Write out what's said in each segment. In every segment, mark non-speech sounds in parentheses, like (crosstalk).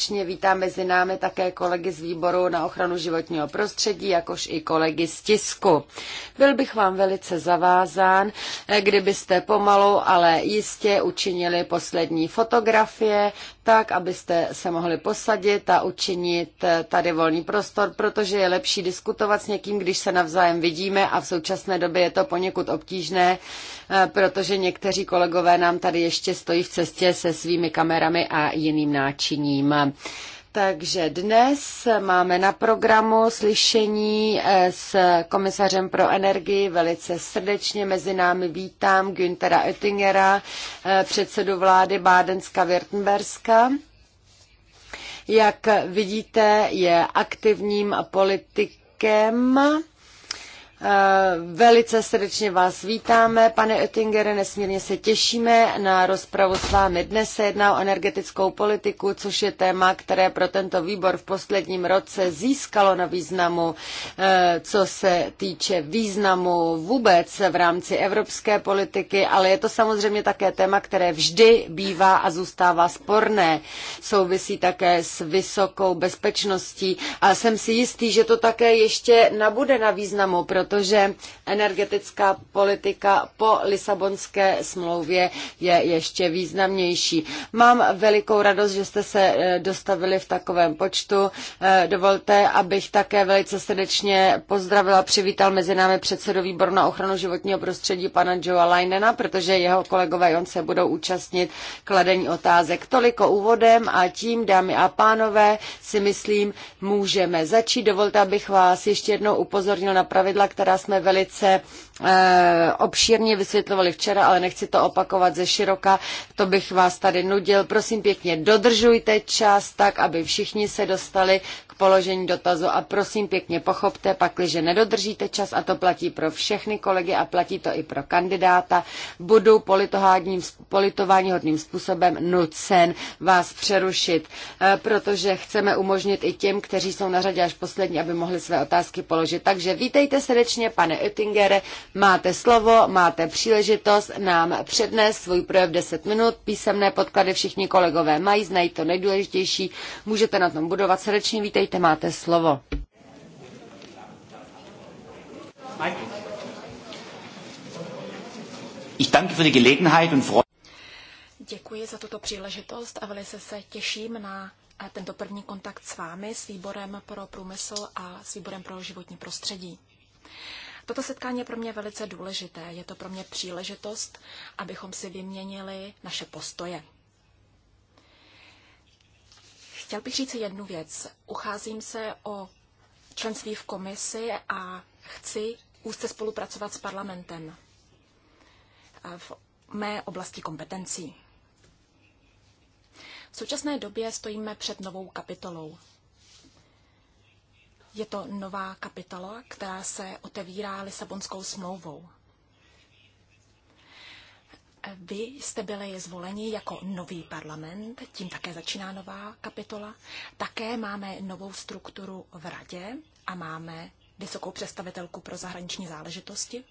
Srdečně vítám mezi námi také kolegy z výboru na ochranu životního prostředí, jakož i kolegy z tisku. Byl bych vám velice zavázán, eh, kdybyste pomalu, ale jistě učinili poslední fotografie, tak, abyste se mohli posadit a učinit eh, tady volný prostor, protože je lepší diskutovat s někým, když se navzájem vidíme a v současné době je to poněkud obtížné, eh, protože někteří kolegové nám tady ještě stojí v cestě se svými kamerami a jiným náčiním problém. Takže dnes máme na programu slyšení eh, s komisařem pro energii. Velice srdečně mezi námi vítám Günthera Oettingera, eh, předsedu vlády Bádenska-Württemberska. Jak vidíte, je aktivním politikem Eh, velice srdečně vás vítáme, pane Oettingere, nesmírně se těšíme na rozpravu s vámi. Dnes se jedná o energetickou politiku, což je téma, které pro tento výbor v posledním roce získalo na významu, eh, co se týče významu vůbec v rámci evropské politiky, ale je to samozřejmě také téma, které vždy bývá a zůstává sporné. Souvisí také s vysokou bezpečností a jsem si jistý, že to také ještě nabude na významu, proto protože energetická politika po Lisabonské smlouvě je ještě významnější. Mám velikou radost, že jste se eh, dostavili v takovém počtu. Eh, dovolte, abych také velice srdečně pozdravila, přivítal mezi námi předsedu výboru na ochranu životního prostředí pana Joa Linena, protože jeho kolegové on se budou účastnit kladení otázek. Toliko úvodem a tím, dámy a pánové, si myslím, můžeme začít. Dovolte, abych vás ještě jednou upozornil na pravidla, která jsme velice Eh, obšírně vysvětlovali včera, ale nechci to opakovat ze široka, to bych vás tady nudil. Prosím pěkně, dodržujte čas tak, aby všichni se dostali k položení dotazu a prosím pěkně pochopte, pakliže nedodržíte čas a to platí pro všechny kolegy a platí to i pro kandidáta, budu politováníhodným způsobem nucen vás přerušit, eh, protože chceme umožnit i těm, kteří jsou na řadě až poslední, aby mohli své otázky položit. Takže vítejte srdečně, pane Oettingere, Máte slovo, máte příležitost nám přednést svůj projev 10 minut. Písemné podklady všichni kolegové mají, znají to nejdůležitější. Můžete na tom budovat. Srdečně vítejte, máte slovo. Ich danke für die Gelegenheit und Děkuji za tuto příležitost a velice se těším na tento první kontakt s vámi, s výborem pro průmysl a s výborem pro životní prostředí. Toto setkání je pro mě velice důležité. Je to pro mě příležitost, abychom si vyměnili naše postoje. Chtěl bych říct jednu věc. Ucházím se o členství v komisi a chci úzce spolupracovat s parlamentem v mé oblasti kompetencí. V současné době stojíme před novou kapitolou. Je to nová kapitola, která se otevírá Lisabonskou smlouvou. Vy jste byli zvoleni jako nový parlament, tím také začíná nová kapitola. Také máme novou strukturu v radě a máme vysokou představitelku pro zahraniční záležitosti.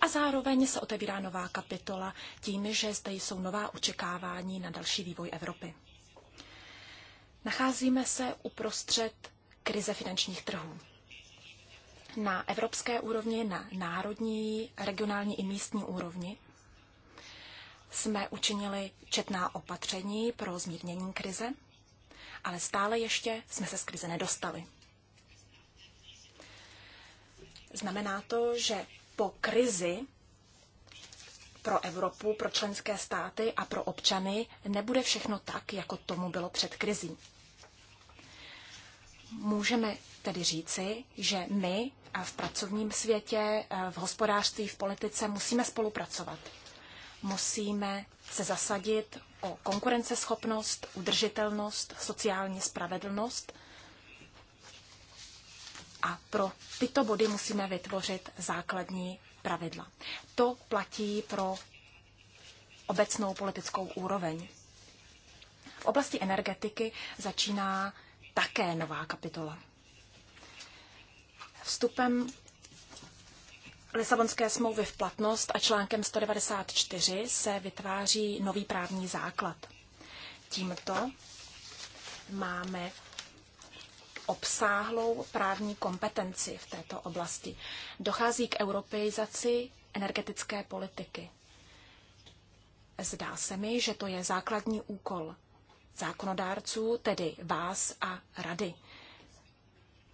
A zároveň se otevírá nová kapitola tím, že zde jsou nová očekávání na další vývoj Evropy. Nacházíme se uprostřed krize finančních trhů. Na evropské úrovni, na národní, regionální i místní úrovni jsme učinili četná opatření pro zmírnění krize, ale stále ještě jsme se z krize nedostali. Znamená to, že po krizi pro Evropu, pro členské státy a pro občany nebude všechno tak, jako tomu bylo před krizí. Můžeme tedy říci, že my v pracovním světě, eh, v hospodářství, v politice musíme spolupracovat. Musíme se zasadit o konkurenceschopnost, udržitelnost, sociální spravedlnost. A pro tyto body musíme vytvořit základní pravidla. To platí pro obecnou politickou úroveň. V oblasti energetiky začíná také nová kapitola. Vstupem Lisabonské smlouvy v platnost a článkem 194 se vytváří nový právní základ. Tímto máme obsáhlou právní kompetenci v této oblasti. Dochází k europeizaci energetické politiky. Zdá se mi, že to je základní úkol zákonodárců, tedy vás a rady.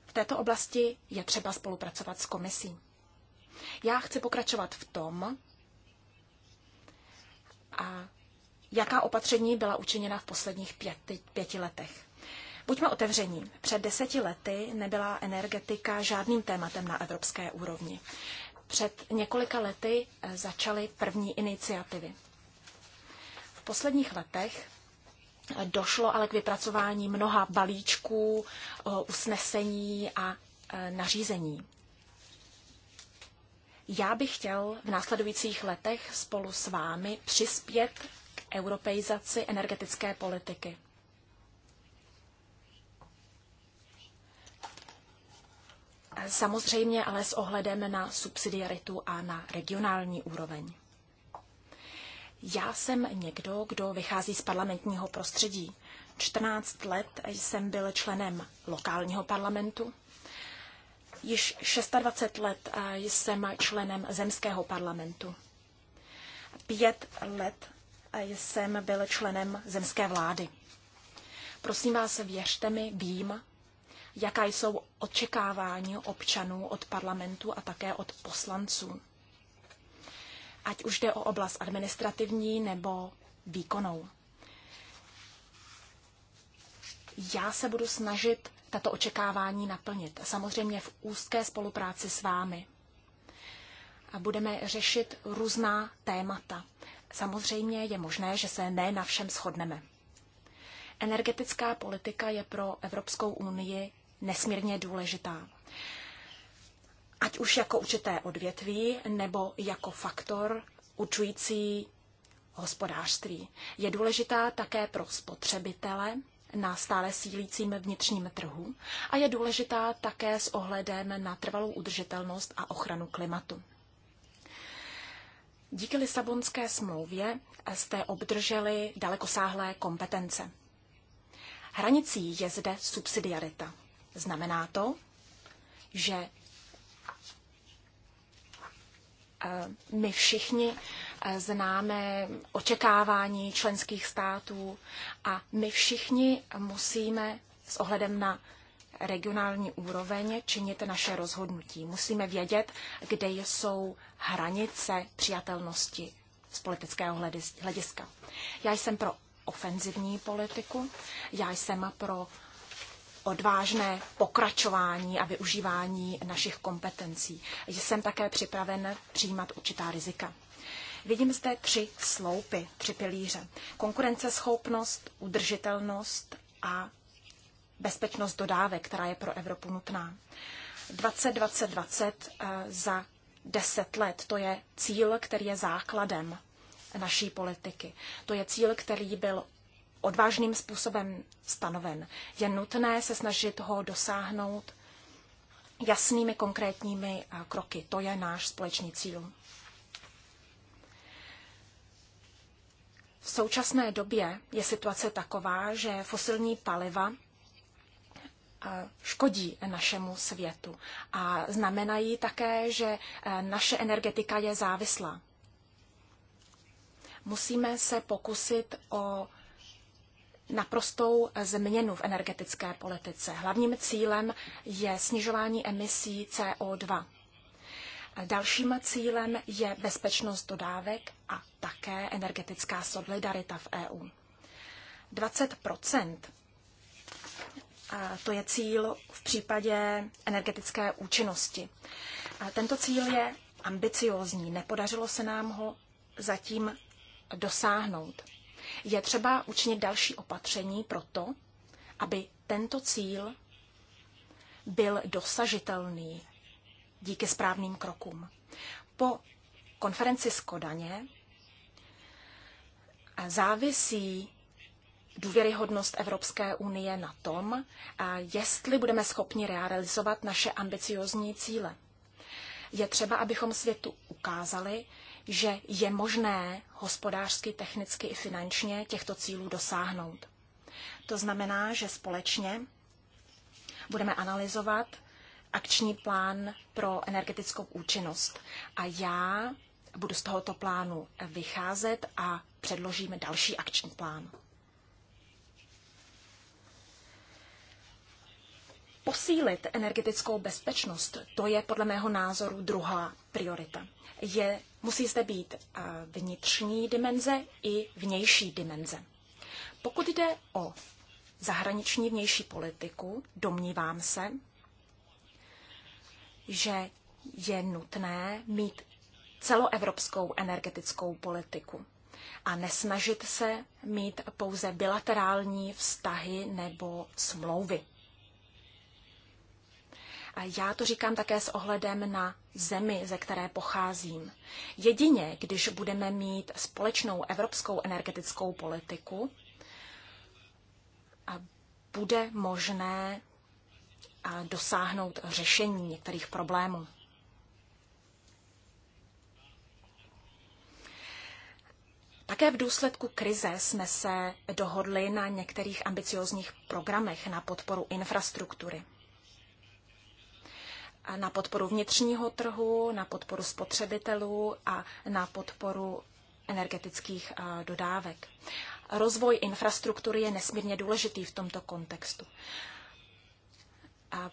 V této oblasti je třeba spolupracovat s komisí. Já chci pokračovat v tom, a jaká opatření byla učiněna v posledních pěti, pěti letech. Buďme otevření. Před deseti lety nebyla energetika žádným tématem na evropské úrovni. Před několika lety e, začaly první iniciativy. V posledních letech došlo ale k vypracování mnoha balíčků, eh, usnesení a eh, nařízení. Já bych chtěl v následujících letech spolu s vámi přispět k europeizaci energetické politiky. Samozřejmě ale s ohledem na subsidiaritu a na regionální úroveň. Já jsem někdo, kdo vychází z parlamentního prostředí. 14 let jsem byl členem lokálního parlamentu. Již 26 let eh, jsem členem zemského parlamentu. Pět let eh, jsem byl členem zemské vlády. Prosím vás, věřte mi, vím, jaká jsou očekávání občanů od parlamentu a také od poslanců ať už jde o oblast administrativní nebo výkonnou. Já se budu snažit tato očekávání naplnit, samozřejmě v úzké spolupráci s vámi. A budeme řešit různá témata. Samozřejmě je možné, že se ne na všem shodneme. Energetická politika je pro Evropskou unii nesmírně důležitá ať už jako určité odvětví nebo jako faktor učující hospodářství. Je důležitá také pro spotřebitele na stále sílícím vnitřním trhu a je důležitá také s ohledem na trvalou udržitelnost a ochranu klimatu. Díky Lisabonské smlouvě jste obdrželi dalekosáhlé kompetence. Hranicí je zde subsidiarita. Znamená to, že Eh, my všichni eh, známe očekávání členských států a my všichni musíme s ohledem na regionální úroveň činit naše rozhodnutí. Musíme vědět, kde jsou hranice přijatelnosti z politického hlediska. Já jsem pro ofenzivní politiku, já jsem pro odvážné pokračování a využívání našich kompetencí. Jsem také připraven přijímat určitá rizika. Vidím zde tři sloupy, tři pilíře. Konkurenceschopnost, udržitelnost a bezpečnost dodávek, která je pro Evropu nutná. 2020-2020 eh, za 10 let, to je cíl, který je základem naší politiky. To je cíl, který byl odvážným způsobem stanoven. Je nutné se snažit ho dosáhnout jasnými konkrétními eh, kroky. To je náš společný cíl. V současné době je situace taková, že fosilní paliva eh, škodí našemu světu a znamenají také, že eh, naše energetika je závislá. Musíme se pokusit o naprostou změnu v energetické politice. Hlavním cílem je snižování emisí CO2. Dalším cílem je bezpečnost dodávek a také energetická solidarita v EU. 20 to je cíl v případě energetické účinnosti. tento cíl je ambiciózní, nepodařilo se nám ho zatím dosáhnout. Je třeba učinit další opatření pro to, aby tento cíl byl dosažitelný díky správným krokům. Po konferenci z Kodaně závisí důvěryhodnost Evropské unie na tom, jestli budeme schopni realizovat naše ambiciozní cíle. Je třeba, abychom světu ukázali, že je možné hospodářsky, technicky i finančně těchto cílů dosáhnout. To znamená, že společně budeme analyzovat akční plán pro energetickou účinnost. A já budu z tohoto plánu vycházet a předložíme další akční plán. Posílit energetickou bezpečnost, to je podle mého názoru druhá priorita. Je Musí zde být eh, vnitřní dimenze i vnější dimenze. Pokud jde o zahraniční vnější politiku, domnívám se, že je nutné mít celoevropskou energetickou politiku a nesnažit se mít pouze bilaterální vztahy nebo smlouvy. Já to říkám také s ohledem na zemi, ze které pocházím. Jedině, když budeme mít společnou evropskou energetickou politiku, bude možné dosáhnout řešení některých problémů. Také v důsledku krize jsme se dohodli na některých ambiciozních programech na podporu infrastruktury na podporu vnitřního trhu, na podporu spotřebitelů a na podporu energetických dodávek. Rozvoj infrastruktury je nesmírně důležitý v tomto kontextu. A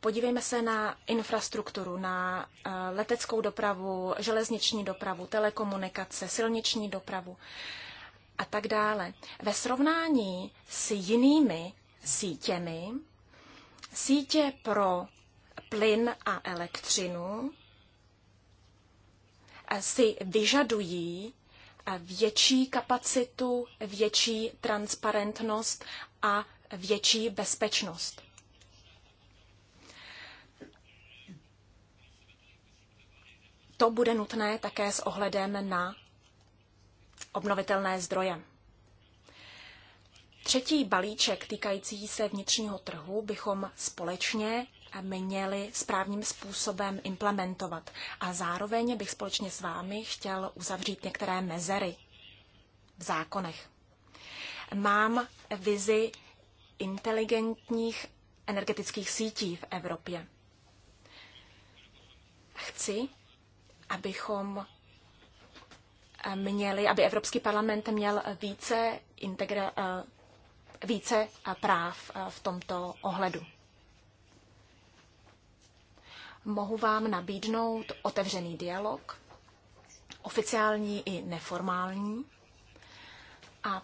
podívejme se na infrastrukturu, na leteckou dopravu, železniční dopravu, telekomunikace, silniční dopravu a tak dále. Ve srovnání s jinými sítěmi, sítě pro plyn a elektřinu eh, si vyžadují eh, větší kapacitu, větší transparentnost a větší bezpečnost. To bude nutné také s ohledem na obnovitelné zdroje. Třetí balíček týkající se vnitřního trhu bychom společně měli správným způsobem implementovat. A zároveň bych společně s vámi chtěl uzavřít některé mezery v zákonech. Mám vizi inteligentních energetických sítí v Evropě. Chci, abychom měli, aby Evropský parlament měl více, integra, eh, více práv eh, v tomto ohledu mohu vám nabídnout otevřený dialog, oficiální i neformální. A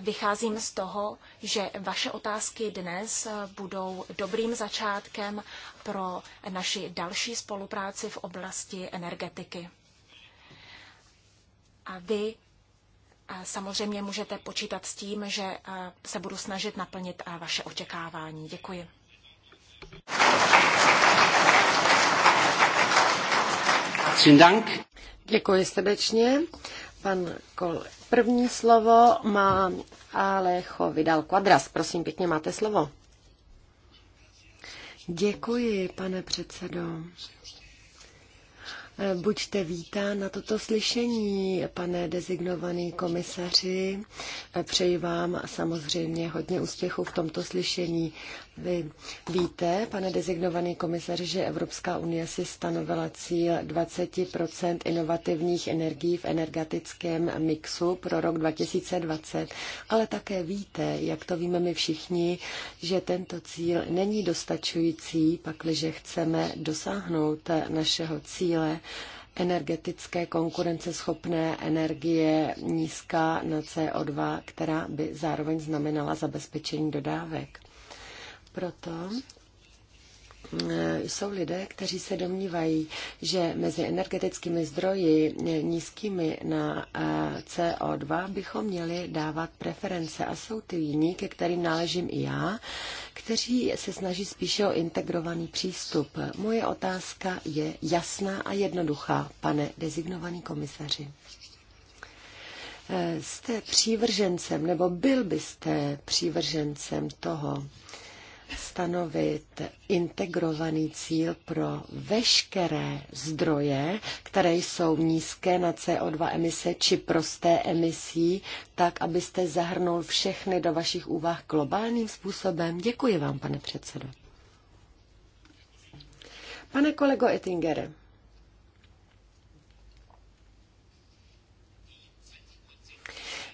vycházím z toho, že vaše otázky dnes budou dobrým začátkem pro naši další spolupráci v oblasti energetiky. A vy samozřejmě můžete počítat s tím, že se budu snažit naplnit vaše očekávání. Děkuji. Děkuji srdečně. Pan Kol. První slovo má Alejo Vidal Quadras. Prosím, pěkně máte slovo. Děkuji, pane předsedo. Buďte vítán na toto slyšení, pane designovaný komisaři. Přeji vám samozřejmě hodně úspěchu v tomto slyšení vy víte, pane designovaný komisaři, že Evropská unie si stanovila cíl 20 inovativních energií v energetickém mixu pro rok 2020, ale také víte, jak to víme my všichni, že tento cíl není dostačující, pakliže chceme dosáhnout našeho cíle energetické konkurenceschopné energie nízká na CO2, která by zároveň znamenala zabezpečení dodávek. Proto eh, jsou lidé, kteří se domnívají, že mezi energetickými zdroji eh, nízkými na eh, CO2 bychom měli dávat preference. A jsou ty jiní, ke kterým náležím i já, kteří se snaží spíše o integrovaný přístup. Moje otázka je jasná a jednoduchá, pane designovaný komisaři jste přívržencem, nebo byl byste přívržencem toho, stanovit integrovaný cíl pro veškeré zdroje, které jsou nízké na CO2 emise či prosté emisí, tak abyste zahrnul všechny do vašich úvah globálním způsobem. Děkuji vám, pane předsedo. Pane kolego Ettingere,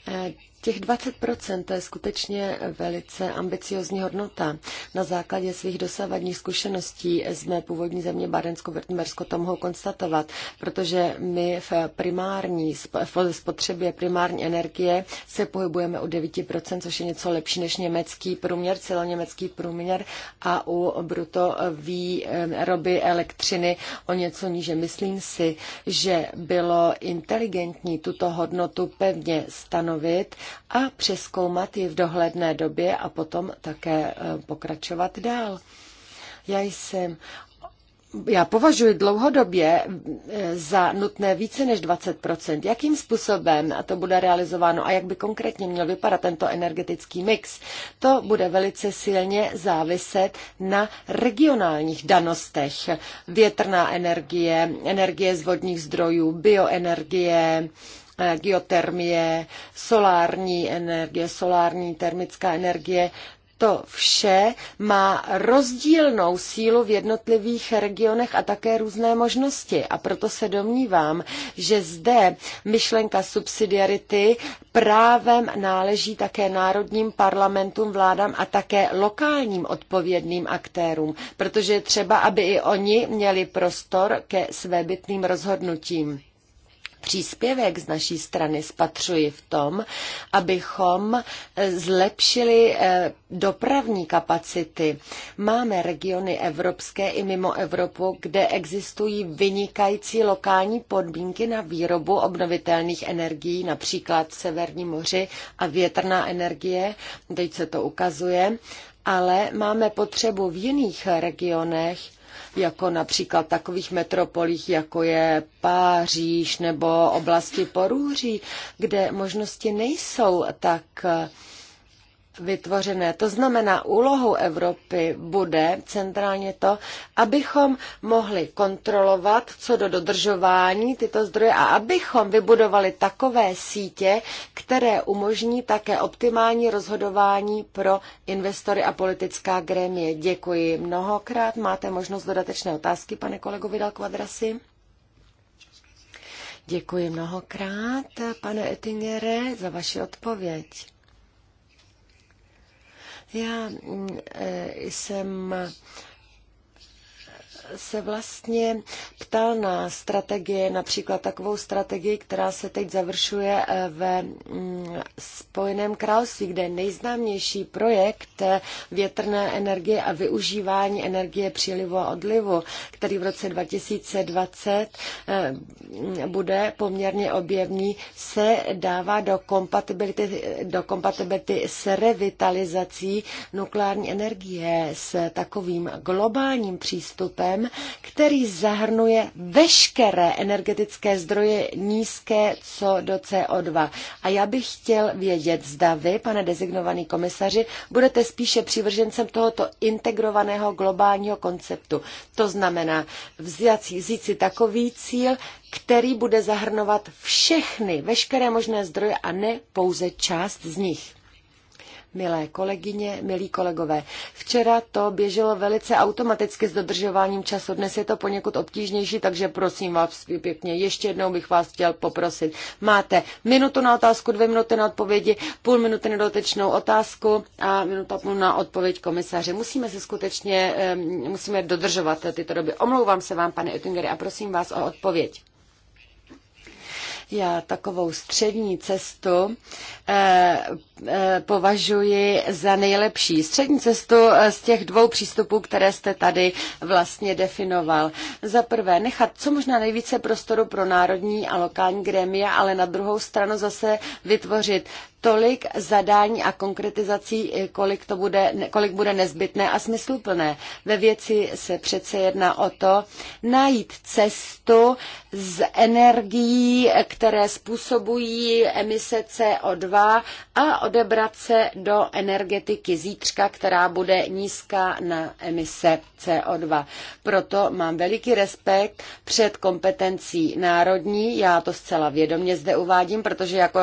eh, Těch 20% to je skutečně velice ambiciozní hodnota. Na základě svých dosavadních zkušeností z mé původní země Bádensko-Württembersko to mohu konstatovat, protože my v primární v spotřebě primární energie se pohybujeme u 9%, což je něco lepší než německý průměr, celoněmecký průměr a u bruto výroby elektřiny o něco níže. Myslím si, že bylo inteligentní tuto hodnotu pevně stanovit, a přeskoumat ji v dohledné době a potom také eh, pokračovat dál. Já jsem já považuji dlouhodobě eh, za nutné více než 20%. Jakým způsobem to bude realizováno a jak by konkrétně měl vypadat tento energetický mix, to bude velice silně záviset na regionálních danostech. Větrná energie, energie z vodních zdrojů, bioenergie, Eh, geotermie, solární energie, solární termická energie, to vše má rozdílnou sílu v jednotlivých regionech a také různé možnosti. A proto se domnívám, že zde myšlenka subsidiarity právem náleží také národním parlamentům, vládám a také lokálním odpovědným aktérům, protože je třeba, aby i oni měli prostor ke svébytným rozhodnutím příspěvek z naší strany spatřuji v tom, abychom eh, zlepšili eh, dopravní kapacity. Máme regiony evropské i mimo Evropu, kde existují vynikající lokální podmínky na výrobu obnovitelných energií, například v Severní moři a větrná energie, teď se to ukazuje, ale máme potřebu v jiných regionech jako například takových metropolích, jako je Páříž nebo oblasti Porůří, kde možnosti nejsou tak uh, vytvořené. To znamená, úlohou Evropy bude centrálně to, abychom mohli kontrolovat co do dodržování tyto zdroje a abychom vybudovali takové sítě, které umožní také optimální rozhodování pro investory a politická grémie. Děkuji mnohokrát. Máte možnost dodatečné otázky, pane kolego Vidal Kvadrasi? Děkuji mnohokrát, pane Ettingere, za vaši odpověď. Já mm, e, jsem se vlastně ptal na strategie, například takovou strategii, která se teď završuje eh, ve mm, Spojeném království, kde nejznámější projekt eh, větrné energie a využívání energie přílivu a odlivu, který v roce 2020 eh, bude poměrně objemný, se dává do kompatibility, do kompatibility s revitalizací nukleární energie s takovým globálním přístupem, systém, který zahrnuje veškeré energetické zdroje nízké co do CO2. A já bych chtěl vědět, zda vy, pane designovaný komisaři, budete spíše přivržencem tohoto integrovaného globálního konceptu. To znamená vzít, vzít si takový cíl, který bude zahrnovat všechny, veškeré možné zdroje a ne pouze část z nich. Milé kolegyně, milí kolegové, včera to běželo velice automaticky s dodržováním času, dnes je to poněkud obtížnější, takže prosím vás pěkně, ještě jednou bych vás chtěl poprosit. Máte minutu na otázku, dvě minuty na odpovědi, půl minuty na dotečnou otázku a minuta půl na odpověď komisaře. Musíme se skutečně, eh, musíme dodržovat tyto doby. Omlouvám se vám, pane Oettingeri, a prosím vás o odpověď. Já takovou střední cestu eh, eh, považuji za nejlepší. Střední cestu eh, z těch dvou přístupů, které jste tady vlastně definoval. Za prvé, nechat co možná nejvíce prostoru pro národní a lokální grémia, ale na druhou stranu zase vytvořit tolik zadání a konkretizací, kolik, to bude, kolik bude nezbytné a smysluplné. Ve věci se přece jedná o to najít cestu z energií, které způsobují emise CO2 a odebrat se do energetiky zítřka, která bude nízká na emise CO2. Proto mám veliký respekt před kompetencí národní. Já to zcela vědomě zde uvádím, protože jako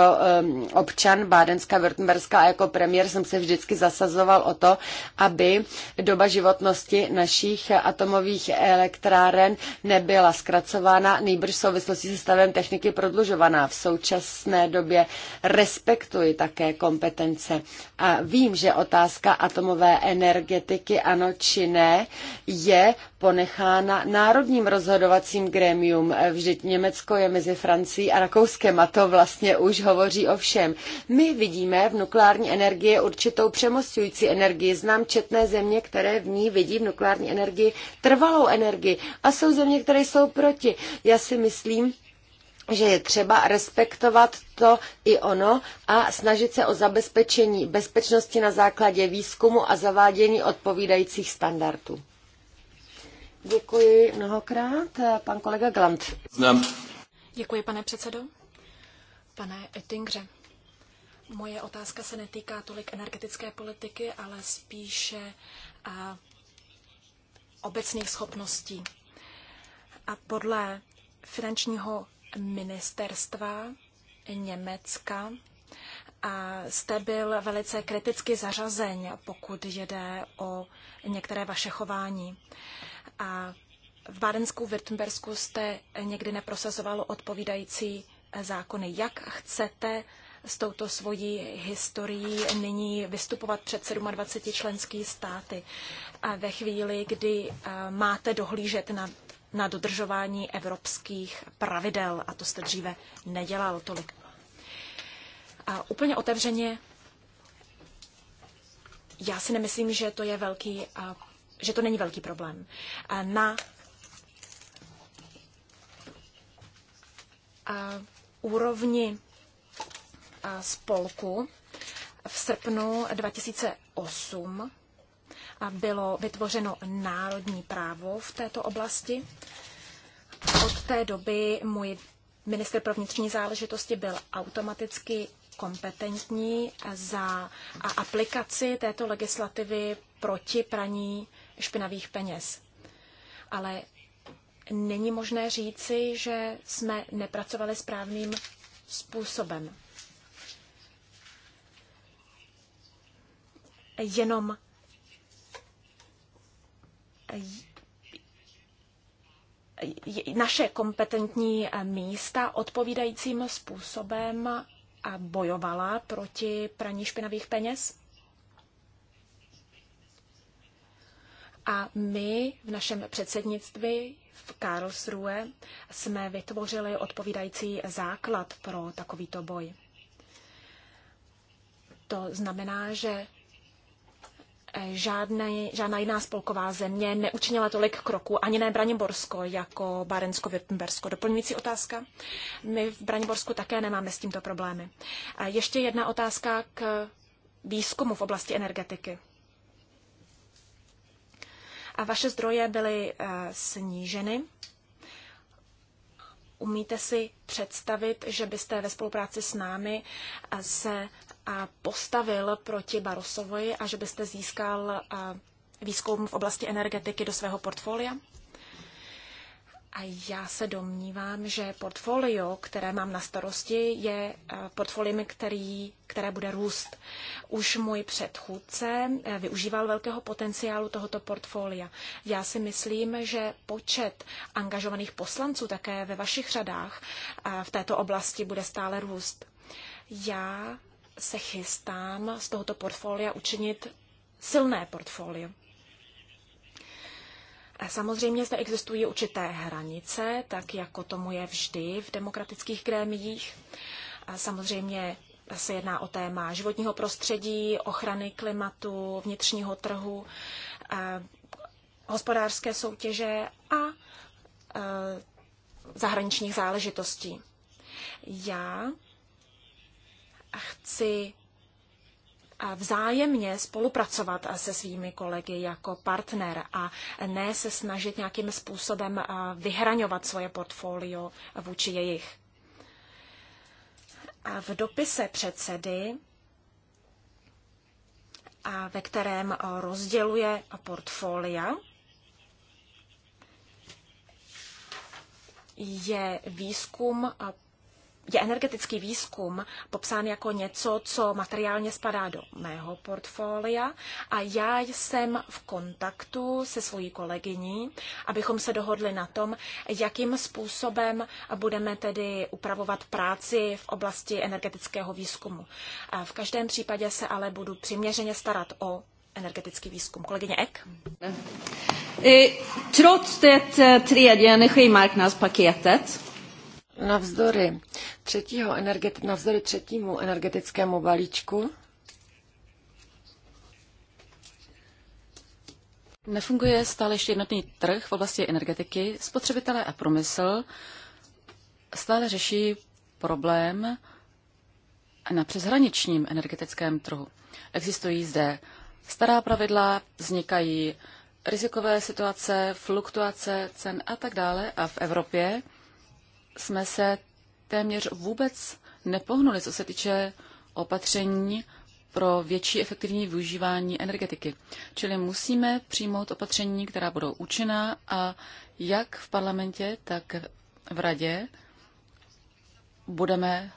občan Bádenska, Württemberska a jako premiér jsem se vždycky zasazoval o to, aby doba životnosti našich atomových elektráren nebyla zkracována, nýbrž v souvislosti se stavem techniky prodlužovaná. V současné době respektuji také kompetence a vím, že otázka atomové energetiky, ano či ne, je ponechána národním rozhodovacím grémium. Vždyť Německo je mezi Francií a Rakouskem a to vlastně už hovoří o všem. My vidíme v nukleární energii určitou přemostující energii. Znám četné země, které v ní vidí v nukleární energii trvalou energii a jsou země, které jsou proti. Já si myslím, že je třeba respektovat to i ono a snažit se o zabezpečení bezpečnosti na základě výzkumu a zavádění odpovídajících standardů. Děkuji mnohokrát. Pan kolega Glant. Znám. Děkuji, pane předsedo. Pane Ettingře, moje otázka se netýká tolik energetické politiky, ale spíše a, obecných schopností. A podle finančního ministerstva Německa a jste byl velice kriticky zařazen, pokud jde o některé vaše chování. A v Bádensku, Württembersku jste někdy neprosazovalo odpovídající zákony. Jak chcete s touto svojí historií nyní vystupovat před 27 členský státy a ve chvíli, kdy eh, máte dohlížet na, na dodržování evropských pravidel, a to jste dříve nedělal tolik. A úplně otevřeně, já si nemyslím, že to je velký eh, že to není velký problém. Na úrovni spolku v srpnu 2008 bylo vytvořeno národní právo v této oblasti. Od té doby můj minister pro vnitřní záležitosti byl automaticky kompetentní za aplikaci této legislativy proti praní špinavých peněz. Ale není možné říci, že jsme nepracovali správným způsobem. Jenom naše kompetentní místa odpovídajícím způsobem bojovala proti praní špinavých peněz? A my v našem předsednictví v Karlsruhe jsme vytvořili odpovídající základ pro takovýto boj. To znamená, že eh, žádné, žádná jiná spolková země neučinila tolik kroků, ani ne Braniborsko, jako Barensko-Württembersko. Doplňující otázka? My v Braniborsku také nemáme s tímto problémy. A ještě jedna otázka k výzkumu v oblasti energetiky a vaše zdroje byly eh, sníženy. Umíte si představit, že byste ve spolupráci s námi eh, se eh, postavil proti Barosovoji a že byste získal výzkum v oblasti energetiky do svého portfolia? A já se domnívám, že portfolio, které mám na starosti, je eh, portfolio, který, které bude růst. Už můj předchůdce eh, využíval velkého potenciálu tohoto portfolia. Já si myslím, že počet angažovaných poslanců také ve vašich řadách eh, v této oblasti bude stále růst. Já se chystám z tohoto portfolia učinit silné portfolio. Samozřejmě zde existují určité hranice, tak jako tomu je vždy v demokratických grémiích. Samozřejmě se jedná o téma životního prostředí, ochrany klimatu, vnitřního trhu, hospodářské soutěže a zahraničních záležitostí. Já chci vzájemně spolupracovat se svými kolegy jako partner a ne se snažit nějakým způsobem vyhraňovat svoje portfolio vůči jejich. A v dopise předsedy, a ve kterém rozděluje portfolia, je výzkum je energetický výzkum popsán jako něco, co materiálně spadá do mého portfolia a já jsem v kontaktu se svojí kolegyní, abychom se dohodli na tom, jakým způsobem budeme tedy upravovat práci v oblasti energetického výzkumu. V každém případě se ale budu přiměřeně starat o energetický výzkum. Kolegyně Ek. Eh, trots det eh, tredje energimarknadspaketet Navzdory, třetího energeti- navzdory třetímu energetickému balíčku Nefunguje stále ještě jednotný trh v oblasti energetiky. Spotřebitelé a průmysl stále řeší problém na přeshraničním energetickém trhu. Existují zde stará pravidla, vznikají rizikové situace, fluktuace cen a tak dále. A v Evropě jsme se téměř vůbec nepohnuli, co se týče opatření pro větší efektivní využívání energetiky. Čili musíme přijmout opatření, která budou účinná a jak v parlamentě, tak v radě budeme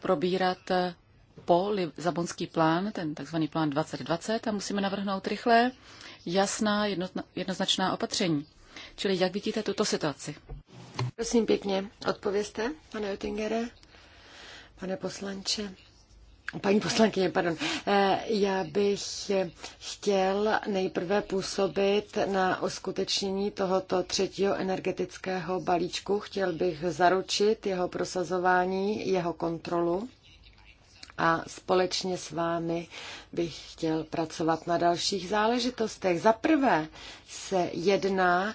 probírat po Zabonský plán, ten takzvaný plán 2020 a musíme navrhnout rychlé, jasná, jednoznačná opatření. Čili jak vidíte tuto situaci? Prosím pěkně, odpovězte, pane Oettingere, pane poslanče. Paní poslankyně, pardon. Eh, já bych chtěl nejprve působit na uskutečnění tohoto třetího energetického balíčku. Chtěl bych zaručit jeho prosazování, jeho kontrolu a společně s vámi bych chtěl pracovat na dalších záležitostech. Za prvé se jedná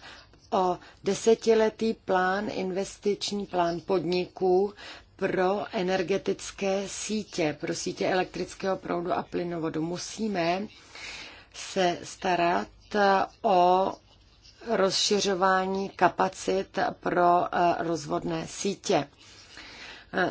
o desetiletý plán, investiční plán podniků pro energetické sítě, pro sítě elektrického proudu a plynovodu. Musíme se starat o rozšiřování kapacit pro eh, rozvodné sítě.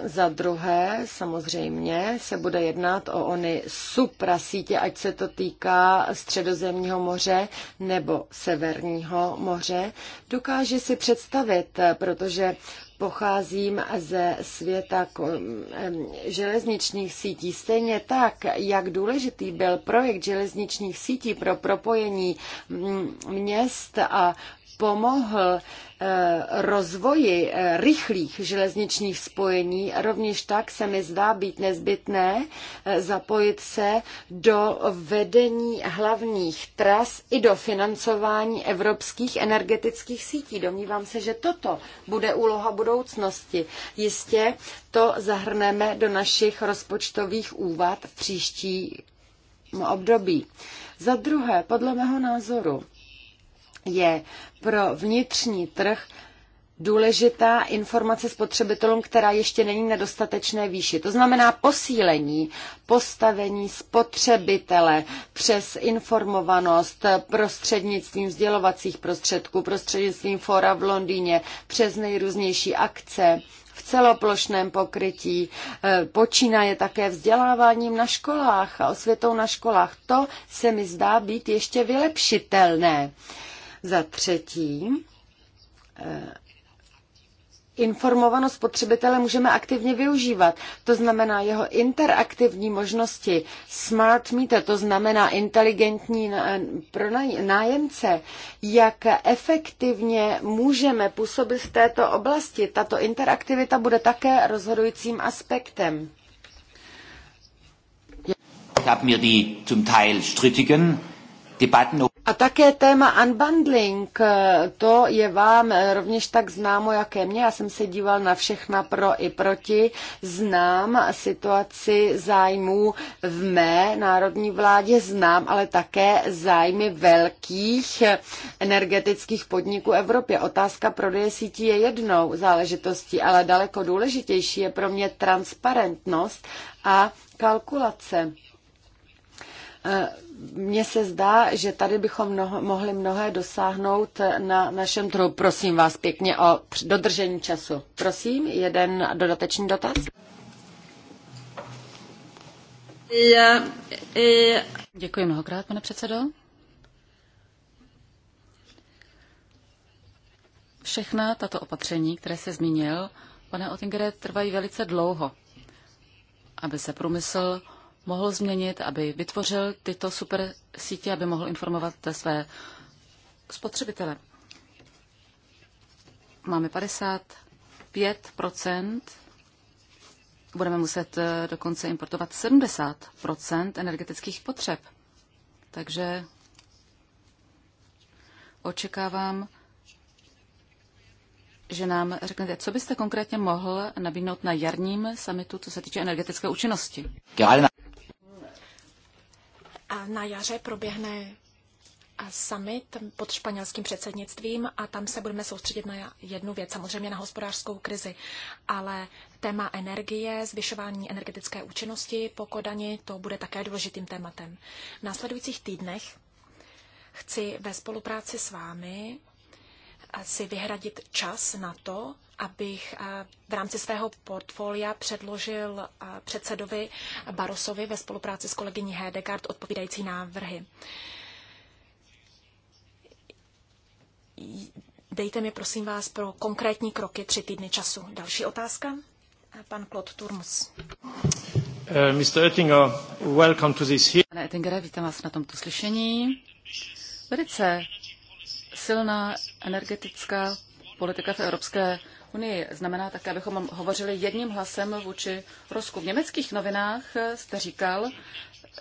Za druhé, samozřejmě, se bude jednat o ony suprasítě, ať se to týká středozemního moře nebo severního moře. Dokáže si představit, protože pocházím ze světa železničních sítí. Stejně tak, jak důležitý byl projekt železničních sítí pro propojení měst a pomohl eh, rozvoji eh, rychlých železničních spojení, rovněž tak se mi zdá být nezbytné eh, zapojit se do vedení hlavních tras i do financování evropských energetických sítí. Domnívám se, že toto bude úloha budoucnosti. Jistě to zahrneme do našich rozpočtových úvad v příští období. Za druhé, podle mého názoru, je pro vnitřní trh důležitá informace spotřebitelům, která ještě není na dostatečné výši. To znamená posílení postavení spotřebitele přes informovanost prostřednictvím vzdělovacích prostředků, prostřednictvím fora v Londýně, přes nejrůznější akce v celoplošném pokrytí. E, počínaje také vzděláváním na školách a osvětou na školách. To se mi zdá být ještě vylepšitelné za třetí, eh, informovanost spotřebitele můžeme aktivně využívat. To znamená jeho interaktivní možnosti, smart meter, to znamená inteligentní nájemce, jak efektivně můžeme působit v této oblasti. Tato interaktivita bude také rozhodujícím aspektem. Ich habe mir die zum Teil strittigen Debatten a také téma unbundling, eh, to je vám eh, rovněž tak známo, jaké mě. Já jsem se díval na všechna pro i proti. Znám situaci zájmů v mé národní vládě, znám ale také zájmy velkých eh, energetických podniků Evropě. Otázka prodeje sítí je jednou záležitostí, ale daleko důležitější je pro mě transparentnost a kalkulace mně se zdá, že tady bychom mnoho, mohli mnohé dosáhnout na našem trhu. Prosím vás pěkně o dodržení času. Prosím, jeden dodatečný dotaz. E, Děkuji mnohokrát, pane předsedo. Všechna tato opatření, které se zmínil, pane Otingere, trvají velice dlouho, aby se průmysl mohl změnit, aby vytvořil tyto super sítě, aby mohl informovat své spotřebitele. Máme 55 budeme muset eh, dokonce importovat 70 energetických potřeb. Takže očekávám, že nám řeknete, co byste konkrétně mohl nabídnout na jarním samitu, co se týče energetické účinnosti. Na jaře proběhne summit pod španělským předsednictvím a tam se budeme soustředit na jednu věc, samozřejmě na hospodářskou krizi, ale téma energie, zvyšování energetické účinnosti po Kodani, to bude také důležitým tématem. V následujících týdnech chci ve spolupráci s vámi si vyhradit čas na to, abych eh, v rámci svého portfolia předložil eh, předsedovi Barosovi ve spolupráci s kolegyní Hedegard odpovídající návrhy. Dejte mi, prosím vás, pro konkrétní kroky tři týdny času. Další otázka? Eh, pan Claude Turmus. Mr. Oettinger, welcome to this Pane vítám vás na tomto slyšení. Velice silná energetická politika v Evropské unii znamená také, abychom hovořili jedním hlasem vůči Rusku. V německých novinách jste říkal,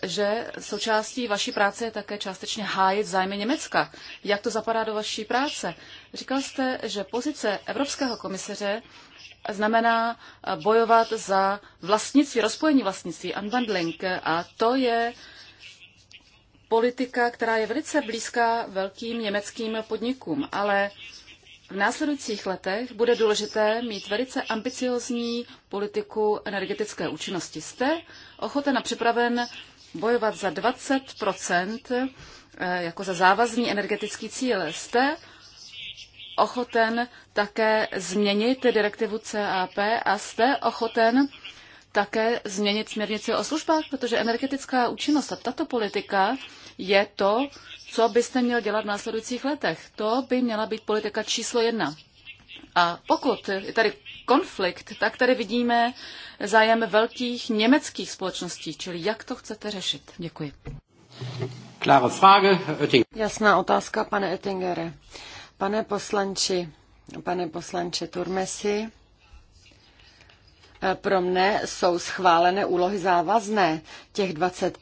že součástí vaší práce je také částečně hájit zájmy Německa. Jak to zapadá do vaší práce? Říkal jste, že pozice Evropského komisaře znamená bojovat za vlastnictví, rozpojení vlastnictví, unbundling. A to je politika, která je velice blízká velkým německým podnikům, ale v následujících letech bude důležité mít velice ambiciozní politiku energetické účinnosti. Jste ochoten a připraven bojovat za 20 eh, jako za závazný energetický cíl. Jste ochoten také změnit direktivu CAP a jste ochoten také změnit směrnici o službách, protože energetická účinnost a tato politika je to, co byste měl dělat v následujících letech. To by měla být politika číslo jedna. A pokud je tady konflikt, tak tady vidíme zájem velkých německých společností, čili jak to chcete řešit. Děkuji. Klare Frage, Oettinger. Jasná otázka, pane Oettingere. Pane poslanči, pane poslanče Turmesi, eh, pro mne jsou schválené úlohy závazné, těch 20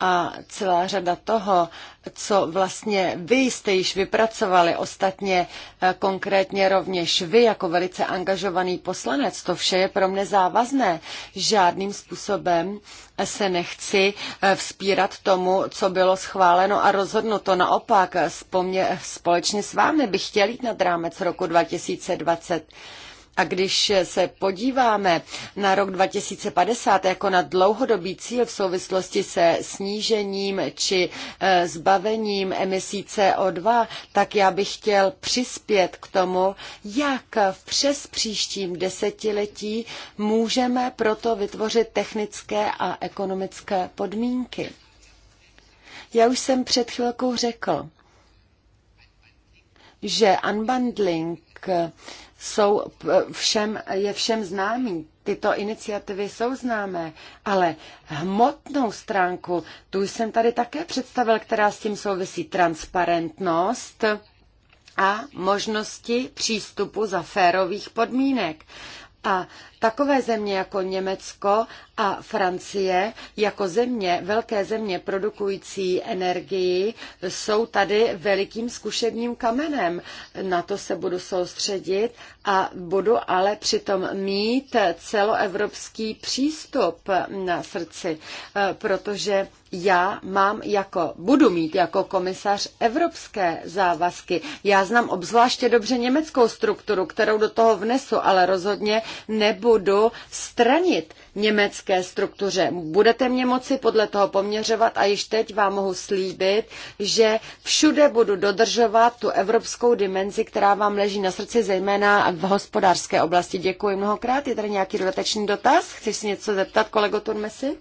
a celá řada toho, co vlastně vy jste již vypracovali, ostatně e, konkrétně rovněž vy jako velice angažovaný poslanec, to vše je pro mne závazné. Žádným způsobem se nechci e, vzpírat tomu, co bylo schváleno a rozhodnuto. Naopak, společně s vámi bych chtěl jít nad rámec roku 2020. A když se podíváme na rok 2050 jako na dlouhodobý cíl v souvislosti se snížením či e, zbavením emisí CO2, tak já bych chtěl přispět k tomu, jak v přes příštím desetiletí můžeme proto vytvořit technické a ekonomické podmínky. Já už jsem před chvilkou řekl, že unbundling jsou všem, je všem známý. Tyto iniciativy jsou známé, ale hmotnou stránku, tu jsem tady také představil, která s tím souvisí transparentnost a možnosti přístupu za férových podmínek. A takové země jako Německo a Francie jako země, velké země produkující energii, jsou tady velikým zkušebním kamenem. Na to se budu soustředit a budu ale přitom mít celoevropský přístup na srdci, protože já mám jako, budu mít jako komisař evropské závazky. Já znám obzvláště dobře německou strukturu, kterou do toho vnesu, ale rozhodně nebudu stranit německé struktuře. Budete mě moci podle toho poměřovat a již teď vám mohu slíbit, že všude budu dodržovat tu evropskou dimenzi, která vám leží na srdci, zejména v hospodářské oblasti. Děkuji mnohokrát. Je tady nějaký dodatečný dotaz? Chceš si něco zeptat, kolego Turmesi?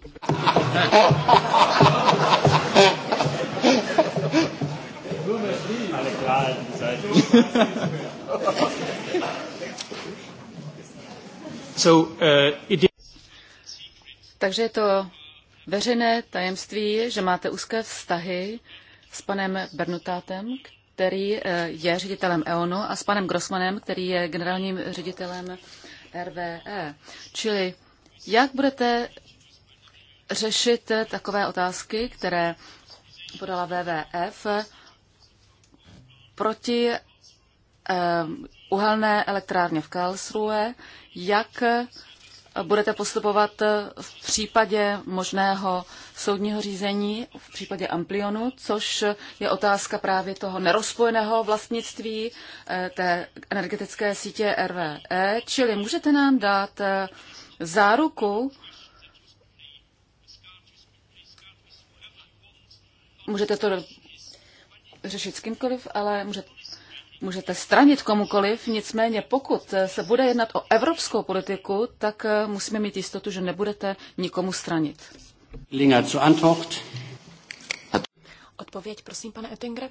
So, uh, it takže je to veřejné tajemství, že máte úzké vztahy s panem Bernutátem, který eh, je ředitelem EONu, a s panem Grossmanem, který je generálním ředitelem RVE. Čili jak budete řešit takové otázky, které podala WWF proti eh, uhelné elektrárně v Karlsruhe, jak budete postupovat v případě možného soudního řízení, v případě Amplionu, což je otázka právě toho nerozpojeného vlastnictví eh, té energetické sítě RVE. Čili můžete nám dát eh, záruku, můžete to řešit s kýmkoliv, ale můžete Můžete stranit komukoliv, nicméně pokud se bude jednat o evropskou politiku, tak eh, musíme mít jistotu, že nebudete nikomu stranit. Odpověď, prosím, pane Oettinger.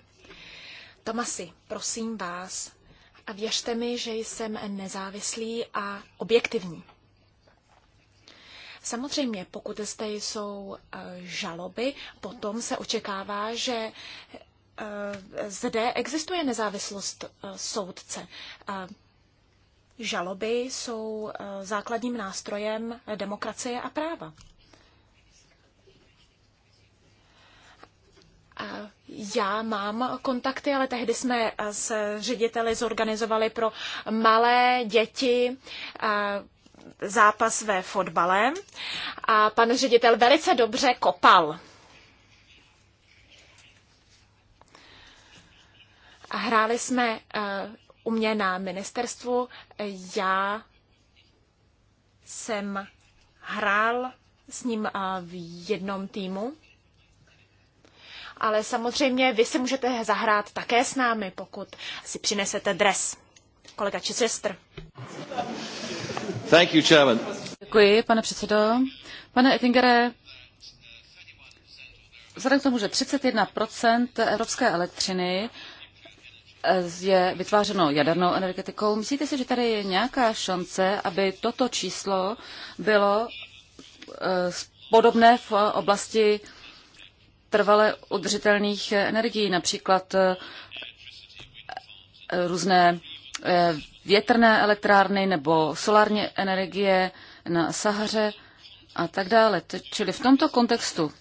Tomasi, prosím vás, a věřte mi, že jsem nezávislý a objektivní. Samozřejmě, pokud zde jsou eh, žaloby, potom se očekává, že Eh, zde existuje nezávislost eh, soudce. Eh, žaloby jsou základním nástrojem demokracie a práva. Já mám kontakty, ale tehdy jsme s řediteli zorganizovali pro malé děti zápas ve fotbale a pan ředitel velice dobře kopal. Hráli jsme eh, u mě na ministerstvu. Já jsem hrál s ním eh, v jednom týmu. Ale samozřejmě vy se můžete zahrát také s námi, pokud si přinesete dres. Kolega Chichester. Thank you, Chairman. Děkuji, pane předsedo. Pane Ettingere, vzhledem k tomu, že 31% evropské elektřiny je vytvářeno jadernou energetikou. Myslíte si, že tady je nějaká šance, aby toto číslo bylo eh, podobné v oblasti trvale udržitelných energií, například eh, různé eh, větrné elektrárny nebo solární energie na Sahaře a tak dále. Čili v tomto kontextu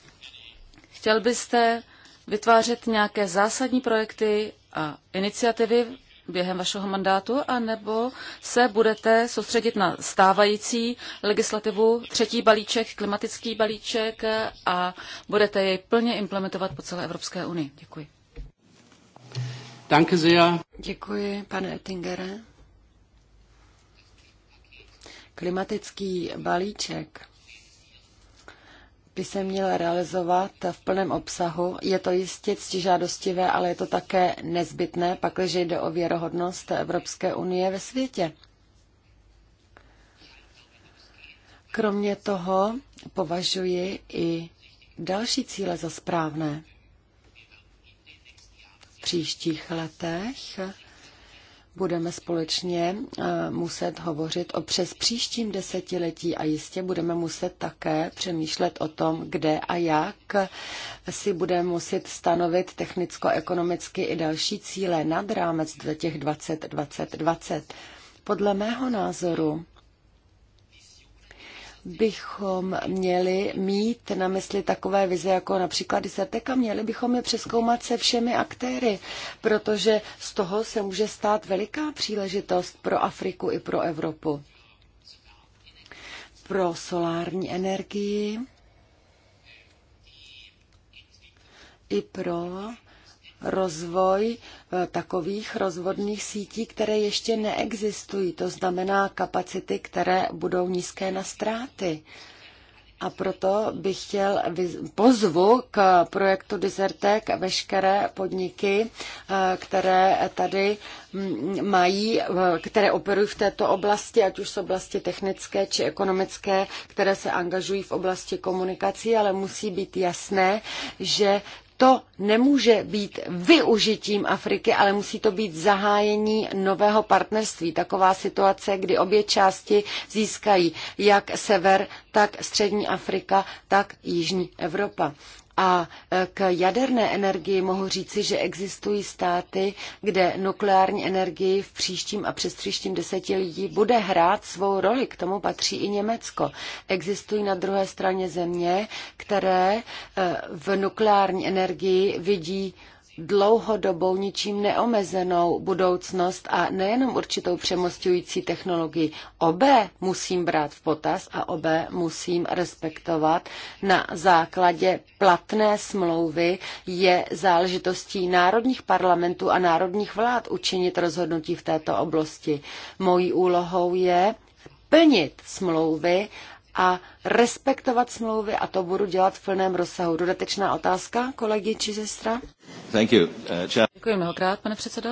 chtěl byste vytvářet nějaké zásadní projekty a iniciativy během vašeho mandátu, anebo se budete soustředit na stávající legislativu, třetí balíček, klimatický balíček a budete jej plně implementovat po celé Evropské unii. Děkuji. Danke sehr. Děkuji, pane Ettingere. Klimatický balíček by se měl realizovat v plném obsahu. Je to jistě ctižádostivé, ale je to také nezbytné, pakliže jde o věrohodnost Evropské unie ve světě. Kromě toho považuji i další cíle za správné. V příštích letech budeme společně eh, muset hovořit o přes příštím desetiletí a jistě budeme muset také přemýšlet o tom, kde a jak si budeme muset stanovit technicko-ekonomicky i další cíle nad rámec těch 2020. 20, 20. Podle mého názoru bychom měli mít na mysli takové vize jako například a měli bychom je přeskoumat se všemi aktéry, protože z toho se může stát veliká příležitost pro Afriku i pro Evropu. Pro solární energii i pro rozvoj e, takových rozvodných sítí, které ještě neexistují. To znamená kapacity, které budou nízké na ztráty. A proto bych chtěl pozvu k projektu Desertek veškeré podniky, e, které tady mm, mají, e, které operují v této oblasti, ať už z oblasti technické či ekonomické, které se angažují v oblasti komunikací, ale musí být jasné, že to nemůže být využitím Afriky, ale musí to být zahájení nového partnerství. Taková situace, kdy obě části získají jak sever, tak střední Afrika, tak jižní Evropa. A e, k jaderné energii mohu říci, že existují státy, kde nukleární energii v příštím a přes příštím desetiletí bude hrát svou roli. K tomu patří i Německo. Existují na druhé straně země, které e, v nukleární energii vidí dlouhodobou, ničím neomezenou budoucnost a nejenom určitou přemostující technologii. Obé musím brát v potaz a obé musím respektovat. Na základě platné smlouvy je záležitostí národních parlamentů a národních vlád učinit rozhodnutí v této oblasti. Mojí úlohou je plnit smlouvy a respektovat smlouvy a to budu dělat v plném rozsahu. Dodatečná otázka, kolegy či sestra? Thank you. Uh, Děkuji mnohokrát, pane předsedo.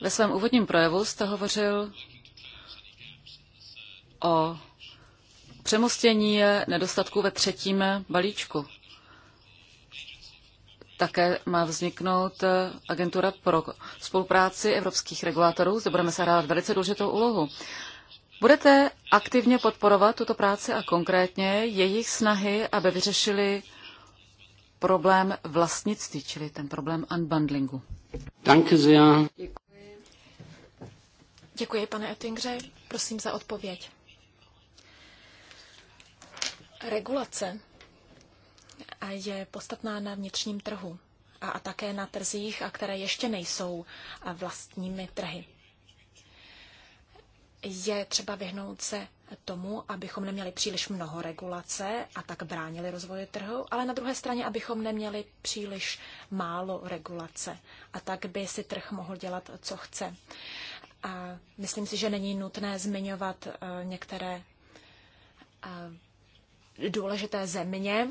Ve svém úvodním projevu jste hovořil o přemostění nedostatků ve třetím balíčku. Také má vzniknout agentura pro spolupráci evropských regulátorů, zde budeme se hrát velice důležitou úlohu. Budete aktivně podporovat tuto práci a konkrétně jejich snahy, aby vyřešili problém vlastnictví, čili ten problém unbundlingu. Danke sehr. Děkuji. Děkuji, pane Ettingře. Prosím za odpověď. Regulace je podstatná na vnitřním trhu a také na trzích, a které ještě nejsou vlastními trhy je třeba vyhnout se tomu, abychom neměli příliš mnoho regulace a tak bránili rozvoji trhu, ale na druhé straně, abychom neměli příliš málo regulace a tak by si trh mohl dělat, co chce. A myslím si, že není nutné zmiňovat eh, některé eh, důležité země,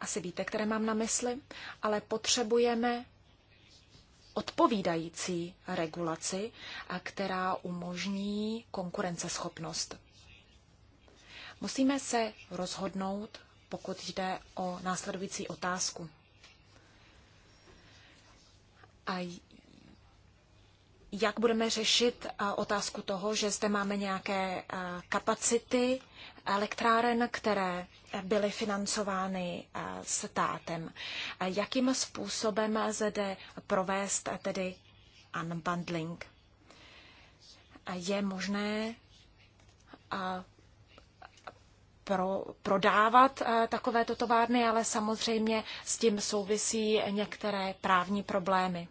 asi víte, které mám na mysli, ale potřebujeme odpovídající regulaci, a která umožní konkurenceschopnost. Musíme se rozhodnout, pokud jde o následující otázku. A jak budeme řešit otázku toho, že zde máme nějaké kapacity, elektráren, které byly financovány eh, státem. Jakým způsobem zde provést eh, tedy unbundling? Je možné eh, pro, prodávat takovéto továrny, ale samozřejmě s tím souvisí některé právní problémy.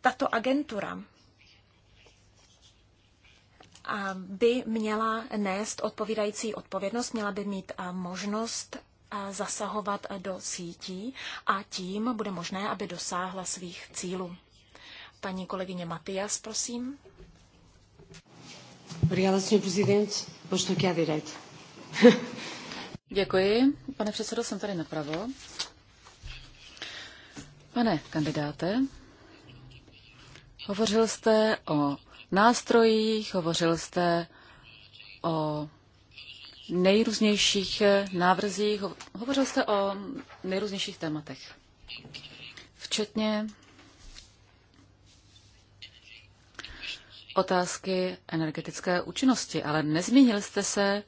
Tato agentura by měla nést odpovídající odpovědnost, měla by mít možnost zasahovat do sítí a tím bude možné, aby dosáhla svých cílů. Paní kolegyně Matias, prosím. Děkuji. Pane předsedo, jsem tady napravo. Pane kandidáte, hovořil jste o nástrojích, hovořil jste o nejrůznějších návrzích, hovořil jste o nejrůznějších tématech, včetně otázky energetické účinnosti, ale nezmínil jste se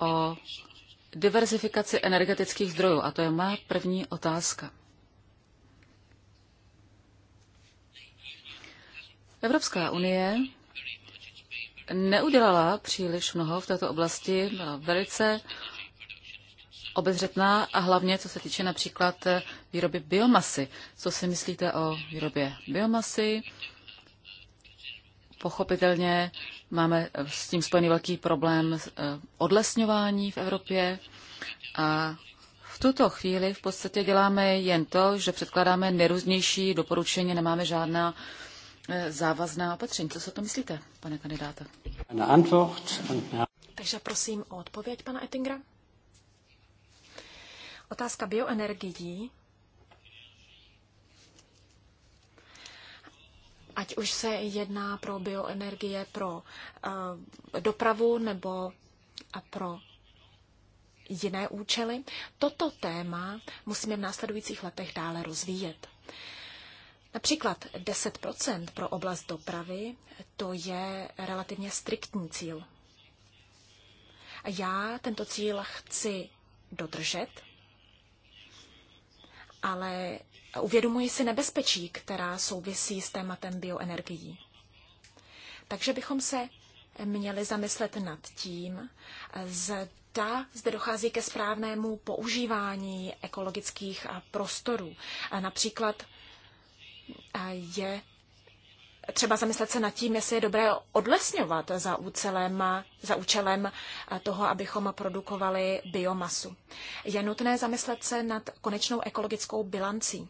o diversifikaci energetických zdrojů. A to je má první otázka. Evropská unie neudělala příliš mnoho v této oblasti, byla velice obezřetná a hlavně co se týče například výroby biomasy. Co si myslíte o výrobě biomasy? Pochopitelně máme s tím spojený velký problém eh, odlesňování v Evropě a v tuto chvíli v podstatě děláme jen to, že předkládáme nejrůznější doporučení, nemáme žádná Eh, závazná opatření. Co se o to myslíte, pane kandidáte? Takže prosím o odpověď pana Ettingera. Otázka bioenergií. Ať už se jedná pro bioenergie pro uh, dopravu nebo a pro jiné účely, toto téma musíme v následujících letech dále rozvíjet. Například 10 pro oblast dopravy, to je relativně striktní cíl. A já tento cíl chci dodržet, ale uvědomuji si nebezpečí, která souvisí s tématem bioenergií. Takže bychom se měli zamyslet nad tím, zda zde dochází ke správnému používání ekologických prostorů. Například je třeba zamyslet se nad tím, jestli je dobré odlesňovat za účelem, za účelem toho, abychom produkovali biomasu. Je nutné zamyslet se nad konečnou ekologickou bilancí.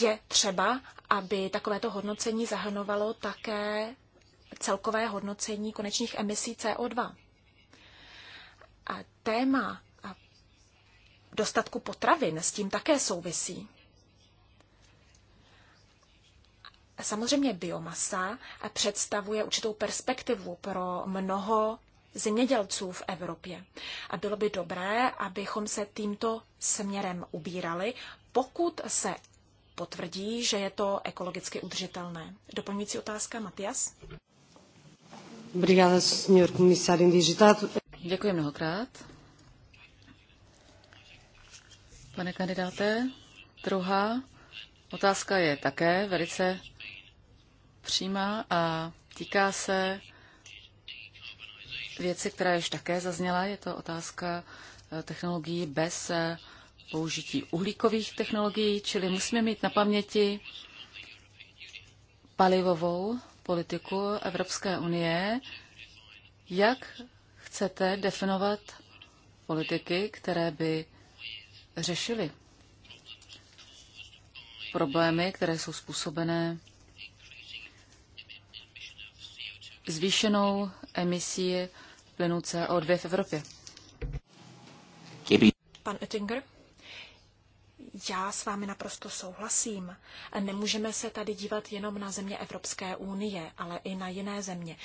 Je třeba, aby takovéto hodnocení zahrnovalo také celkové hodnocení konečných emisí CO2. A téma dostatku potravin s tím také souvisí. Samozřejmě biomasa představuje určitou perspektivu pro mnoho zemědělců v Evropě. A bylo by dobré, abychom se tímto směrem ubírali, pokud se potvrdí, že je to ekologicky udržitelné. Doplňující otázka, Matias. Děkuji mnohokrát, Pane kandidáte, druhá otázka je také velice přímá a týká se věci, která již také zazněla. Je to otázka eh, technologií bez eh, použití uhlíkových technologií, čili musíme mít na paměti palivovou politiku Evropské unie. Jak chcete definovat politiky, které by řešili problémy, které jsou způsobené zvýšenou emisí plynu CO2 v Evropě. Pan Oettinger? Já s vámi naprosto souhlasím. Nemůžeme se tady dívat jenom na země Evropské unie, ale i na jiné země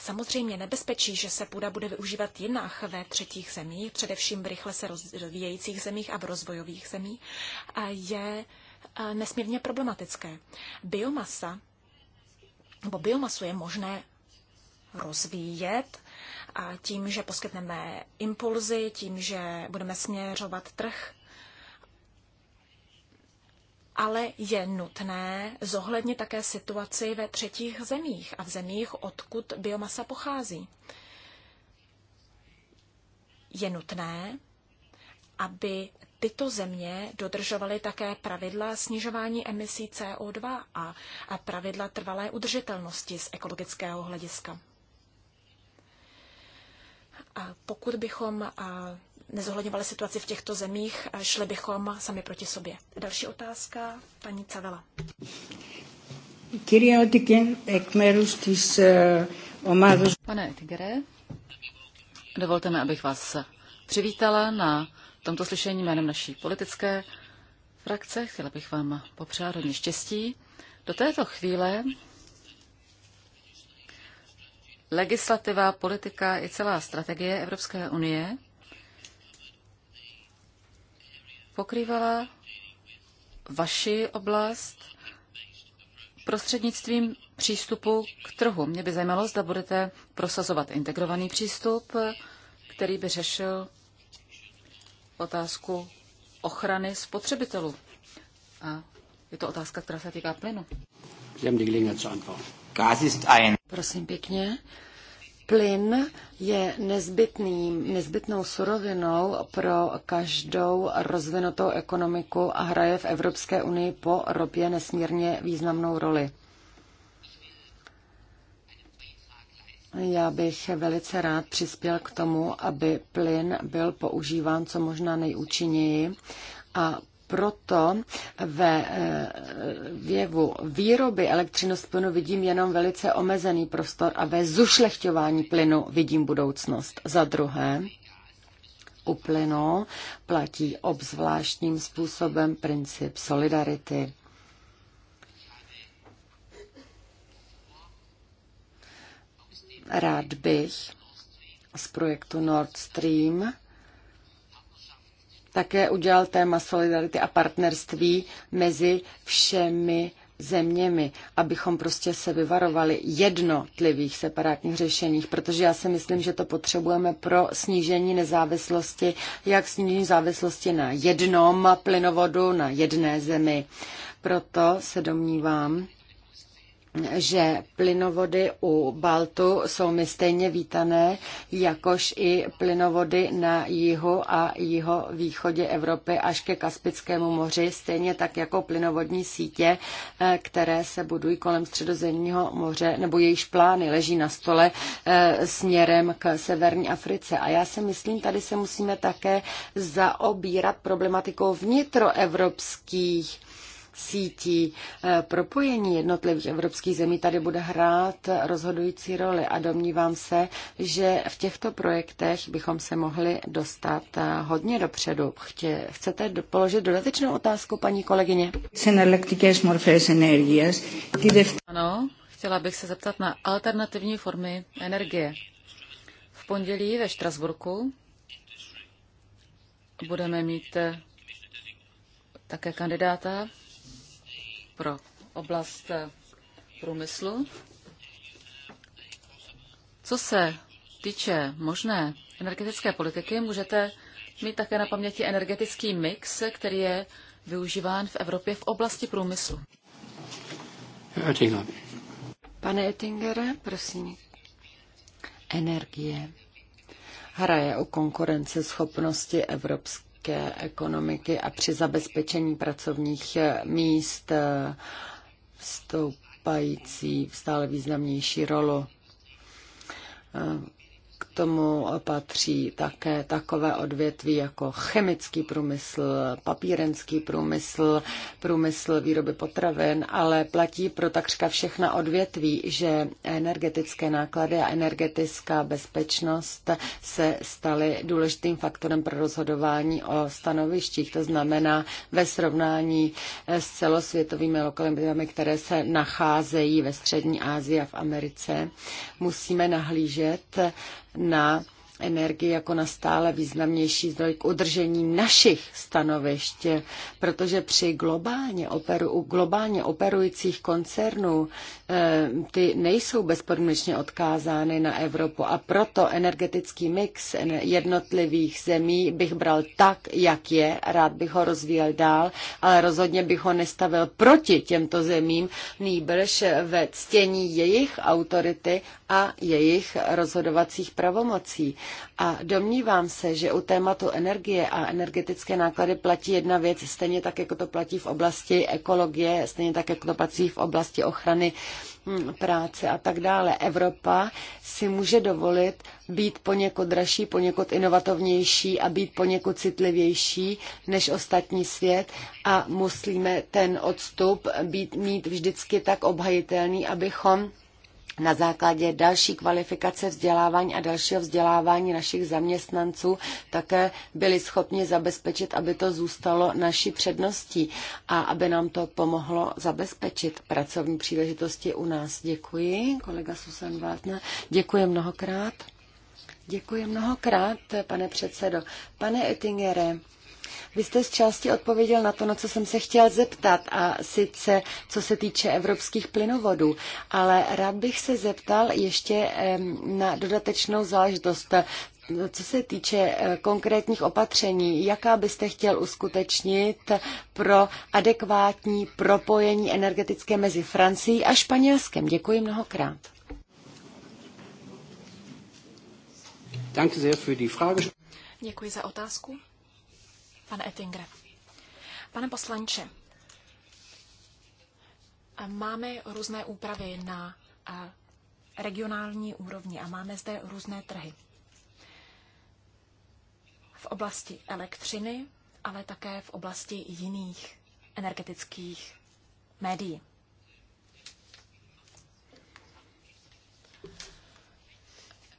samozřejmě nebezpečí, že se půda bude využívat jinak ve třetích zemích, především v rychle se rozvíjejících zemích a v rozvojových zemích, je nesmírně problematické. Biomasa, nebo biomasu je možné rozvíjet a tím, že poskytneme impulzy, tím, že budeme směřovat trh ale je nutné zohlednit také situaci ve třetích zemích a v zemích, odkud biomasa pochází. Je nutné, aby tyto země dodržovaly také pravidla snižování emisí CO2 a pravidla trvalé udržitelnosti z ekologického hlediska. A pokud bychom nezohledňovali situaci v těchto zemích, šli bychom sami proti sobě. Další otázka, paní Cavela. Eh, Pane Tigere, dovolte mi, abych vás přivítala na tomto slyšení jménem naší politické frakce. Chtěla bych vám popřát hodně štěstí. Do této chvíle legislativa, politika i celá strategie Evropské unie pokrývala vaši oblast prostřednictvím přístupu k trhu. Mě by zajímalo, zda budete prosazovat integrovaný přístup, který by řešil otázku ochrany spotřebitelů. A je to otázka, která se týká plynu. Prosím pěkně, Plyn je nezbytným, nezbytnou surovinou pro každou rozvinutou ekonomiku a hraje v Evropské unii po ropě nesmírně významnou roli. Já bych velice rád přispěl k tomu, aby plyn byl používán co možná nejúčinněji a proto ve eh, věvu výroby elektřiny z plynu vidím jenom velice omezený prostor a ve zušlechťování plynu vidím budoucnost. Za druhé, u plynu platí obzvláštním způsobem princip solidarity. Rád bych z projektu Nord Stream také udělal téma solidarity a partnerství mezi všemi zeměmi, abychom prostě se vyvarovali jednotlivých separátních řešeních, protože já si myslím, že to potřebujeme pro snížení nezávislosti, jak snížení závislosti na jednom plynovodu, na jedné zemi. Proto se domnívám, že plynovody u Baltu jsou mi stejně vítané, jakož i plynovody na jihu a jiho východě Evropy až ke Kaspickému moři, stejně tak jako plynovodní sítě, eh, které se budují kolem Středozemního moře, nebo jejíž plány leží na stole eh, směrem k severní Africe. A já si myslím, tady se musíme také zaobírat problematikou vnitroevropských sítí. Eh, propojení jednotlivých evropských zemí tady bude hrát rozhodující roli a domnívám se, že v těchto projektech bychom se mohli dostat eh, hodně dopředu. Chtě, chcete položit dodatečnou otázku, paní kolegyně? Ano, chtěla bych se zeptat na alternativní formy energie. V pondělí ve Štrasburku budeme mít eh, také kandidáta pro oblast eh, průmyslu. Co se týče možné energetické politiky, můžete mít také na paměti energetický mix, který je využíván v Evropě v oblasti průmyslu. Pane Ettinger, prosím. Energie hraje o konkurenceschopnosti Evropské evropské ekonomiky a při zabezpečení pracovních eh, míst vstoupající eh, v stále významnější rolu. Eh, k tomu patří také takové odvětví jako chemický průmysl, papírenský průmysl, průmysl výroby potravin, ale platí pro takřka všechna odvětví, že energetické náklady a energetická bezpečnost se staly důležitým faktorem pro rozhodování o stanovištích. To znamená ve srovnání s celosvětovými lokalitami, které se nacházejí ve Střední Asii a v Americe, musíme nahlížet na energii jako na stále významnější zdroj k udržení našich stanovišť, protože při globálně, operu, globálně operujících koncernů Eh, ty nejsou bezpodmínečně odkázány na Evropu a proto energetický mix jednotlivých zemí bych bral tak, jak je, rád bych ho rozvíjel dál, ale rozhodně bych ho nestavil proti těmto zemím, nýbrž ve ctění jejich autority a jejich rozhodovacích pravomocí. A domnívám se, že u tématu energie a energetické náklady platí jedna věc, stejně tak, jako to platí v oblasti ekologie, stejně tak, jako to platí v oblasti ochrany hm, práce a tak dále. Evropa si může dovolit být poněkud dražší, poněkud inovativnější a být poněkud citlivější než ostatní svět a musíme ten odstup být, mít vždycky tak obhajitelný, abychom na základě další kvalifikace vzdělávání a dalšího vzdělávání našich zaměstnanců také byli schopni zabezpečit, aby to zůstalo naší předností a aby nám to pomohlo zabezpečit pracovní příležitosti u nás. Děkuji, kolega Susan Vlátna. Děkuji mnohokrát. Děkuji mnohokrát, pane předsedo. Pane Ettingere, vy jste z části odpověděl na to, na co jsem se chtěl zeptat, a sice co se týče evropských plynovodů, ale rád bych se zeptal ještě na dodatečnou záležitost. Co se týče eh, konkrétních opatření, jaká byste chtěl uskutečnit pro adekvátní propojení energetické mezi Francií a Španělskem? Děkuji mnohokrát. Děkuji za otázku. Pane Ettinger. Pane poslanče, máme různé úpravy na regionální úrovni a máme zde různé trhy. V oblasti elektřiny, ale také v oblasti jiných energetických médií.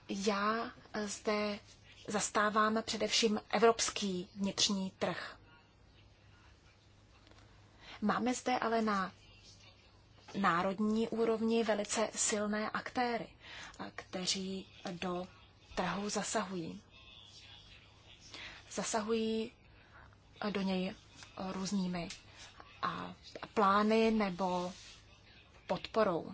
Já zde zastáváme především evropský vnitřní trh. Máme zde ale na národní úrovni velice silné aktéry, kteří do trhu zasahují. Zasahují do něj různými plány nebo podporou.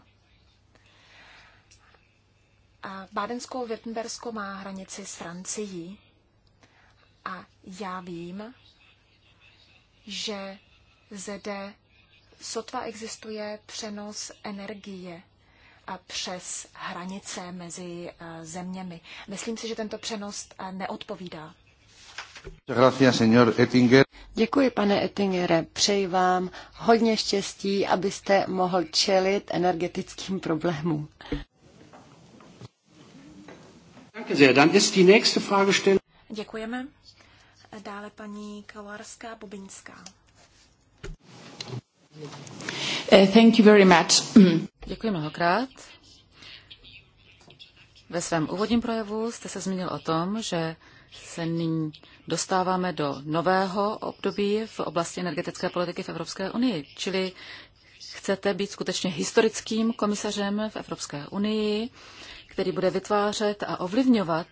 Bádensko-Württembersko má hranici s Francií a já vím, že zde sotva existuje přenos energie a přes hranice mezi eh, zeměmi. Myslím si, že tento přenos eh, neodpovídá. Děkuji, pane Ettingere. Přeji vám hodně štěstí, abyste mohl čelit energetickým problémům. Děkujeme. Dále paní Kalarská Bobinská. Eh, thank you very much. Děkuji mnohokrát. Ve svém úvodním projevu jste se zmínil o tom, že se nyní dostáváme do nového období v oblasti energetické politiky v Evropské unii. Čili chcete být skutečně historickým komisařem v Evropské unii který bude vytvářet a ovlivňovat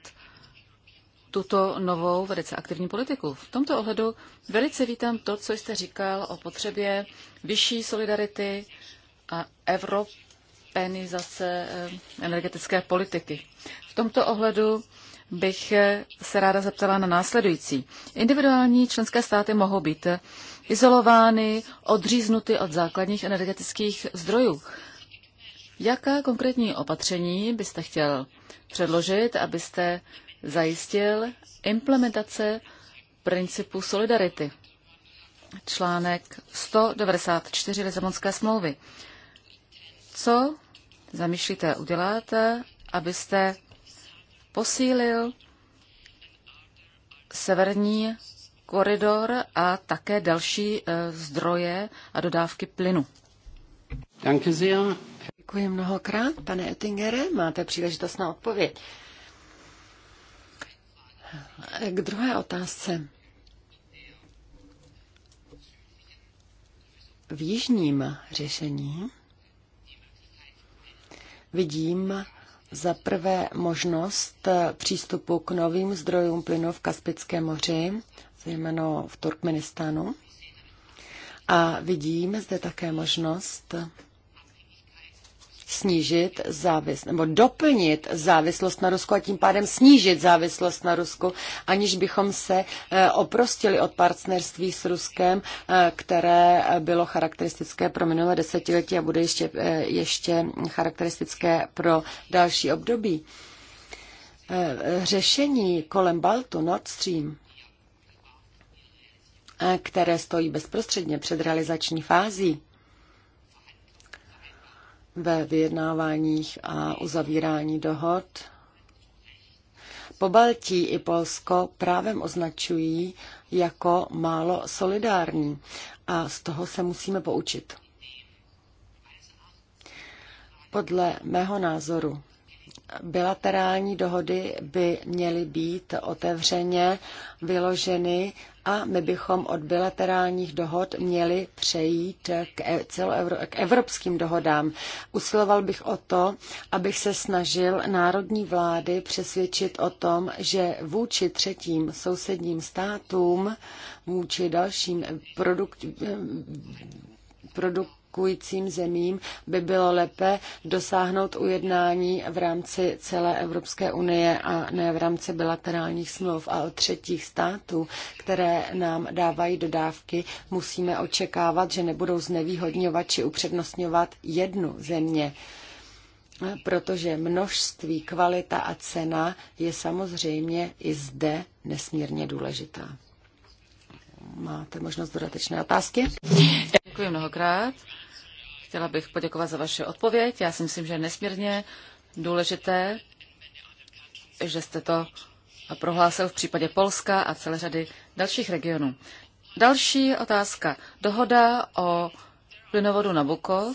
tuto novou velice aktivní politiku. V tomto ohledu velice vítám to, co jste říkal o potřebě vyšší solidarity a evropenizace eh, energetické politiky. V tomto ohledu bych eh, se ráda zeptala na následující. Individuální členské státy mohou být izolovány, odříznuty od základních energetických zdrojů. Jaká konkrétní opatření byste chtěl předložit, abyste zajistil implementace principu solidarity? Článek 194 Lisabonské smlouvy. Co zamýšlíte udělat, abyste posílil severní koridor a také další eh, zdroje a dodávky plynu? Danke sehr. Děkuji mnohokrát. Pane Ettingere, máte příležitost na odpověď. K druhé otázce. V jižním řešení vidím za prvé možnost přístupu k novým zdrojům plynu v Kaspickém moři, zejména v Turkmenistánu. A vidím zde také možnost snížit závislost, nebo doplnit závislost na Rusku a tím pádem snížit závislost na Rusku, aniž bychom se eh, oprostili od partnerství s Ruskem, eh, které bylo charakteristické pro minulé desetiletí a bude ještě, eh, ještě charakteristické pro další období. Řešení kolem Baltu Nord Stream které stojí bezprostředně před realizační fází, ve vyjednáváních a uzavírání dohod. Pobaltí i Polsko právem označují jako málo solidární a z toho se musíme poučit. Podle mého názoru bilaterální dohody by měly být otevřeně vyloženy a my bychom od bilaterálních dohod měli přejít k, e- celoevro, k evropským dohodám. Usiloval bych o to, abych se snažil národní vlády přesvědčit o tom, že vůči třetím sousedním státům, vůči dalším produkt, produkt produkujícím zemím by bylo lépe dosáhnout ujednání v rámci celé Evropské unie a ne v rámci bilaterálních smluv a od třetích států, které nám dávají dodávky, musíme očekávat, že nebudou znevýhodňovat či upřednostňovat jednu země protože množství, kvalita a cena je samozřejmě i zde nesmírně důležitá. Máte možnost dodatečné otázky? Děkuji mnohokrát. Chtěla bych poděkovat za vaši odpověď. Já si myslím, že je nesmírně důležité, že jste to prohlásil v případě Polska a celé řady dalších regionů. Další otázka. Dohoda o plynovodu Nabuko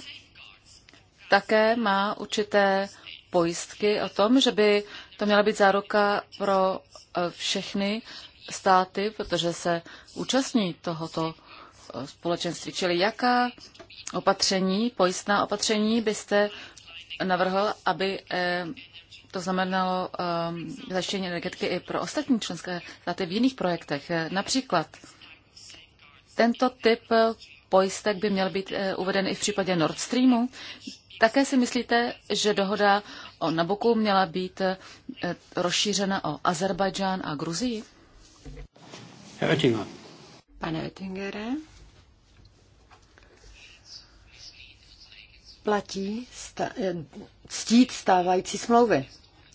také má určité pojistky o tom, že by to měla být záruka pro e, všechny státy, protože se účastní tohoto e, společenství. Čili jaká opatření, pojistná opatření byste navrhl, aby eh, to znamenalo eh, zajištění energetiky i pro ostatní členské státy v jiných projektech. Eh, například tento typ pojistek by měl být uveden i v případě Nord Streamu. Také si myslíte, že dohoda o Naboku měla být rozšířena o Azerbajdžán a Gruzii? Pane Oettingere. platí eh, ctít stávající smlouvy.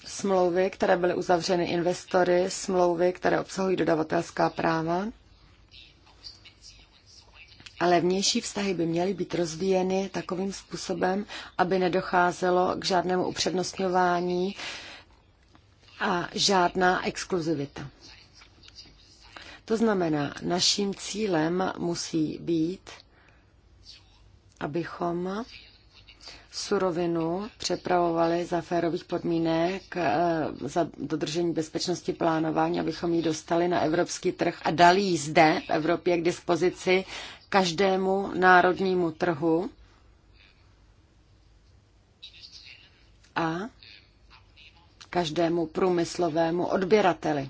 Smlouvy, které byly uzavřeny investory, smlouvy, které obsahují dodavatelská práva, ale vnější vztahy by měly být rozvíjeny takovým způsobem, aby nedocházelo k žádnému upřednostňování a žádná exkluzivita. To znamená, naším cílem musí být, abychom surovinu přepravovali za férových podmínek, eh, za dodržení bezpečnosti plánování, abychom ji dostali na evropský trh a dali ji zde v Evropě k dispozici každému národnímu trhu. A každému průmyslovému odběrateli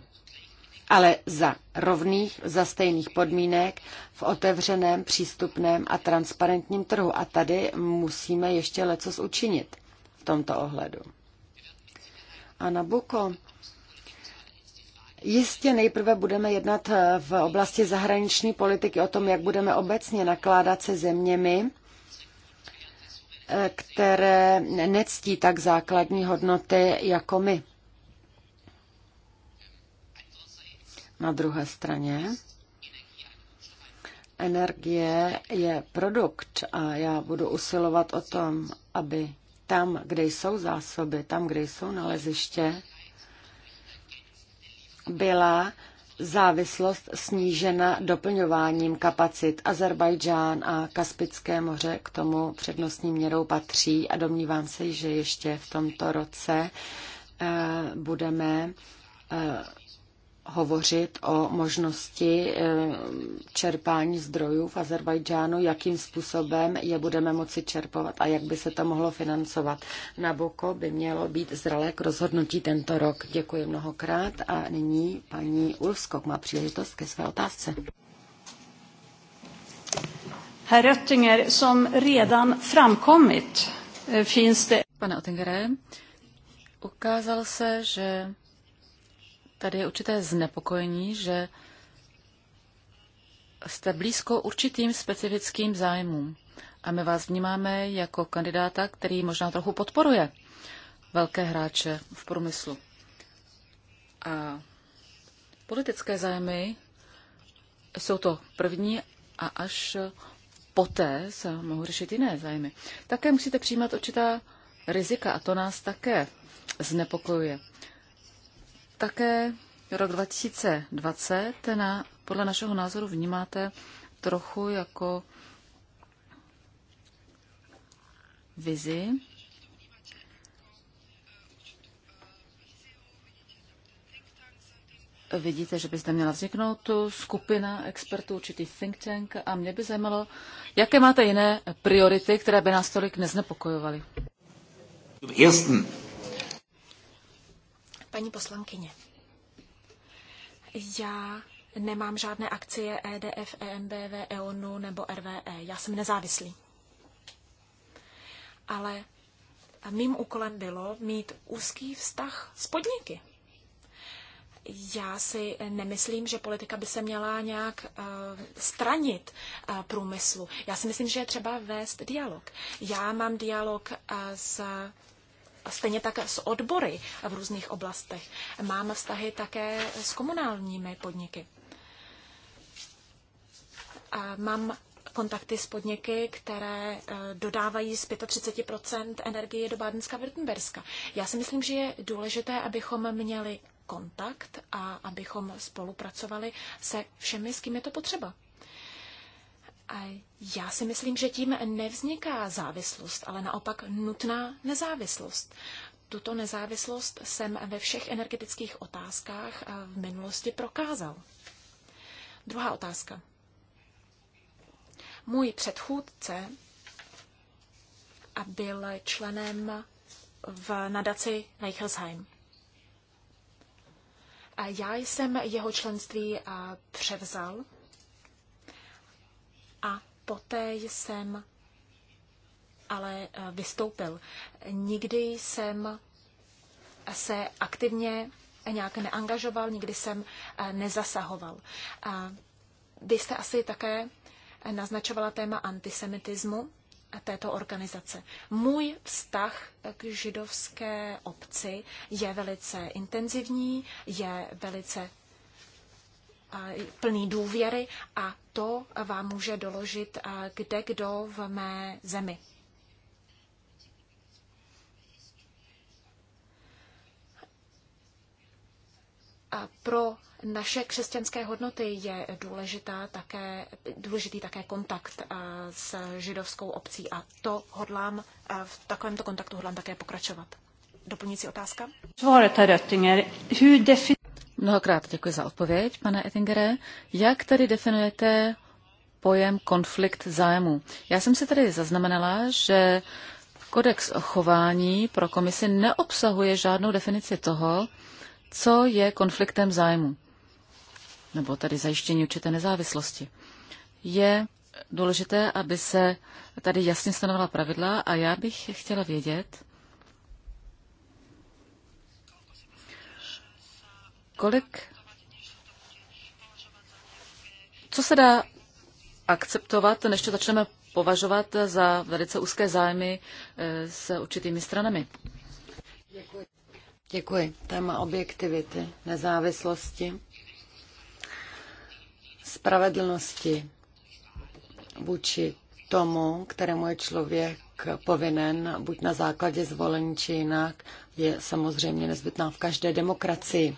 ale za rovných, za stejných podmínek v otevřeném, přístupném a transparentním trhu. A tady musíme ještě lecos učinit v tomto ohledu. A Nabuko, Jistě nejprve budeme jednat v oblasti zahraniční politiky o tom, jak budeme obecně nakládat se zeměmi, eh, které nectí tak základní hodnoty jako my. Na druhé straně energie je produkt a já budu usilovat o tom, aby tam, kde jsou zásoby, tam, kde jsou naleziště, byla závislost snížena doplňováním kapacit. Azerbajdžán a Kaspické moře k tomu přednostní měrou patří a domnívám se, že ještě v tomto roce eh, budeme eh, hovořit o možnosti eh, čerpání zdrojů v Azerbajdžánu, jakým způsobem je budeme moci čerpovat a jak by se to mohlo financovat. Na Boko by mělo být zralé k rozhodnutí tento rok. Děkuji mnohokrát a nyní paní Ulskok má příležitost ke své otázce. Herr Röttinger, som redan framkommit eh, finns det... Pane Oettingere, ukázal se, že tady je určité znepokojení, že jste blízko určitým specifickým zájmům a my vás vnímáme jako kandidáta, který možná trochu podporuje velké hráče v průmyslu. A politické zájmy jsou to první a až poté se mohou řešit jiné zájmy. Také musíte přijímat určitá rizika a to nás také znepokojuje. Také rok 2020 na, podle našeho názoru vnímáte trochu jako vizi. Vidíte, že by zde měla vzniknout tu skupina expertů, určitý think tank a mě by zajímalo, jaké máte jiné priority, které by nás tolik neznepokojovaly. Paní poslankyně, já nemám žádné akcie EDF, EMBV, EONu nebo RVE. Já jsem nezávislý. Ale mým úkolem bylo mít úzký vztah s podniky. Já si nemyslím, že politika by se měla nějak uh, stranit uh, průmyslu. Já si myslím, že je třeba vést dialog. Já mám dialog uh, s stejně tak s odbory v různých oblastech. Mám vztahy také s komunálními podniky. A mám kontakty s podniky, které eh, dodávají z 35 energie do Bádenska-Württemberska. Já si myslím, že je důležité, abychom měli kontakt a abychom spolupracovali se všemi, s kým je to potřeba. Já si myslím, že tím nevzniká závislost, ale naopak nutná nezávislost. Tuto nezávislost jsem ve všech energetických otázkách eh, v minulosti prokázal. Druhá otázka. Můj předchůdce a byl členem v nadaci Reichelsheim. A já jsem jeho členství eh, převzal poté jsem ale eh, vystoupil. Nikdy jsem se aktivně nějak neangažoval, nikdy jsem eh, nezasahoval. Vy jste asi také naznačovala téma antisemitismu této organizace. Můj vztah k židovské obci je velice intenzivní, je velice plný důvěry a to vám může doložit kde kdo v mé zemi. A pro naše křesťanské hodnoty je důležitá také, důležitý také kontakt s židovskou obcí a to hodlám, v takovémto kontaktu hodlám také pokračovat. Doplňující otázka? Svaret, Herr Röttinger, hur Mnohokrát děkuji za odpověď, pane Ettingere. Jak tedy definujete pojem konflikt zájmu? Já jsem si tady zaznamenala, že kodex chování pro komisi neobsahuje žádnou definici toho, co je konfliktem zájmu, nebo tedy zajištění určité nezávislosti. Je důležité, aby se tady jasně stanovila pravidla a já bych chtěla vědět, kolik, co se dá akceptovat, než to začneme považovat za velice úzké zájmy eh, s určitými stranami. Děkuji. Děkuji. Téma objektivity, nezávislosti, spravedlnosti vůči tomu, kterému je člověk povinen, buď na základě zvolení či jinak, je samozřejmě nezbytná v každé demokracii.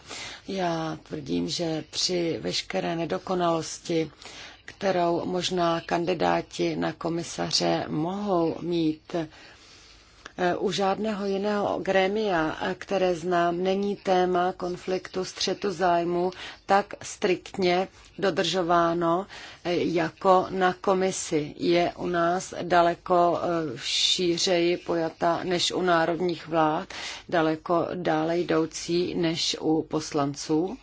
Já tvrdím, že při veškeré nedokonalosti, kterou možná kandidáti na komisaře mohou mít, Eh, u žádného jiného grémia, eh, které znám, není téma konfliktu střetu zájmu tak striktně dodržováno eh, jako na komisi. Je u nás daleko šířeji pojata než u národních vlád, daleko dále jdoucí než u poslanců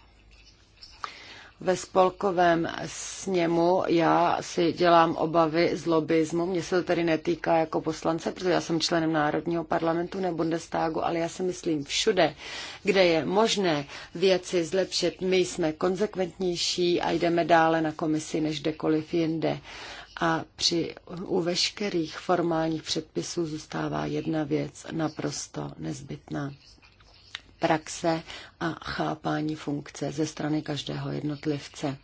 ve spolkovém sněmu já si dělám obavy z lobbyismu. Mně se to tedy netýká jako poslance, protože já jsem členem Národního parlamentu nebo Bundestagu, ale já si myslím všude, kde je možné věci zlepšit, my jsme konzekventnější a jdeme dále na komisi než kdekoliv jinde. A při, u veškerých formálních předpisů zůstává jedna věc naprosto nezbytná praxe a chápání funkce ze strany každého jednotlivce.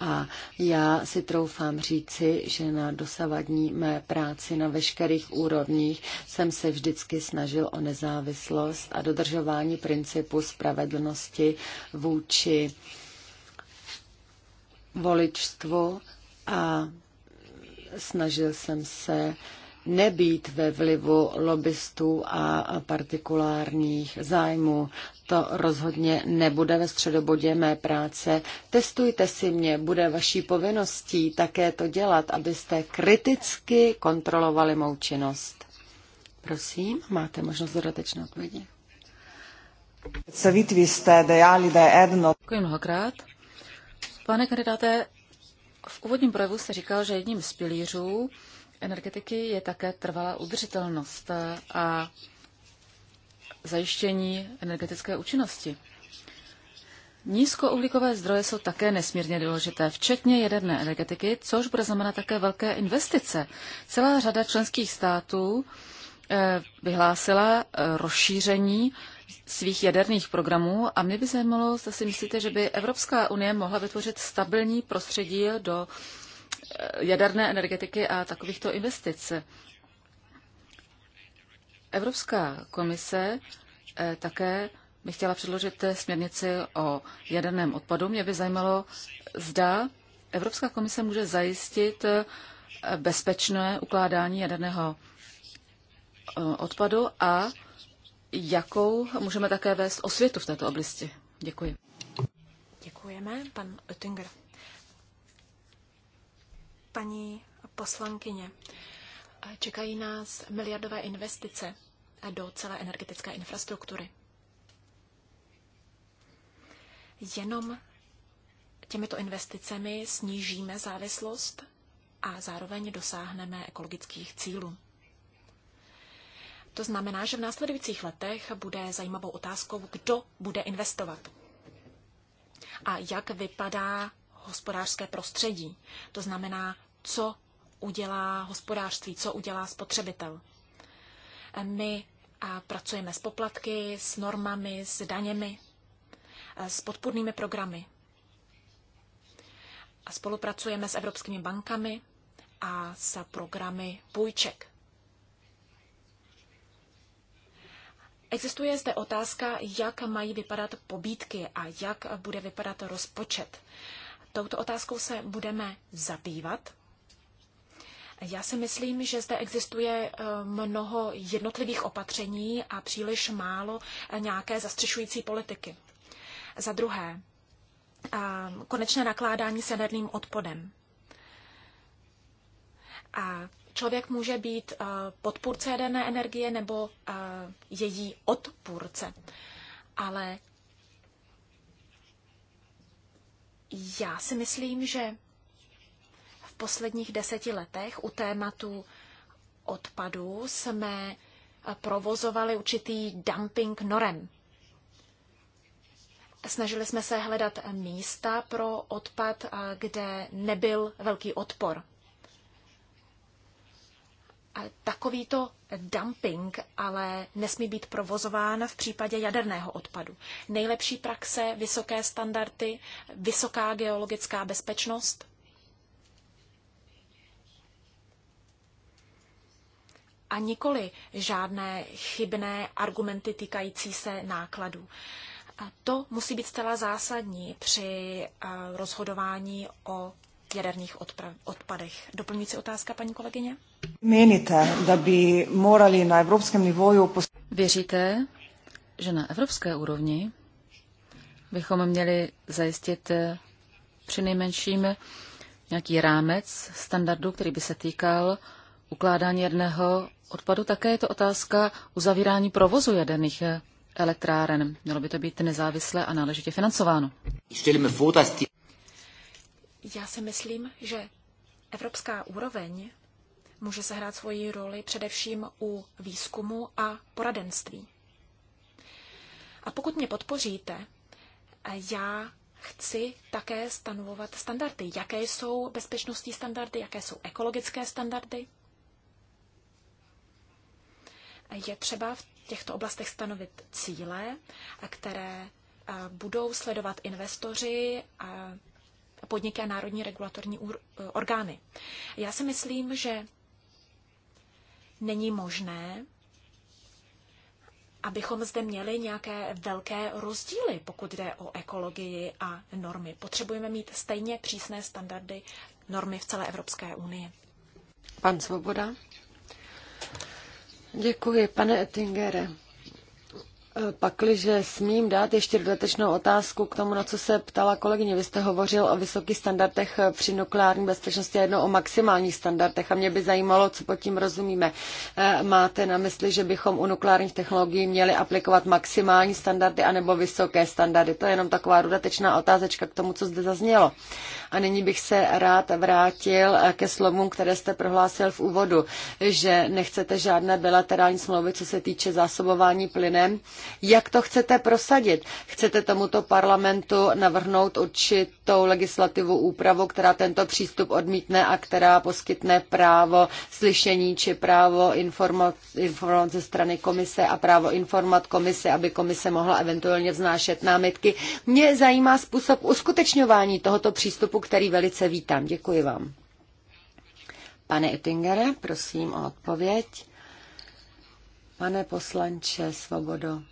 A já si troufám říci, že na dosavadní mé práci na veškerých úrovních jsem se vždycky snažil o nezávislost a dodržování principu spravedlnosti vůči voličstvu a snažil jsem se nebýt ve vlivu lobbystů a partikulárních zájmů. To rozhodně nebude ve středobodě mé práce. Testujte si mě, bude vaší povinností také to dělat, abyste kriticky kontrolovali mou činnost. Prosím, máte možnost dodatečné odpovědi. Představitvi jste dejali, da je jedno... Děkuji mnohokrát. Pane kandidáte, v úvodním projevu jste říkal, že jedním z pilířů energetiky je také trvalá udržitelnost a zajištění energetické účinnosti. Nízkouhlíkové zdroje jsou také nesmírně důležité, včetně jaderné energetiky, což bude znamenat také velké investice. Celá řada členských států eh, vyhlásila eh, rozšíření svých jaderných programů a mě by zajímalo, zda si myslíte, že by Evropská unie mohla vytvořit stabilní prostředí, do jaderné energetiky a takovýchto investic. Evropská komise eh, také bych chtěla předložit směrnici o jaderném odpadu. Mě by zajímalo, zda Evropská komise může zajistit eh, bezpečné ukládání jaderného eh, odpadu a jakou můžeme také vést osvětu v této oblasti. Děkuji. Děkujeme, pan Oettinger paní poslankyně. Čekají nás miliardové investice do celé energetické infrastruktury. Jenom těmito investicemi snížíme závislost a zároveň dosáhneme ekologických cílů. To znamená, že v následujících letech bude zajímavou otázkou, kdo bude investovat a jak vypadá hospodářské prostředí. To znamená, co udělá hospodářství, co udělá spotřebitel. E, my pracujeme s poplatky, s normami, s daněmi, e, s podpůrnými programy. A spolupracujeme s evropskými bankami a s programy půjček. Existuje zde otázka, jak mají vypadat pobídky a jak bude vypadat rozpočet. Touto otázkou se budeme zabývat já si myslím, že zde existuje eh, mnoho jednotlivých opatření a příliš málo eh, nějaké zastřešující politiky. Za druhé, eh, konečné nakládání s jaderným odpadem. A člověk může být podpůrce jaderné energie nebo její odpůrce. Ale já si myslím, že posledních deseti letech u tématu odpadů jsme provozovali určitý dumping norem. Snažili jsme se hledat místa pro odpad, kde nebyl velký odpor. takovýto dumping ale nesmí být provozován v případě jaderného odpadu. Nejlepší praxe, vysoké standardy, vysoká geologická bezpečnost – a nikoli žádné chybné argumenty týkající se nákladů. A to musí být zcela zásadní při eh, rozhodování o jaderných odpadech. Doplňující otázka, paní kolegyně? Měníte, da by morali na evropském nivoju... Věříte, že na evropské úrovni bychom měli zajistit eh, při nejmenším nějaký rámec standardu, který by se týkal ukládání jedného odpadu, také je to otázka uzavírání provozu jaderných eh, elektráren. Mělo by to být nezávislé a náležitě financováno. Já si myslím, že evropská úroveň může sehrát svoji roli především u výzkumu a poradenství. A pokud mě podpoříte, eh, já chci také stanovovat standardy. Jaké jsou bezpečnostní standardy, jaké jsou ekologické standardy je třeba v těchto oblastech stanovit cíle, které budou sledovat investoři a podniky a národní regulatorní e, orgány. Já si myslím, že není možné, abychom zde měli nějaké velké rozdíly, pokud jde o ekologii a normy. Potřebujeme mít stejně přísné standardy normy v celé Evropské unii. Pan Svoboda. Děkuji, pane Ettingere. Pakliže smím dát ještě dodatečnou otázku k tomu, na co se ptala kolegyně. Vy jste hovořil o vysokých standardech při nukleární bezpečnosti a jedno o maximálních standardech a mě by zajímalo, co pod tím rozumíme. Eh, máte na mysli, že bychom u nukleárních technologií měli aplikovat maximální standardy anebo vysoké standardy? To je jenom taková dodatečná otázečka k tomu, co zde zaznělo. A nyní bych se rád vrátil eh, ke slovům, které jste prohlásil v úvodu, že nechcete žádné bilaterální smlouvy, co se týče zásobování plynem jak to chcete prosadit? Chcete tomuto parlamentu navrhnout určitou legislativu úpravu, která tento přístup odmítne a která poskytne právo slyšení či právo informovat, ze strany komise a právo informovat komise, aby komise mohla eventuálně vznášet námitky. Mě zajímá způsob uskutečňování tohoto přístupu, který velice vítám. Děkuji vám. Pane Ettingere, prosím o odpověď. Pane poslanče Svobodo,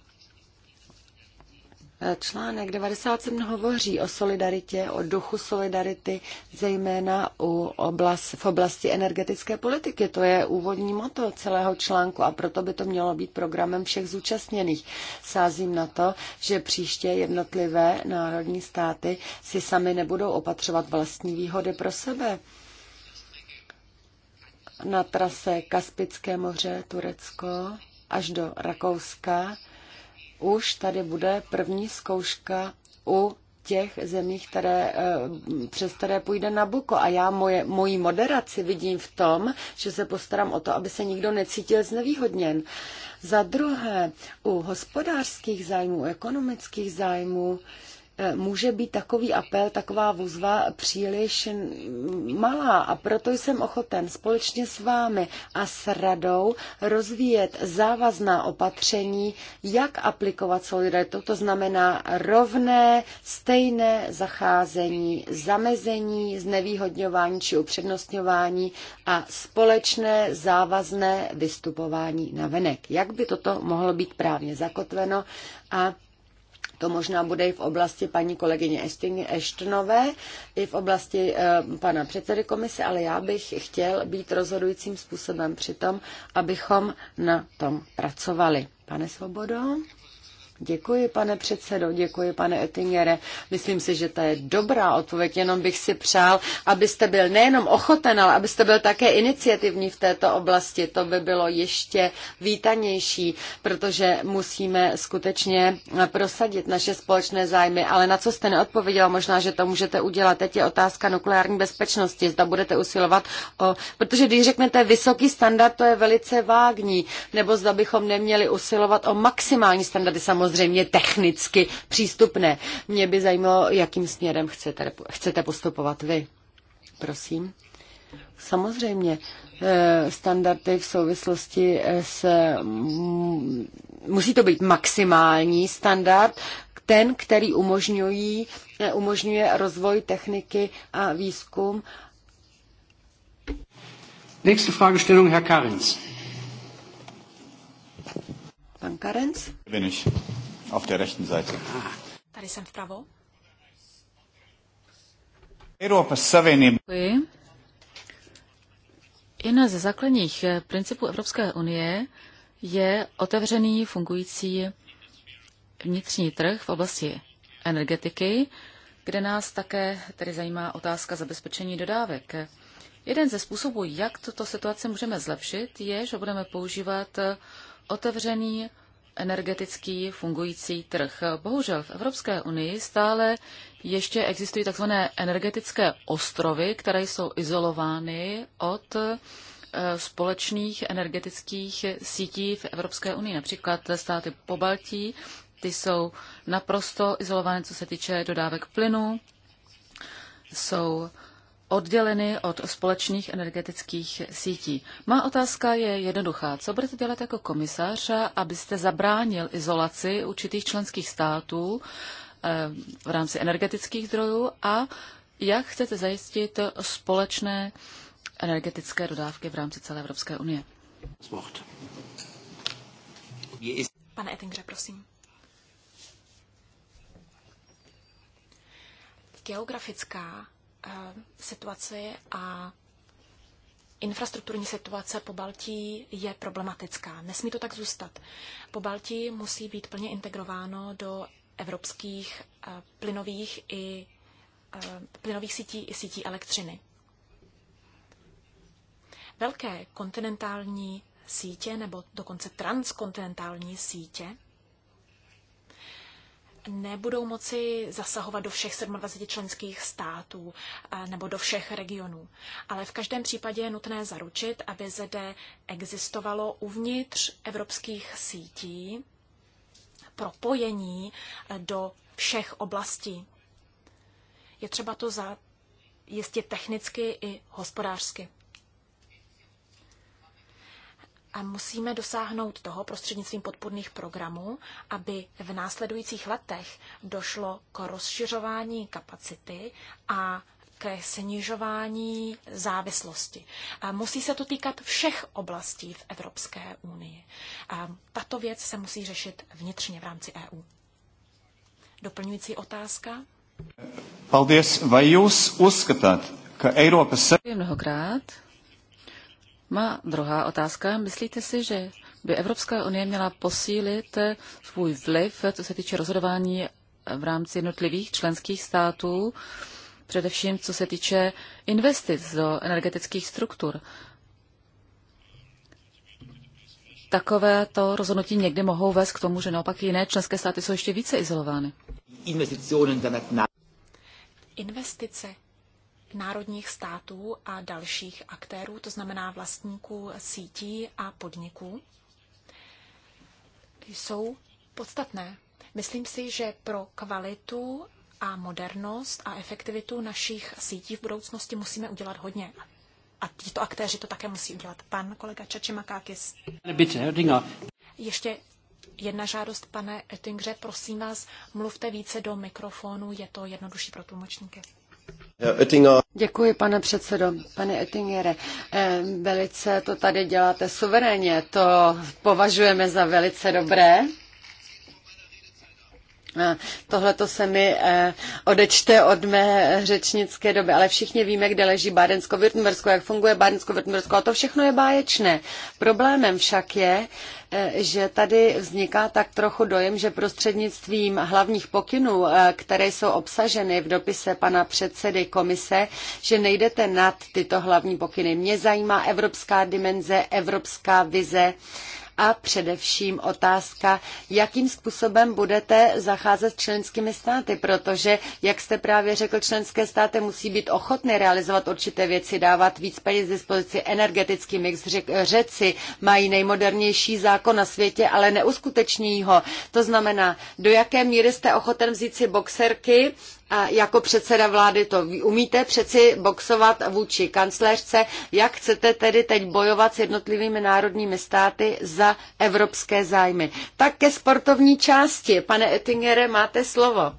Článek 97 hovoří o solidaritě, o duchu solidarity, zejména u oblast, v oblasti energetické politiky. To je úvodní moto celého článku a proto by to mělo být programem všech zúčastněných. Sázím na to, že příště jednotlivé národní státy si sami nebudou opatřovat vlastní výhody pro sebe. Na trase Kaspické moře, Turecko až do Rakouska už tady bude první zkouška u těch zemích, které, eh, přes které půjde Nabuko. A já moje, moji moderaci vidím v tom, že se postarám o to, aby se nikdo necítil znevýhodněn. Za druhé, u hospodářských zájmů, u ekonomických zájmů, uh, může být takový apel, taková vozva příliš malá a proto jsem ochoten společně s vámi a s radou rozvíjet závazná opatření, jak aplikovat solidaritu, to znamená rovné, stejné zacházení, zamezení, znevýhodňování či upřednostňování a společné závazné vystupování na venek. Jak by toto mohlo být právně zakotveno a to možná bude i v oblasti paní kolegyně Eštnové, i v oblasti eh, pana předsedy komise, ale já bych chtěl být rozhodujícím způsobem při tom, abychom na tom pracovali. Pane Svobodo? Děkuji, pane předsedo, děkuji, pane Ettingere. Myslím si, že to je dobrá odpověď, jenom bych si přál, abyste byl nejenom ochoten, ale abyste byl také iniciativní v této oblasti. To by bylo ještě vítanější, protože musíme skutečně prosadit naše společné zájmy. Ale na co jste neodpověděl, možná, že to můžete udělat. Teď je otázka nukleární bezpečnosti, zda budete usilovat o... Protože když řeknete vysoký standard, to je velice vágní, nebo zda bychom neměli usilovat o maximální standardy samozřejmě samozřejmě technicky přístupné. Mě by zajímalo, jakým směrem chcete, chcete postupovat vy. Prosím. Samozřejmě eh, standardy v souvislosti s... Mm, musí to být maximální standard, ten, který umožňují, eh, umožňuje rozvoj techniky a výzkum. Nächste Fragestellung, Herr Karins. Pan Karenc? Bin ich. Auf der rechten Seite. Tady jsem vpravo. ze základních eh, principů Evropské unie je otevřený fungující vnitřní trh v oblasti energetiky, kde nás také tedy zajímá otázka zabezpečení dodávek. Jeden ze způsobů, jak tuto situaci můžeme zlepšit, je, že budeme používat eh, otevřený, energetický, fungující trh. Bohužel v Evropské unii stále ještě existují tzv. energetické ostrovy, které jsou izolovány od eh, společných energetických sítí v Evropské unii, například státy po Baltí, ty jsou naprosto izolované, co se týče dodávek plynu, jsou odděleny od společných energetických sítí. Má otázka je jednoduchá. Co budete dělat jako komisař, abyste zabránil izolaci určitých členských států eh, v rámci energetických zdrojů a jak chcete zajistit společné energetické dodávky v rámci celé Evropské unie? Pane Ettingere, prosím. Geografická Eh, situaci a infrastrukturní situace po Baltí je problematická. Nesmí to tak zůstat. Po Baltí musí být plně integrováno do evropských eh, plynových i eh, plynových sítí i sítí elektřiny. Velké kontinentální sítě nebo dokonce transkontinentální sítě nebudou moci zasahovat do všech 27 členských států eh, nebo do všech regionů. Ale v každém případě je nutné zaručit, aby zde existovalo uvnitř evropských sítí propojení eh, do všech oblastí. Je třeba to zajistit technicky i hospodářsky. A musíme dosáhnout toho prostřednictvím podpůrných programů, aby v následujících letech došlo k rozšiřování kapacity a ke snižování závislosti. A musí se to týkat všech oblastí v Evropské unii. A tato věc se musí řešit vnitřně v rámci EU. Doplňující otázka? Paldies, vai jūs uzskatāt, ka Eiropas... Mnohokrát. Má druhá otázka. Myslíte si, že by Evropská unie měla posílit svůj vliv, co se týče rozhodování v rámci jednotlivých členských států, především co se týče investic do energetických struktur? Takové to rozhodnutí někdy mohou vést k tomu, že naopak jiné členské státy jsou ještě více izolovány. Investice národních států a dalších aktérů, to znamená vlastníků sítí a podniků, jsou podstatné. Myslím si, že pro kvalitu a modernost a efektivitu našich sítí v budoucnosti musíme udělat hodně. A tito aktéři to také musí udělat. Pan kolega Čačimakákis. Ještě jedna žádost, pane Ettingře, prosím vás, mluvte více do mikrofonu, je to jednodušší pro tlumočníky. Děkuji, pane předsedo. Pane Ettingere, eh, velice to tady děláte suverénně, to považujeme za velice dobré. Tohle to se mi eh, odečte od mé řečnické doby, ale všichni víme, kde leží Bádensko-Württembersko, jak funguje Bádensko-Württembersko a to všechno je báječné. Problémem však je, eh, že tady vzniká tak trochu dojem, že prostřednictvím hlavních pokynů, eh, které jsou obsaženy v dopise pana předsedy komise, že nejdete nad tyto hlavní pokyny. Mě zajímá evropská dimenze, evropská vize, a především otázka, jakým způsobem budete zacházet s členskými státy, protože, jak jste právě řekl, členské státy musí být ochotny realizovat určité věci, dávat víc peněz dispozici, energetický mix, řek, řeci mají nejmodernější zákon na světě, ale neuskuteční ho. To znamená, do jaké míry jste ochoten vzít si boxerky, jako předseda vlády to umíte přeci boxovat vůči kancléřce. Jak chcete tedy teď bojovat s jednotlivými národními státy za evropské zájmy? Tak ke sportovní části. Pane Ettingere, máte slovo.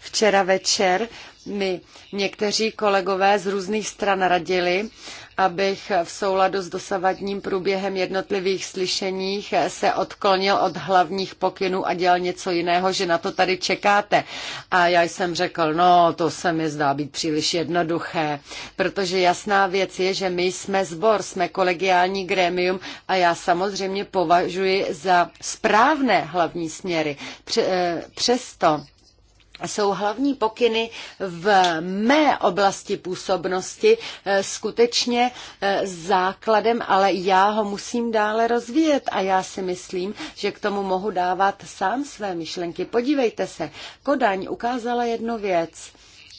Včera večer mi někteří kolegové z různých stran radili, abych v souladu s dosavadním průběhem jednotlivých slyšeních se odklonil od hlavních pokynů a dělal něco jiného, že na to tady čekáte. A já jsem řekl, no to se mi zdá být příliš jednoduché, protože jasná věc je, že my jsme zbor, jsme kolegiální grémium a já samozřejmě považuji za správné hlavní směry. Eh, přesto jsou hlavní pokyny v mé oblasti působnosti eh, skutečně eh, základem, ale já ho musím dále rozvíjet a já si myslím, že k tomu mohu dávat sám své myšlenky. Podívejte se, Kodaň ukázala jednu věc.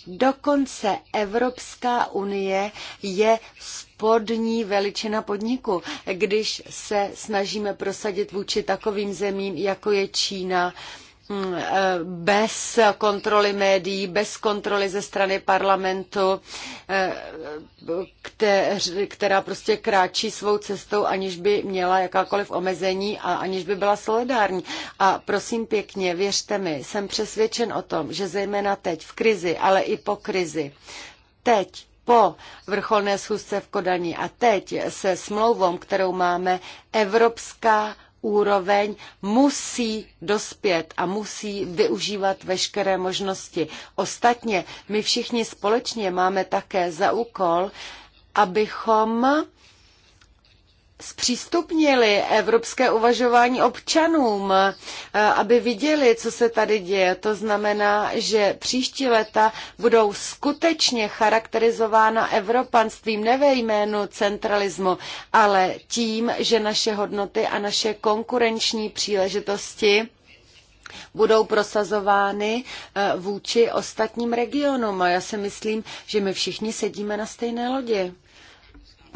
Dokonce Evropská unie je spodní veličina podniku, když se snažíme prosadit vůči takovým zemím, jako je Čína, Mm, eh, bez kontroly médií, bez kontroly ze strany parlamentu, eh, která prostě kráčí svou cestou, aniž by měla jakákoliv omezení a aniž by byla solidární. A prosím pěkně, věřte mi, jsem přesvědčen o tom, že zejména teď v krizi, ale i po krizi, teď po vrcholné schůzce v Kodani a teď se smlouvou, kterou máme, Evropská úroveň musí dospět a musí využívat veškeré možnosti. Ostatně my všichni společně máme také za úkol, abychom zpřístupnili evropské uvažování občanům, eh, aby viděli, co se tady děje. To znamená, že příští leta budou skutečně charakterizována evropanstvím ne ve jménu centralismu, ale tím, že naše hodnoty a naše konkurenční příležitosti budou prosazovány eh, vůči ostatním regionům. A já si myslím, že my všichni sedíme na stejné lodi.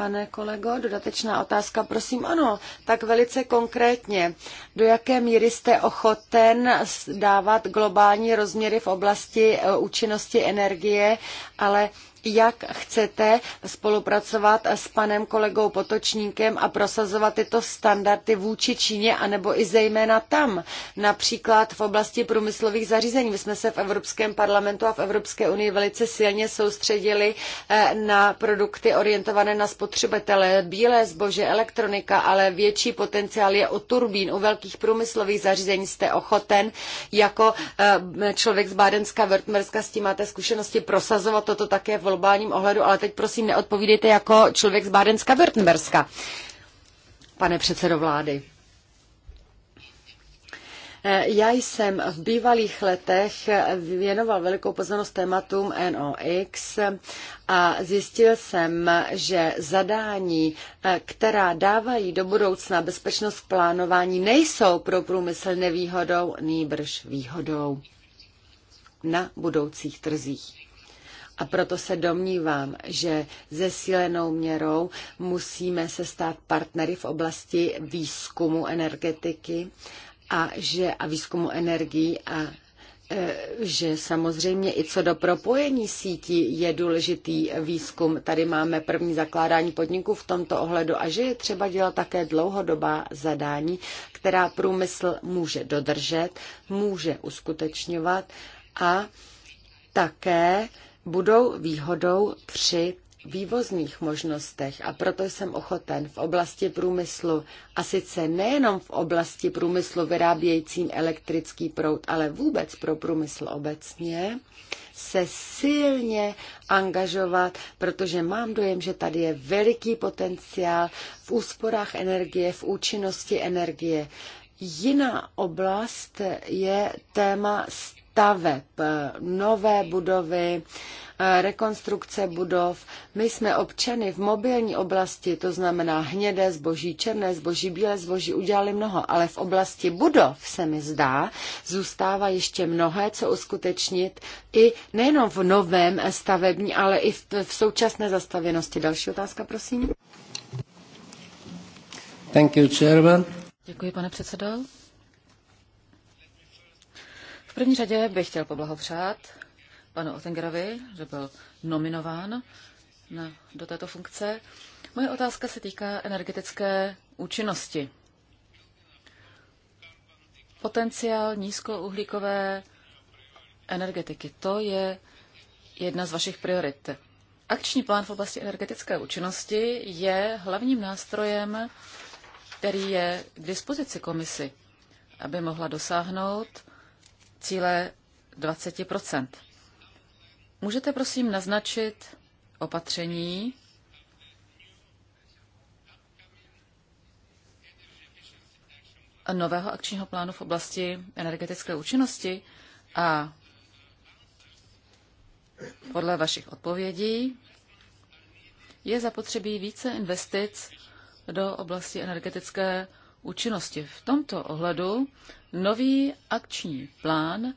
Pane kolego, dodatečná otázka, prosím, ano, tak velice konkrétně. Do jaké míry jste ochoten dávat globální rozměry v oblasti e, účinnosti energie, ale jak chcete spolupracovat s panem kolegou Potočníkem a prosazovat tyto standardy vůči Číně, anebo i zejména tam, například v oblasti průmyslových zařízení. My jsme se v Evropském parlamentu a v Evropské unii velice silně soustředili eh, na produkty orientované na spotřebitele, bílé zboží, elektronika, ale větší potenciál je u turbín, u velkých průmyslových zařízení. Jste ochoten jako eh, člověk z Bádenska, Wörtmerska, s tím máte zkušenosti prosazovat toto také v globálním ohledu, ale teď prosím neodpovídejte jako člověk z Bádenska Württemberska, pane předsedo vlády. E, já jsem v bývalých letech věnoval velikou pozornost tématům NOx a zjistil jsem, že zadání, e, která dávají do budoucna bezpečnost plánování, nejsou pro průmysl nevýhodou, nýbrž výhodou na budoucích trzích. A proto se domnívám, že zesílenou měrou musíme se stát partnery v oblasti výzkumu energetiky a, že, a výzkumu energií a e, že samozřejmě i co do propojení sítí je důležitý výzkum. Tady máme první zakládání podniků v tomto ohledu a že je třeba dělat také dlouhodobá zadání, která průmysl může dodržet, může uskutečňovat a také budou výhodou při vývozních možnostech a proto jsem ochoten v oblasti průmyslu a sice nejenom v oblasti průmyslu vyrábějícím elektrický proud, ale vůbec pro průmysl obecně, se silně angažovat, protože mám dojem, že tady je veliký potenciál v úsporách energie, v účinnosti energie. Jiná oblast je téma staveb, nové budovy, eh, rekonstrukce budov. My jsme občany v mobilní oblasti, to znamená hnědé zboží, černé zboží, bílé zboží, udělali mnoho, ale v oblasti budov se mi zdá, zůstává ještě mnohé, co uskutečnit i nejenom v novém stavební, ale i v, současné zastavěnosti. Další otázka, prosím. Thank you, Děkuji, pane předsedo. V první řadě bych chtěl poblahopřát panu Otengerovi, že byl nominován na, do této funkce. Moje otázka se týká energetické účinnosti. Potenciál nízkouhlíkové energetiky, to je jedna z vašich priorit. Akční plán v oblasti energetické účinnosti je hlavním nástrojem, který je k dispozici komisi, aby mohla dosáhnout cíle 20 Můžete prosím naznačit opatření, nového akčního plánu v oblasti energetické účinnosti a podle vašich odpovědí je zapotřebí více investic do oblasti energetické účinnosti. V tomto ohledu nový akční plán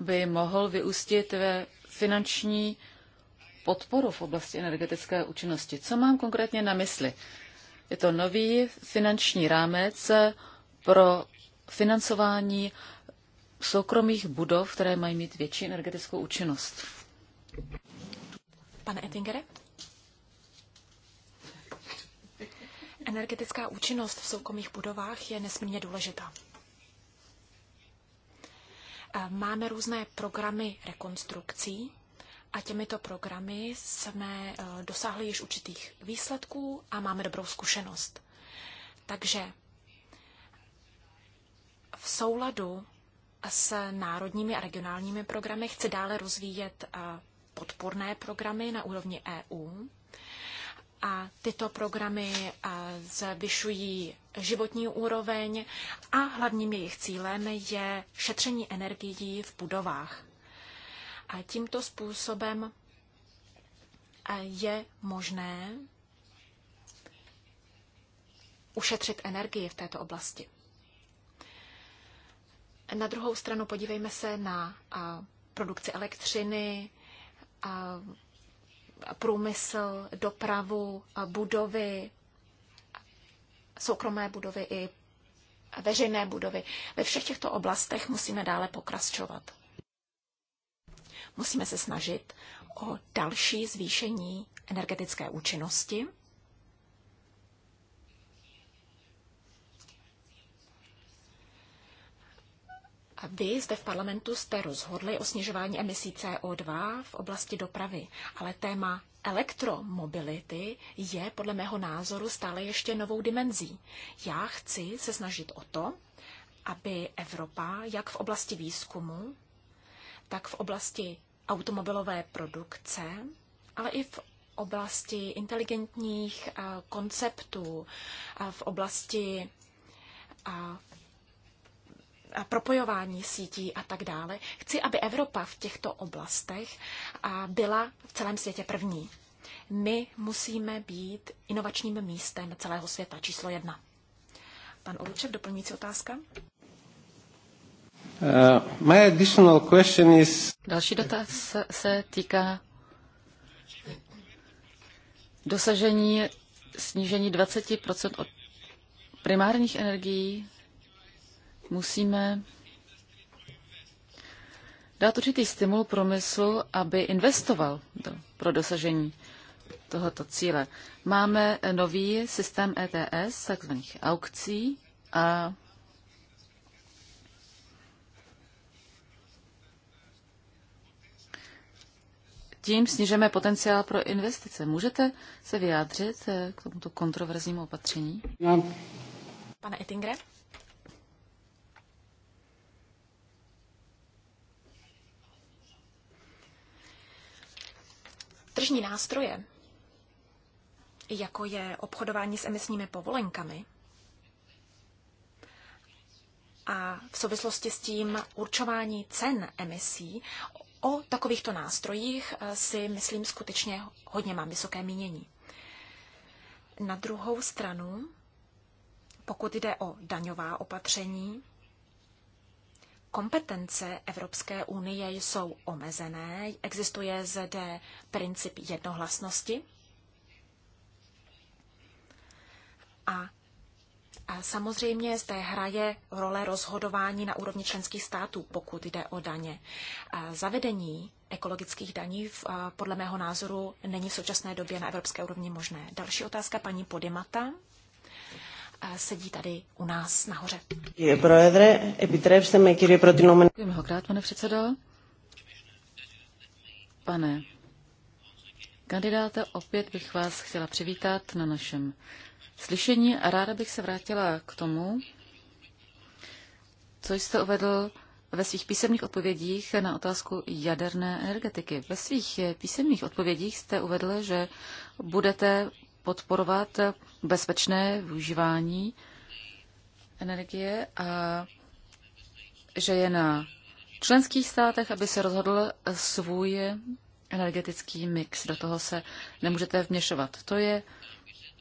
by mohl vyústit ve finanční podporu v oblasti energetické účinnosti. Co mám konkrétně na mysli? Je to nový finanční rámec pro financování soukromých budov, které mají mít větší energetickou účinnost. Pane Ettingere? Energetická účinnost v soukromých budovách je nesmírně důležitá. Eh, máme různé programy rekonstrukcí a těmito programy jsme eh, dosáhli již určitých výsledků a máme dobrou zkušenost. Takže v souladu s národními a regionálními programy chci dále rozvíjet eh, podporné programy na úrovni EU a tyto programy zvyšují životní úroveň a hlavním jejich cílem je šetření energií v budovách. A tímto způsobem je možné ušetřit energii v této oblasti. Na druhou stranu podívejme se na produkci elektřiny, průmysl, dopravu, budovy, soukromé budovy i veřejné budovy. Ve všech těchto oblastech musíme dále pokračovat. Musíme se snažit o další zvýšení energetické účinnosti. Vy zde v parlamentu jste rozhodli o snižování emisí CO2 v oblasti dopravy, ale téma elektromobility je podle mého názoru stále ještě novou dimenzí. Já chci se snažit o to, aby Evropa jak v oblasti výzkumu, tak v oblasti automobilové produkce, ale i v oblasti inteligentních eh, konceptů, v oblasti propojování sítí a tak dále. Chci, aby Evropa v těchto oblastech byla v celém světě první. My musíme být inovačním místem celého světa, číslo jedna. Pan Oluček, doplňující otázka? Uh, my additional question is... Další dotaz se týká dosažení snížení 20 od primárních energií musíme dát určitý stimul mysl, aby investoval do, pro dosažení tohoto cíle. Máme nový systém ETS, takzvaných aukcí, a tím snižeme potenciál pro investice. Můžete se vyjádřit eh, k tomuto kontroverznímu opatření? Pane Ettingre? Tržní nástroje, jako je obchodování s emisními povolenkami, a v souvislosti s tím určování cen emisí, o takovýchto nástrojích eh, si myslím skutečně hodně mám vysoké mínění. Na druhou stranu, pokud jde o daňová opatření, Kompetence Evropské unie jsou omezené, existuje zde princip jednohlasnosti a a samozřejmě zde hraje role rozhodování na úrovni členských států, pokud jde o daně. Zavedení ekologických daní v podle mého názoru není v současné době na evropské úrovni možné. Další otázka paní Podimata sedí tady u nás nahoře. Děkuji mnohokrát, pane předsedo. Pane kandidáte, opět bych vás chtěla přivítat na našem slyšení a ráda bych se vrátila k tomu, co jste uvedl ve svých písemných odpovědích na otázku jaderné energetiky. Ve svých písemných odpovědích jste uvedl, že budete podporovat bezpečné využívání energie a že je na členských státech, aby se rozhodl svůj energetický mix. Do toho se nemůžete vměšovat. To je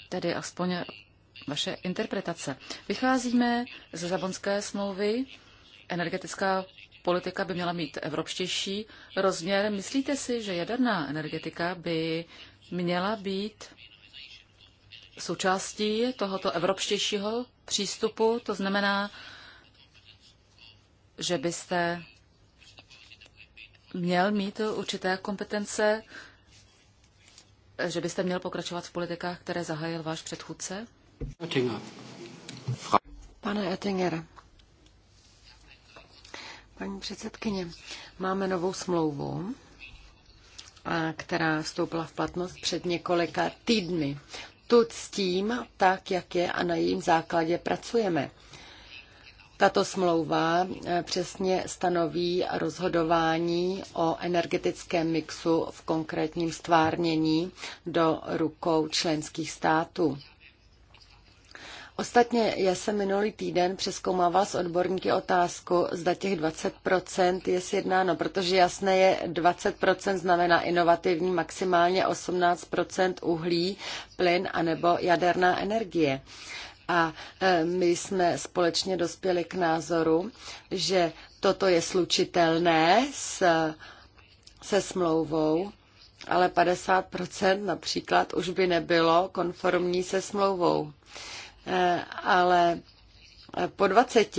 tedy aspoň vaše interpretace. Vycházíme ze Zabonské smlouvy. Energetická politika by měla mít evropštější rozměr. Myslíte si, že jaderná energetika by měla být součástí tohoto evropštějšího přístupu. To znamená, že byste měl mít určité kompetence, že byste měl pokračovat v politikách, které zahájil váš předchůdce? Pane Ettinger, paní předsedkyně, máme novou smlouvu, která vstoupila v platnost před několika týdny tu s tím, tak jak je a na jejím základě pracujeme. Tato smlouva eh, přesně stanoví rozhodování o energetickém mixu v konkrétním stvárnění do rukou členských států. Ostatně já jsem minulý týden přeskoumával s odborníky otázku, zda těch 20% je sjednáno, protože jasné je, 20% znamená inovativní, maximálně 18% uhlí, plyn anebo jaderná energie. A e, my jsme společně dospěli k názoru, že toto je slučitelné s, se smlouvou, ale 50% například už by nebylo konformní se smlouvou. Eh, ale eh, po 20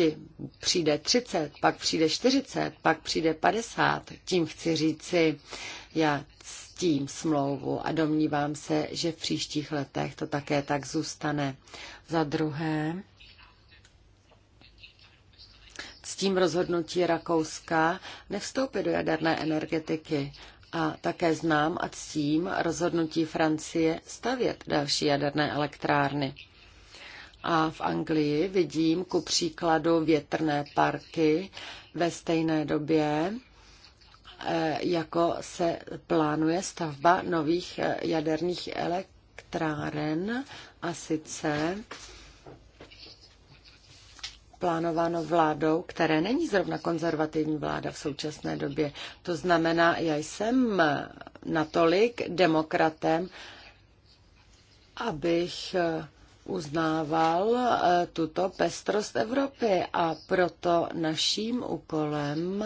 přijde 30, pak přijde 40, pak přijde 50. Tím chci říci, já ctím smlouvu a domnívám se, že v příštích letech to také tak zůstane. Za druhé, ctím rozhodnutí Rakouska nevstoupit do jaderné energetiky a také znám a ctím rozhodnutí Francie stavět další jaderné elektrárny. A v Anglii vidím ku příkladu větrné parky ve stejné době, eh, jako se plánuje stavba nových eh, jaderných elektráren a sice plánováno vládou, které není zrovna konzervativní vláda v současné době. To znamená, já jsem natolik demokratem, abych eh, uznával eh, tuto pestrost Evropy a proto naším úkolem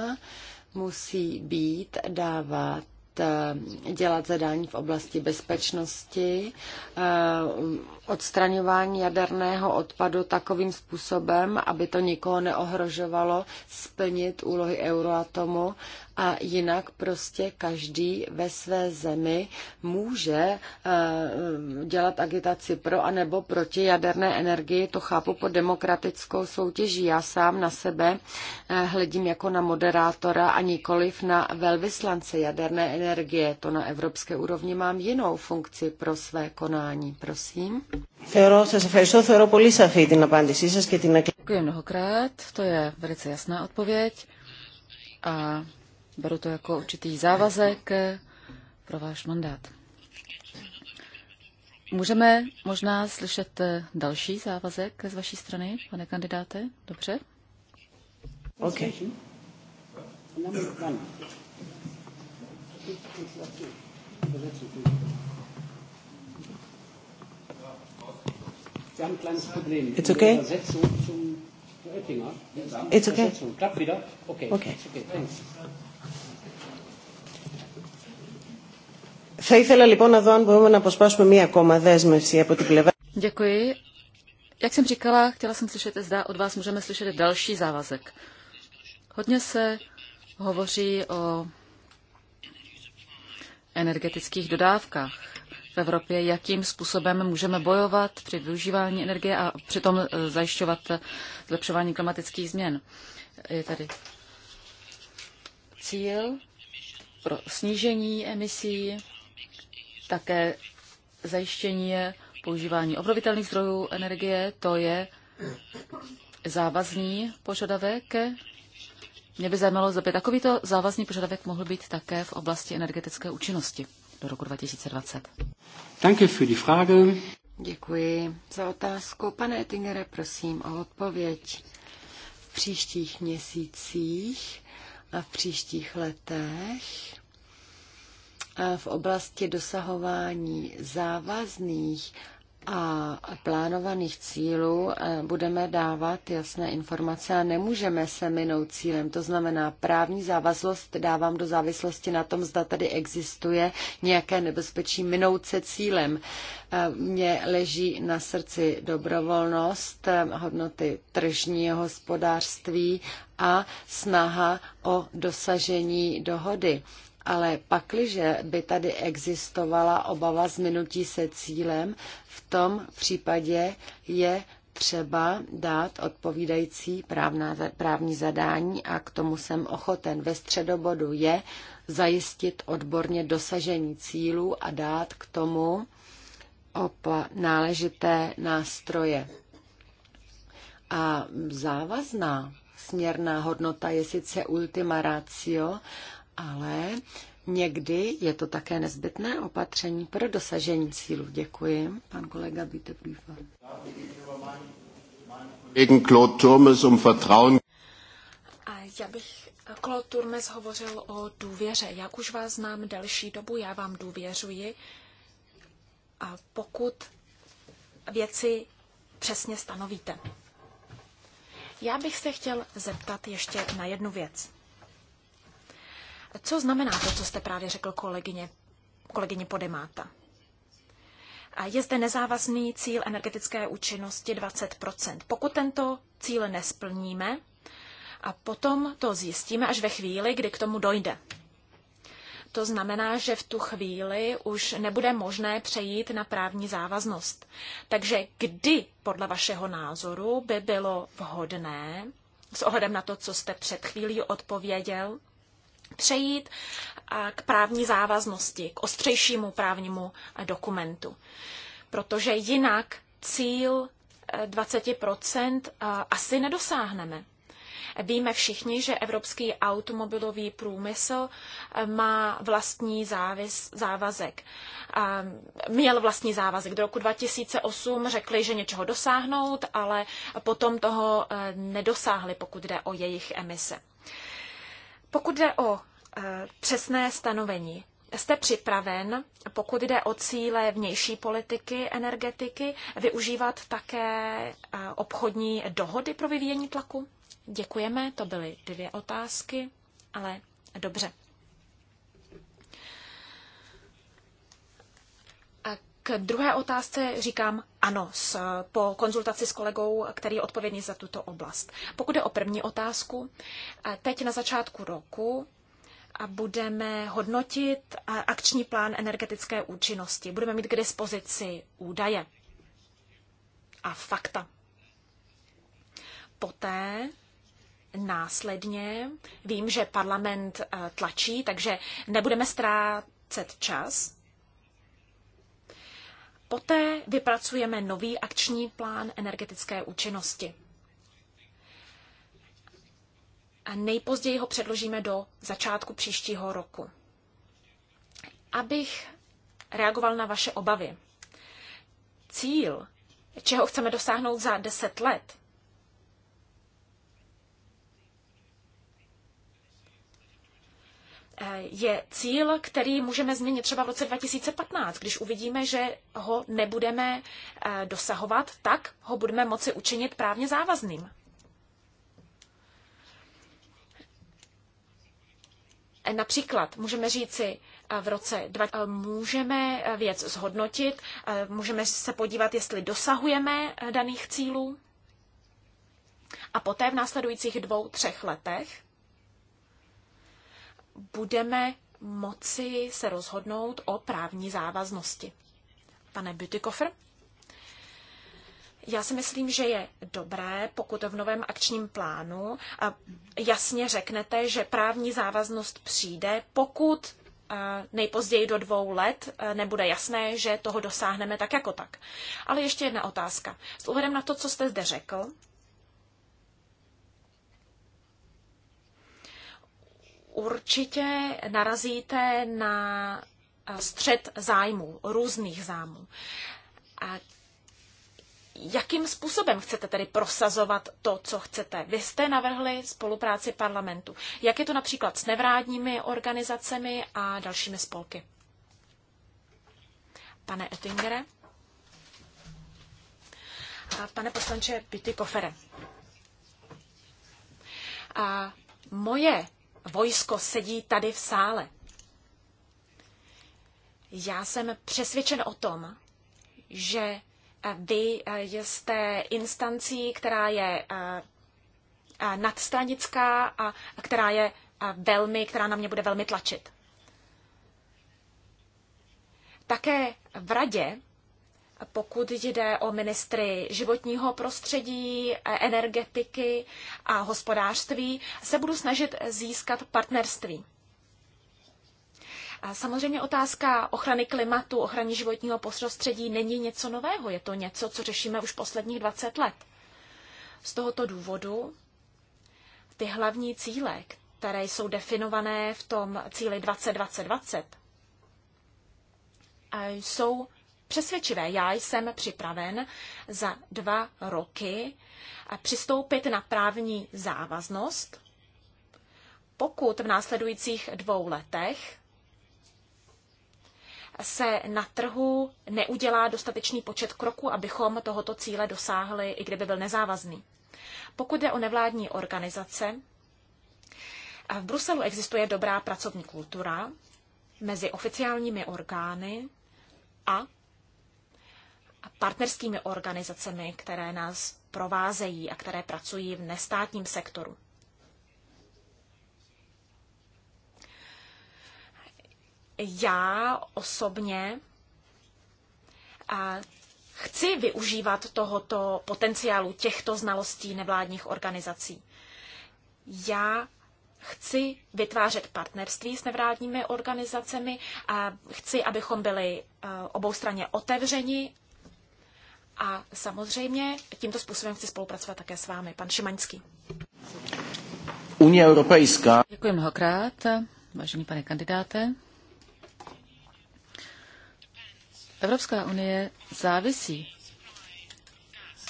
musí být dávat Eh, dělat zadání v oblasti bezpečnosti, eh, odstraňování jaderného odpadu takovým způsobem, aby to nikoho neohrožovalo, splnit úlohy Euroatomu a jinak prostě každý ve své zemi může eh, dělat agitaci pro a nebo proti jaderné energii. To chápu pod demokratickou soutěží. Já sám na sebe hledím jako na moderátora a nikoliv na velvyslance jaderné energie energie. To na evropské úrovni mám jinou funkci pro své konání. Prosím. Děkuji mnohokrát, to je velice jasná odpověď a beru to jako určitý závazek pro váš mandát. Můžeme možná slyšet další závazek z vaší strany, pane kandidáte? Dobře? Okay. It's okay. It's okay. Okay. Okay. Θα ήθελα λοιπόν να δω αν μπορούμε να αποσπάσουμε μία ακόμα δέσμευση από την πλευρά. Děkuji. Jak jsem říkala, chtěla jsem slyšet, zda od vás můžeme slyšet další závazek. Hodně se hovoří o energetických dodávkách v Evropě, jakým způsobem můžeme bojovat při využívání energie a přitom e, zajišťovat zlepšování klimatických změn. Je tady cíl pro snížení emisí, také zajištění používání obnovitelných zdrojů energie, to je závazný požadavek, mě by zajímalo, zda by takovýto závazný požadavek mohl být také v oblasti energetické účinnosti do roku 2020. Danke für die Frage. Děkuji za otázku. Pane Ettingere, prosím o odpověď. V příštích měsících a v příštích letech v oblasti dosahování závazných a plánovaných cílů eh, budeme dávat jasné informace a nemůžeme se minout cílem. To znamená, právní závazlost dávám do závislosti na tom, zda tady existuje nějaké nebezpečí minout se cílem. Eh, mně leží na srdci dobrovolnost, eh, hodnoty tržního hospodářství a snaha o dosažení dohody ale pakliže by tady existovala obava z minutí se cílem, v tom případě je třeba dát odpovídající právná, právní zadání a k tomu jsem ochoten. Ve středobodu je zajistit odborně dosažení cílů a dát k tomu opa, náležité nástroje. A závazná směrná hodnota je sice ultima ratio, ale někdy je to také nezbytné opatření pro dosažení cílu. Děkuji. Pan kolega um A Já bych Claude Turmes hovořil o důvěře. Jak už vás znám delší dobu, já vám důvěřuji. A pokud věci přesně stanovíte. Já bych se chtěl zeptat ještě na jednu věc. Co znamená to, co jste právě řekl kolegyně, kolegyně Podemáta? A je zde nezávazný cíl energetické účinnosti 20 Pokud tento cíl nesplníme, a potom to zjistíme až ve chvíli, kdy k tomu dojde. To znamená, že v tu chvíli už nebude možné přejít na právní závaznost. Takže kdy, podle vašeho názoru, by bylo vhodné, s ohledem na to, co jste před chvílí odpověděl, přejít k právní závaznosti, k ostřejšímu právnímu dokumentu. Protože jinak cíl 20% eh, eh, asi nedosáhneme. Víme všichni, že evropský automobilový průmysl eh, má vlastní závis, závazek. Měl vlastní závazek. Do roku 2008 řekli, že něčeho dosáhnout, ale potom toho nedosáhli, pokud jde o jejich emise. Pokud jde o e, přesné stanovení, jste připraven, pokud jde o cíle vnější politiky energetiky, využívat také e, obchodní dohody pro vyvíjení tlaku? Děkujeme, to byly dvě otázky, ale dobře. K druhé otázce říkám ano, s, po konzultaci s kolegou, který je odpovědný za tuto oblast. Pokud je o první otázku, teď na začátku roku a budeme hodnotit akční plán energetické účinnosti. Budeme mít k dispozici údaje a fakta. Poté následně vím, že parlament e, tlačí, takže nebudeme ztrácet čas Poté vypracujeme nový akční plán energetické účinnosti. A nejpozději ho předložíme do začátku příštího roku. Abych reagoval na vaše obavy. Cíl, čeho chceme dosáhnout za 10 let, je cíl, který můžeme změnit třeba v roce 2015. Když uvidíme, že ho nebudeme eh, dosahovat, tak ho budeme moci učinit právně závazným. Například můžeme říci, eh, v roce 2000 eh, můžeme věc zhodnotit, můžeme se podívat, jestli dosahujeme daných cílů. A poté v následujících dvou, třech letech budeme moci se rozhodnout o právní závaznosti. Pane Bütikofer? Já si myslím, že je dobré, pokud v novém akčním plánu jasně řeknete, že právní závaznost přijde, pokud nejpozději do dvou let nebude jasné, že toho dosáhneme tak jako tak. Ale ještě jedna otázka. S ohledem na to, co jste zde řekl, určitě narazíte na eh, střed zájmů, různých zájmů. A jakým způsobem chcete tedy prosazovat to, co chcete? Vy jste navrhli spolupráci parlamentu. Jak je to například s nevrádními organizacemi a dalšími spolky? Pane Ettingere? A pane poslanče Pity Kofere. A moje vojsko sedí tady v sále. Já jsem přesvědčen o tom, že eh, vy eh, jste instancí, která je eh, nadstranická a která je velmi, která na mě bude velmi tlačit. Také v radě pokud jde o ministry životního prostředí, e, energetiky a hospodářství, se budu snažit získat partnerství. A samozřejmě otázka ochrany klimatu, ochrany životního prostředí není něco nového, je to něco, co řešíme už posledních 20 let. Z tohoto důvodu ty hlavní cíle, které jsou definované v tom cíli 2020, jsou přesvědčivé. Já jsem připraven za dva roky přistoupit na právní závaznost, pokud v následujících dvou letech se na trhu neudělá dostatečný počet kroků, abychom tohoto cíle dosáhli, i kdyby byl nezávazný. Pokud jde o nevládní organizace, v Bruselu existuje dobrá pracovní kultura mezi oficiálními orgány a partnerskými organizacemi, které nás provázejí a které pracují v nestátním sektoru. Já osobně chci využívat tohoto potenciálu těchto znalostí nevládních organizací. Já chci vytvářet partnerství s nevládními organizacemi a chci, abychom byli oboustranně otevřeni a samozřejmě tímto způsobem chci spolupracovat také s vámi, pan Šimaňský. Unie Europejská. Děkuji mnohokrát, vážený pane kandidáte. Evropská unie závisí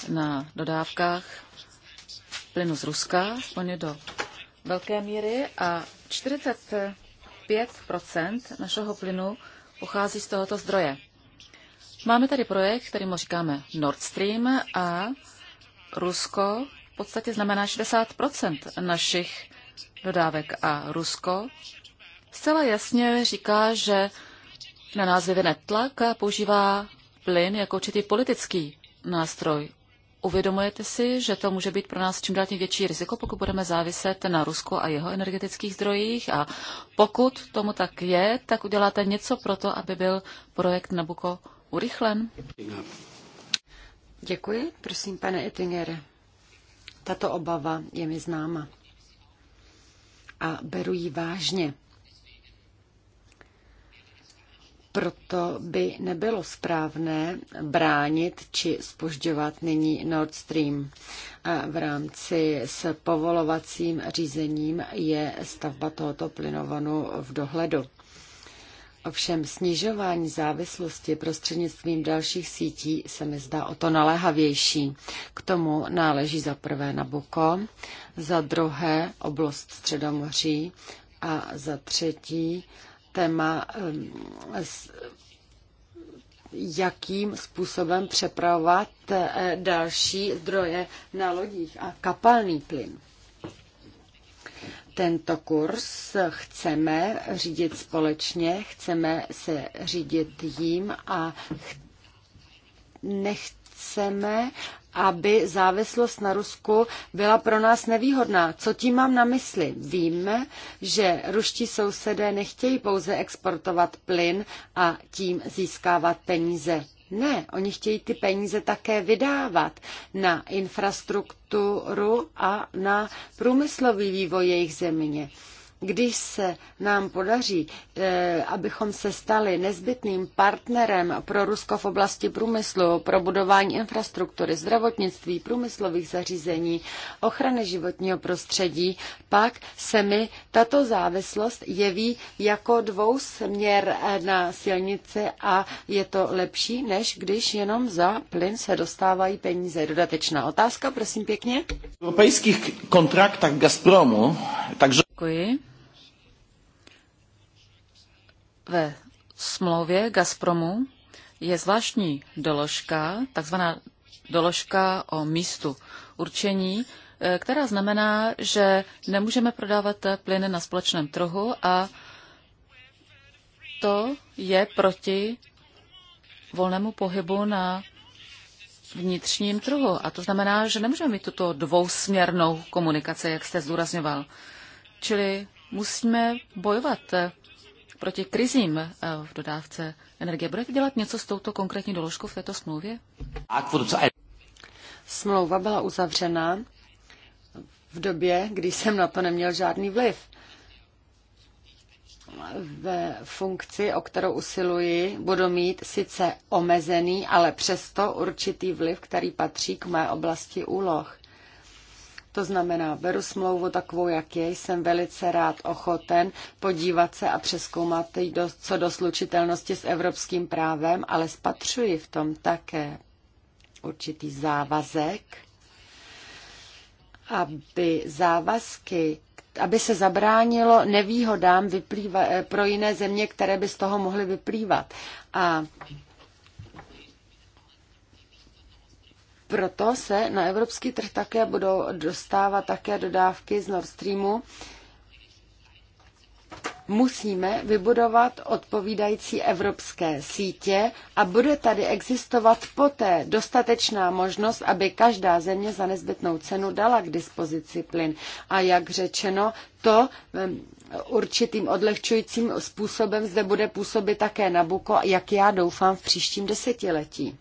na dodávkách plynu z Ruska, plně do velké míry a 45 našeho plynu pochází z tohoto zdroje. Máme tady projekt, který mu říkáme Nord Stream a Rusko v podstatě znamená 60 našich dodávek a Rusko zcela jasně říká, že na nás vyvine tlak a používá plyn jako určitý politický nástroj. Uvědomujete si, že to může být pro nás čím dál tím větší riziko, pokud budeme záviset na Rusku a jeho energetických zdrojích? A pokud tomu tak je, tak uděláte něco pro to, aby byl projekt Nabuko urychlen. Děkuji, prosím, pane Ettingere. Tato obava je mi známa a beru ji vážně. Proto by nebylo správné bránit či spožďovat nyní Nord Stream. A v rámci s povolovacím řízením je stavba tohoto plynovanu v dohledu. Ovšem snižování závislosti prostřednictvím dalších sítí se mi zdá o to naléhavější. K tomu náleží za prvé Nabuko, za druhé oblast Středomoří a za třetí téma jakým způsobem přepravovat eh, další zdroje na lodích a kapalný plyn. Tento kurz chceme řídit společně, chceme se řídit jím a nechceme, aby závislost na Rusku byla pro nás nevýhodná. Co tím mám na mysli? Víme, že ruští sousedé nechtějí pouze exportovat plyn a tím získávat peníze. Ne, oni chtějí ty peníze také vydávat na infrastrukturu a na průmyslový vývoj jejich země. Když se nám podaří, eh, abychom se stali nezbytným partnerem pro Rusko v oblasti průmyslu, pro budování infrastruktury, zdravotnictví, průmyslových zařízení, ochrany životního prostředí, pak se mi tato závislost jeví jako dvousměr na silnici a je to lepší, než když jenom za plyn se dostávají peníze. Dodatečná otázka, prosím pěkně. V europejských kontraktach Gazpromu, takže Děkuji. Ve smlouvě Gazpromu je zvláštní doložka, takzvaná doložka o místu určení, eh, která znamená, že nemůžeme prodávat plyny na společném trhu a to je proti volnému pohybu na vnitřním trhu. A to znamená, že nemůžeme mít tuto dvousměrnou komunikaci, jak jste zdůrazňoval. Čili musíme bojovat eh, proti krizím eh, v dodávce energie. Budete dělat něco s touto konkrétní doložkou v této smlouvě? Smlouva byla uzavřena v době, kdy jsem na to neměl žádný vliv. Ve funkci, o kterou usiluji, budu mít sice omezený, ale přesto určitý vliv, který patří k mé oblasti úloh. To znamená, beru smlouvu takovou, jak je, jsem velice rád ochoten podívat se a přeskoumat do, co do slučitelnosti s evropským právem, ale spatřuji v tom také určitý závazek, aby závazky, aby se zabránilo nevýhodám vyplýva, eh, pro jiné země, které by z toho mohly vyplývat. A Proto se na evropský trh také budou dostávat také dodávky z Nord Streamu. Musíme vybudovat odpovídající evropské sítě a bude tady existovat poté dostatečná možnost, aby každá země za nezbytnou cenu dala k dispozici plyn. A jak řečeno, to určitým odlehčujícím způsobem zde bude působit také Nabuko, jak já doufám v příštím desetiletí.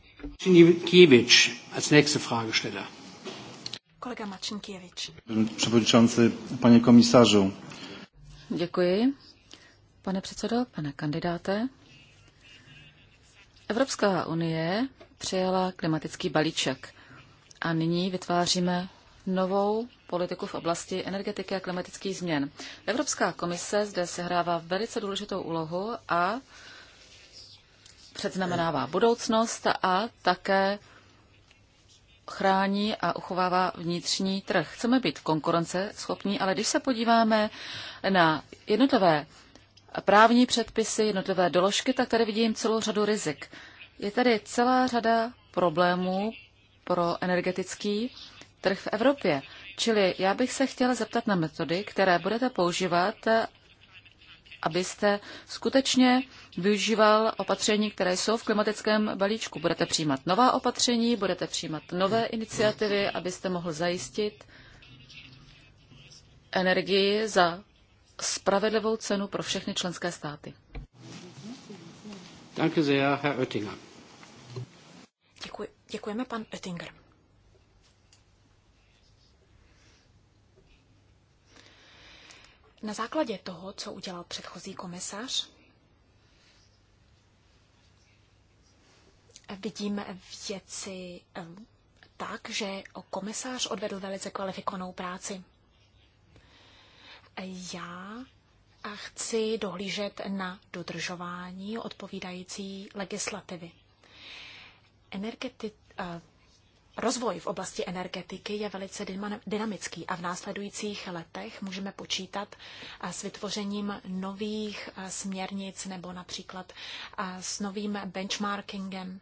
Kolega Marcinkiewicz. Przewodniczący, panie komisarzu. Děkuji. Pane předsedo, pane kandidáte. Evropská unie přijala klimatický balíček a nyní vytváříme novou politiku v oblasti energetiky a klimatických změn. Evropská komise zde sehrává velice důležitou úlohu a předznamenává budoucnost a také chrání a uchovává vnitřní trh. Chceme být konkurenceschopní, ale když se podíváme na jednotlivé právní předpisy, jednotlivé doložky, tak tady vidím celou řadu rizik. Je tady celá řada problémů pro energetický trh v Evropě. Čili já bych se chtěla zeptat na metody, které budete používat, abyste skutečně využíval opatření, které jsou v klimatickém balíčku. Budete přijímat nová opatření, budete přijímat nové iniciativy, abyste mohl zajistit energii za spravedlivou cenu pro všechny členské státy. Děkuji. Děkujeme, pan Oettinger. Na základě toho, co udělal předchozí komisař, vidím věci tak, že komisař odvedl velice kvalifikovanou práci. Já a chci dohlížet na dodržování odpovídající legislativy. Energeti- eh, Rozvoj v oblasti energetiky je velice dynamický a v následujících letech můžeme počítat s vytvořením nových směrnic nebo například s novým benchmarkingem.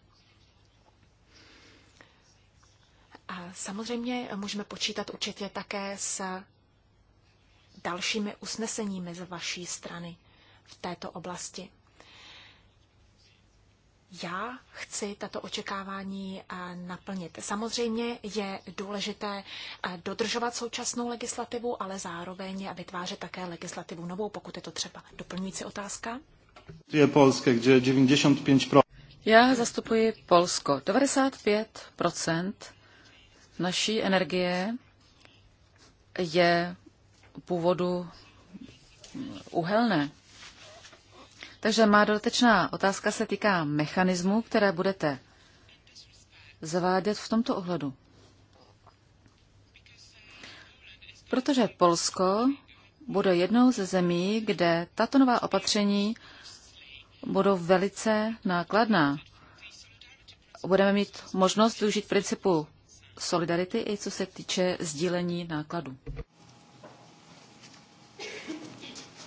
A samozřejmě můžeme počítat určitě také s dalšími usneseními z vaší strany v této oblasti. Já chci tato očekávání eh, naplnit. Samozřejmě je důležité eh, dodržovat současnou legislativu, ale zároveň vytvářet také legislativu novou, pokud je to třeba. Doplňující otázka? Je Polska, kde 95%. Já zastupuji Polsko. 95% naší energie je původu uhelné. Takže má dodatečná otázka se týká mechanismu, které budete zavádět v tomto ohledu. Protože Polsko bude jednou ze zemí, kde tato nová opatření budou velice nákladná. Budeme mít možnost využít principu solidarity i co se týče sdílení nákladů.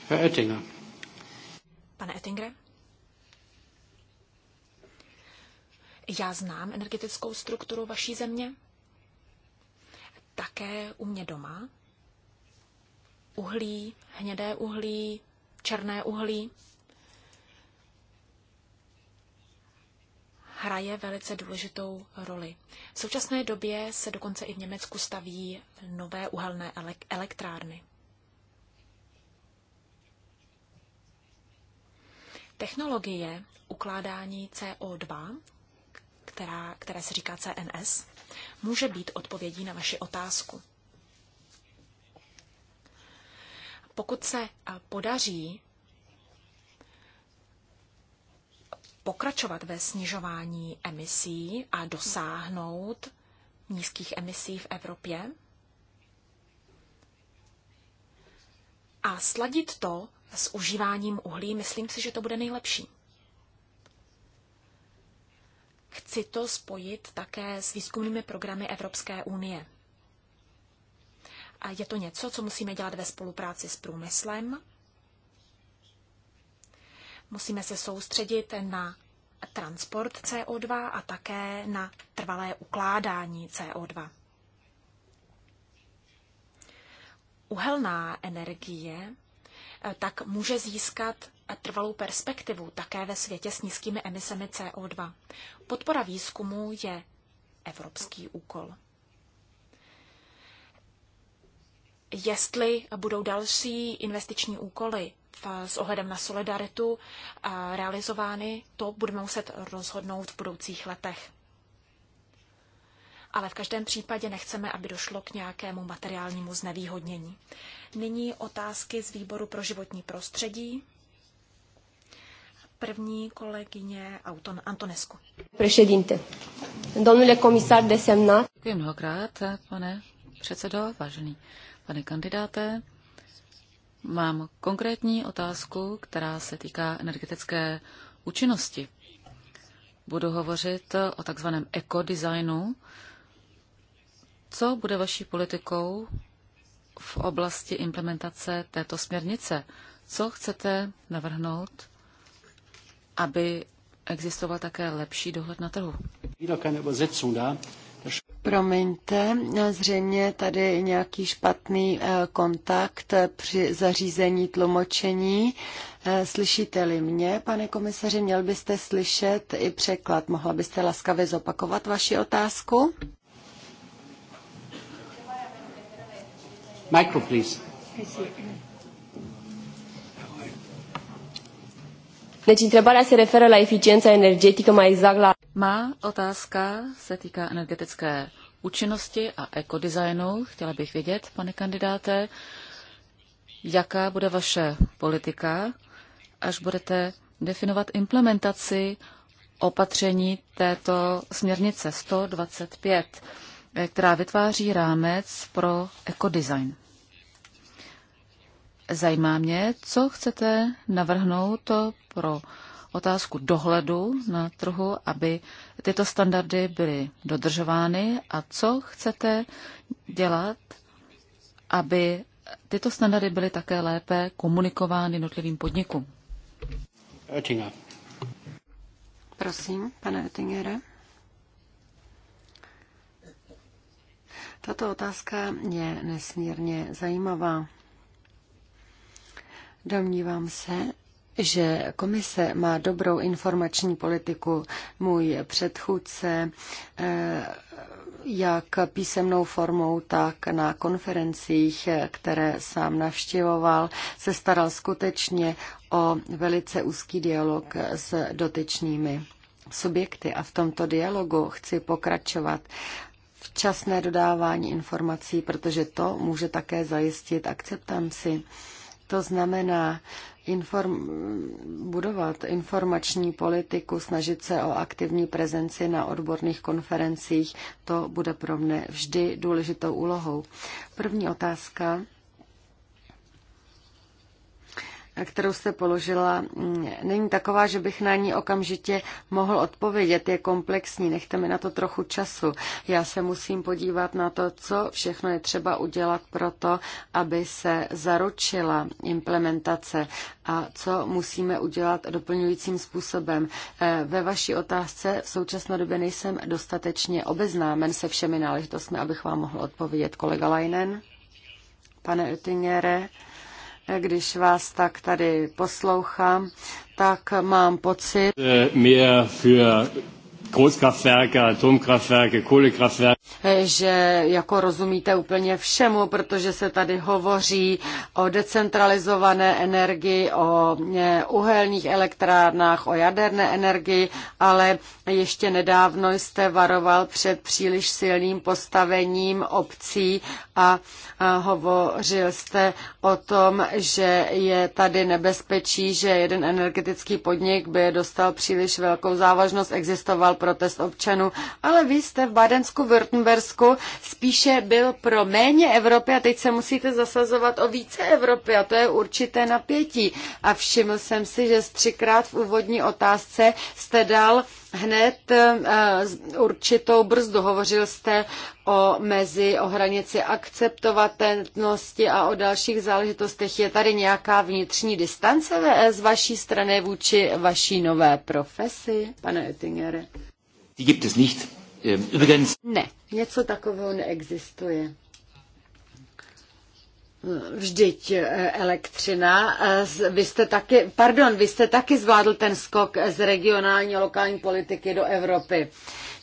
Herr Oettinger. Pane Ettingre? Já znám energetickou strukturu vaší země, také u mě doma. Uhlí, hnědé uhlí, černé uhlí. hraje velice důležitou roli. V současné době se dokonce i v Německu staví nové uhelné elektrárny. Technologie ukládání CO2, která, které se říká CNS, může být odpovědí na vaši otázku. Pokud se podaří pokračovat ve snižování emisí a dosáhnout nízkých emisí v Evropě a sladit to s užíváním uhlí, myslím si, že to bude nejlepší. Chci to spojit také s výzkumnými programy Evropské unie. A je to něco, co musíme dělat ve spolupráci s průmyslem. Musíme se soustředit na transport CO2 a také na trvalé ukládání CO2. Uhelná energie Eh, tak může získat trvalou perspektivu také ve světě s nízkými emisemi CO2. Podpora výzkumu je evropský úkol. Jestli budou další investiční úkoly s ohledem na solidaritu eh, realizovány, to budeme muset rozhodnout v budoucích letech ale v každém případě nechceme, aby došlo k nějakému materiálnímu znevýhodnění. Nyní otázky z výboru pro životní prostředí. První kolegyně Auton Antonesku. Președinte, domnule de desemnat. Děkuji mnohokrát, pane předsedo, vážený pane kandidáte. Mám konkrétní otázku, která se týká energetické účinnosti. Budu hovořit o takzvaném ekodesignu, co bude vaší politikou v oblasti implementace této směrnice? Co chcete navrhnout, aby existoval také lepší dohled na trhu? Promiňte, zřejmě tady nějaký špatný eh, kontakt eh, při zařízení tlumočení. Eh, slyšíte-li mě, pane komisaři, měl byste slyšet i překlad. Mohla byste laskavě zopakovat vaši otázku? Micro, please. Deci întrebarea se referă la eficiența energetică, mai exact la... Má otázka se týká energetické účinnosti a ekodesignu. Chtěla bych vědět, pane kandidáte, jaká bude vaše politika, až budete definovat implementaci opatření této směrnice 125. Eh, která vytváří rámec pro ekodesign. Zajímá mě, co chcete navrhnout to pro otázku dohledu na trhu, aby tyto standardy byly dodržovány a co chcete dělat, aby tyto standardy byly také lépe komunikovány jednotlivým podnikům. Prosím, pane Oettingere. Tato otázka je nesmírně zajímavá. Domnívám se, že komise má dobrou informační politiku. Můj předchůdce eh, jak písemnou formou, tak na konferencích, které sám navštěvoval, se staral skutečně o velice úzký dialog s dotyčnými subjekty a v tomto dialogu chci pokračovat včasné dodávání informací, protože to může také zajistit akceptanci. To znamená inform, budovat informační politiku, snažit se o aktivní prezenci na odborných konferencích, to bude pro mne vždy důležitou úlohou. První otázka kterou jste položila, mm, není taková, že bych na ní okamžitě mohl odpovědět. Je komplexní, nechte mi na to trochu času. Já se musím podívat na to, co všechno je třeba udělat pro to, aby se zaručila implementace a co musíme udělat doplňujícím způsobem. Eh, ve vaší otázce v současné době nejsem dostatečně obeznámen se všemi náležitostmi, abych vám mohl odpovědět. Kolega Leinen? Pane Oettingere, když vás tak tady poslouchám, tak mám pocit, eh, Großkraftwerke, Atomkraftwerke, Kohlekraftwerke. Že jako rozumíte úplně všemu, protože se tady hovoří o decentralizované energii, o eh, uhelných elektrárnách, o jaderné energii, ale ještě nedávno jste varoval před příliš silným postavením obcí a hovořil jste o tom, že je tady nebezpečí, že jeden energetický podnik by dostal příliš velkou závažnost, existoval pro protest občanů, ale vy jste v Badensku, Württembersku spíše byl pro méně Evropy a teď se musíte zasazovat o více Evropy a to je určité napětí. A všiml jsem si, že z třikrát v úvodní otázce jste dal hned eh, určitou brzdu. Hovořil jste o mezi, o hranici akceptovatelnosti a o dalších záležitostech. Je tady nějaká vnitřní distance eh, z vaší strany vůči vaší nové profesi, pane Oettingere? Die gibt es nicht. Ähm, übrigens. Ne, něco takového neexistuje. Vždyť eh, elektřina, eh, vy jste taky, pardon, vy jste taky zvládl ten skok z regionální a lokální politiky do Evropy.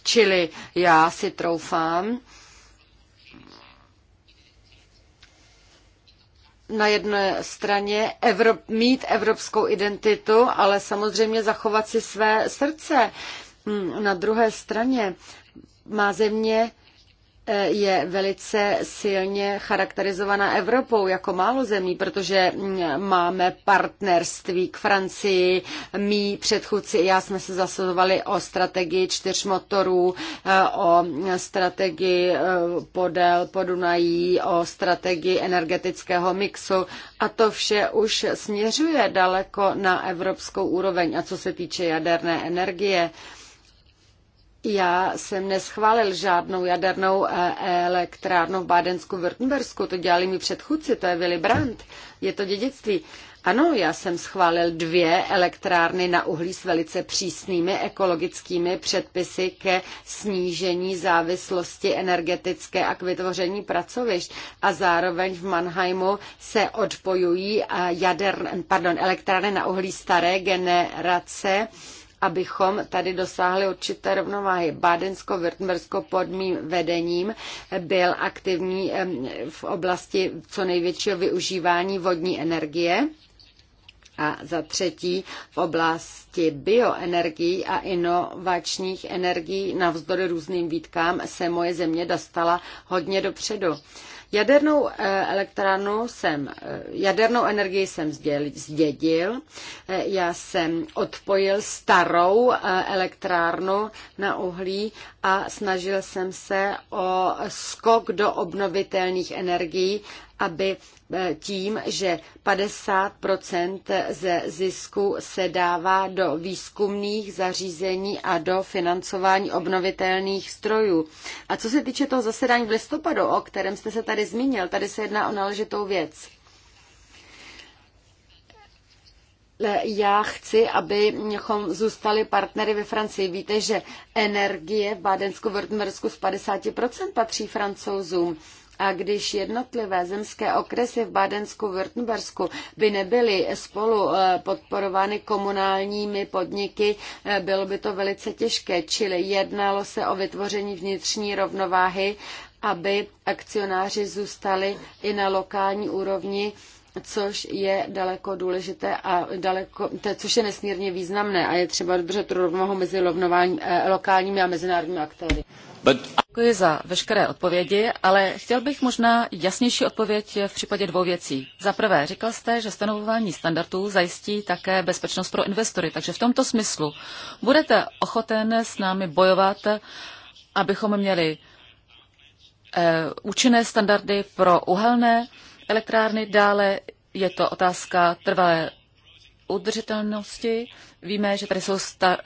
Čili já si troufám, na jedné straně Evrop, mít evropskou identitu, ale samozřejmě zachovat si své srdce. Mm, na druhé straně má země eh, je velice silně charakterizovaná Evropou jako málo zemí, protože mm, máme partnerství k Francii. Mí předchůdci i já jsme se zasazovali o strategii čtyř motorů, eh, o strategii eh, podél Podunají, o strategii energetického mixu a to vše už směřuje daleko na evropskou úroveň. A co se týče jaderné energie, já jsem neschválil žádnou jadernou eh, elektrárnu v Bádensku, Württembersku, to dělali mi předchůdci, to je Willy Brandt, je to dědictví. Ano, já jsem schválil dvě elektrárny na uhlí s velice přísnými ekologickými předpisy ke snížení závislosti energetické a k vytvoření pracovišť. A zároveň v Mannheimu se odpojují eh, jader, pardon, elektrárny na uhlí staré generace abychom tady dosáhli určité rovnováhy. Bádensko-Württembersko pod mým vedením byl aktivní v oblasti co největšího využívání vodní energie a za třetí v oblasti bioenergií a inovačních energií navzdory různým výtkám se moje země dostala hodně dopředu. Jadernou eh, elektrárnu jsem, eh, jadernou energii jsem zdědil, eh, já jsem odpojil starou elektrárnu na uhlí a snažil jsem se o skok do obnovitelných energií aby eh, tím, že 50 ze zisku se dává do výzkumných zařízení a do financování obnovitelných strojů. A co se týče toho zasedání v listopadu, o kterém jste se tady zmínil, tady se jedná o náležitou věc. Já chci, abychom zůstali partnery ve Francii. Víte, že energie v Bádensku-Württembersku z 50% patří francouzům. A když jednotlivé zemské okresy v Bádensku, Württembersku by nebyly spolu eh, podporovány komunálními podniky, eh, bylo by to velice těžké, čili jednalo se o vytvoření vnitřní rovnováhy, aby akcionáři zůstali i na lokální úrovni, což je daleko důležité a daleko, to, což je nesmírně významné a je třeba dodržet rovnováhu mezi eh, lokálními a mezinárodními aktéry. But... Děkuji za veškeré odpovědi, ale chtěl bych možná jasnější odpověď v případě dvou věcí. Za prvé, říkal jste, že stanovování standardů zajistí také bezpečnost pro investory, takže v tomto smyslu budete ochoten s námi bojovat, abychom měli eh, účinné standardy pro uhelné elektrárny. Dále je to otázka trvalé udržitelnosti. Víme, že tady jsou sta, eh,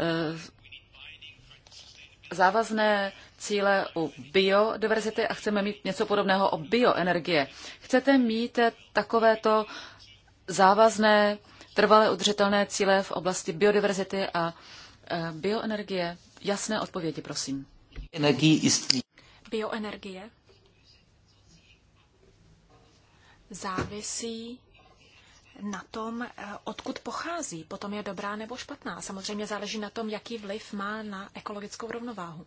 závazné cíle u biodiverzity a chceme mít něco podobného o bioenergie. Chcete mít takovéto závazné, trvalé, udržitelné cíle v oblasti biodiverzity a e, bioenergie? Jasné odpovědi, prosím. Bioenergie závisí na tom, e, odkud pochází. Potom je dobrá nebo špatná. Samozřejmě záleží na tom, jaký vliv má na ekologickou rovnováhu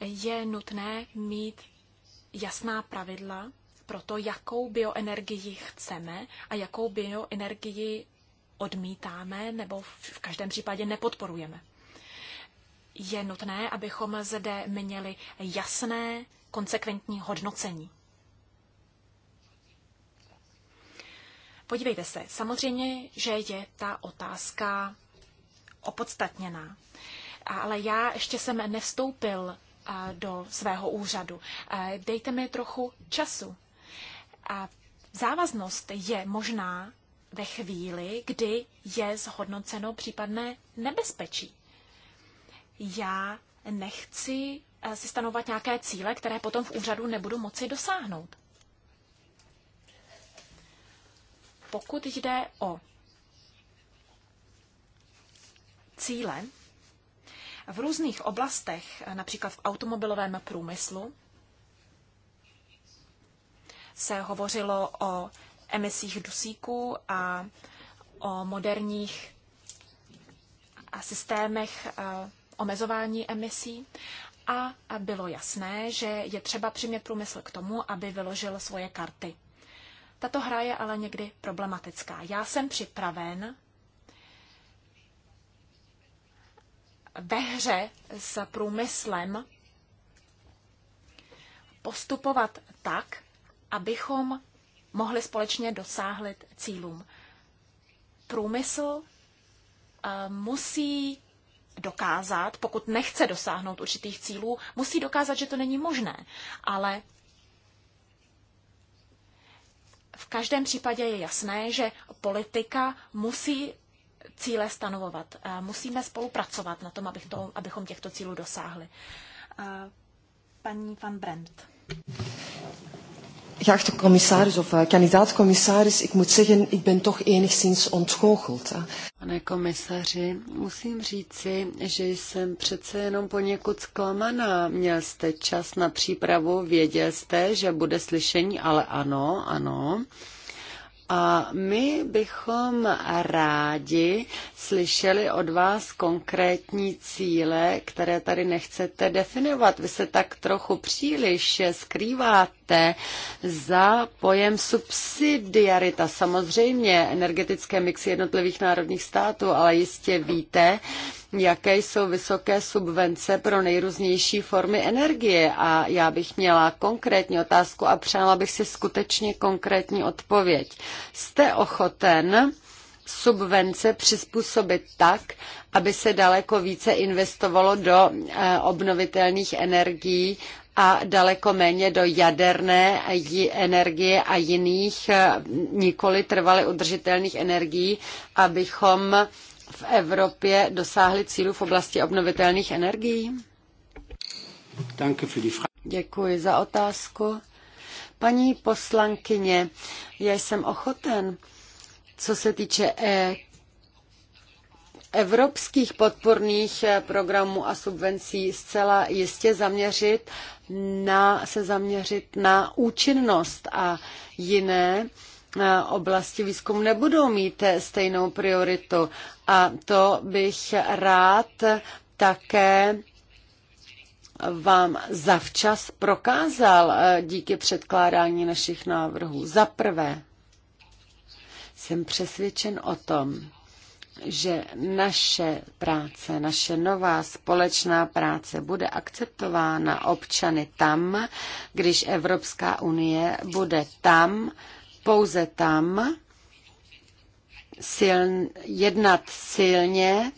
je nutné mít jasná pravidla pro to, jakou bioenergii chceme a jakou bioenergii odmítáme nebo v každém případě nepodporujeme. Je nutné, abychom zde měli jasné, konsekventní hodnocení. Podívejte se, samozřejmě, že je ta otázka opodstatněná. Ale já ještě jsem nevstoupil do svého úřadu. Dejte mi trochu času. A závaznost je možná ve chvíli, kdy je zhodnoceno případné nebezpečí. Já nechci si stanovat nějaké cíle, které potom v úřadu nebudu moci dosáhnout. Pokud jde o cíle, v různých oblastech, například v automobilovém průmyslu, se hovořilo o emisích dusíku a o moderních systémech omezování emisí a bylo jasné, že je třeba přimět průmysl k tomu, aby vyložil svoje karty. Tato hra je ale někdy problematická. Já jsem připraven ve hře s průmyslem postupovat tak, abychom mohli společně dosáhlit cílům. Průmysl eh, musí dokázat, pokud nechce dosáhnout určitých cílů, musí dokázat, že to není možné. Ale v každém případě je jasné, že politika musí cíle stanovovat. Eh, musíme spolupracovat na tom, abych to, abychom těchto cílů dosáhli. Eh, paní van Brandt. Geachte commissaris of uh, kandidaat-commissaris, ik moet zeggen, ik ben toch enigszins ontgoocheld. Hè. Pane komisaři, musím říci, že jsem přece jenom poněkud zklamaná. Měl jste čas na přípravu, věděl jste, že bude slyšení, ale ano, ano. Uh, a my bychom rádi slyšeli od vás konkrétní cíle, které tady nechcete definovat. Vy se tak trochu příliš skrýváte za pojem subsidiarita. Samozřejmě energetické mixy jednotlivých národních států, ale jistě víte, jaké jsou vysoké subvence pro nejrůznější formy energie. A já bych měla konkrétní otázku a přála bych si skutečně konkrétní odpověď. Jste ochoten subvence přizpůsobit tak, aby se daleko více investovalo do eh, obnovitelných energií a daleko méně do jaderné energie a jiných eh, nikoli trvale udržitelných energií, abychom v Evropě dosáhli cílů v oblasti obnovitelných energií? Děkuji za otázku. Paní poslankyně, já jsem ochoten, co se týče e evropských podporných eh, programů a subvencí zcela jistě zaměřit na, se zaměřit na účinnost a jiné E, oblasti výzkumu nebudou mít stejnou prioritu. A to bych rád také vám zavčas prokázal e, díky předkládání našich návrhů. Za prvé, jsem přesvědčen o tom, že naše práce, naše nová společná práce bude akceptována občany tam, když Evropská unie bude tam, pouze tam siln, jednat silně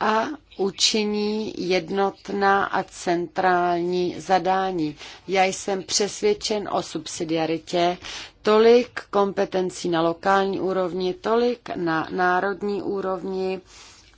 a učiní jednotná a centrální zadání. Já jsem přesvědčen o subsidiaritě, tolik kompetencí na lokální úrovni, tolik na národní úrovni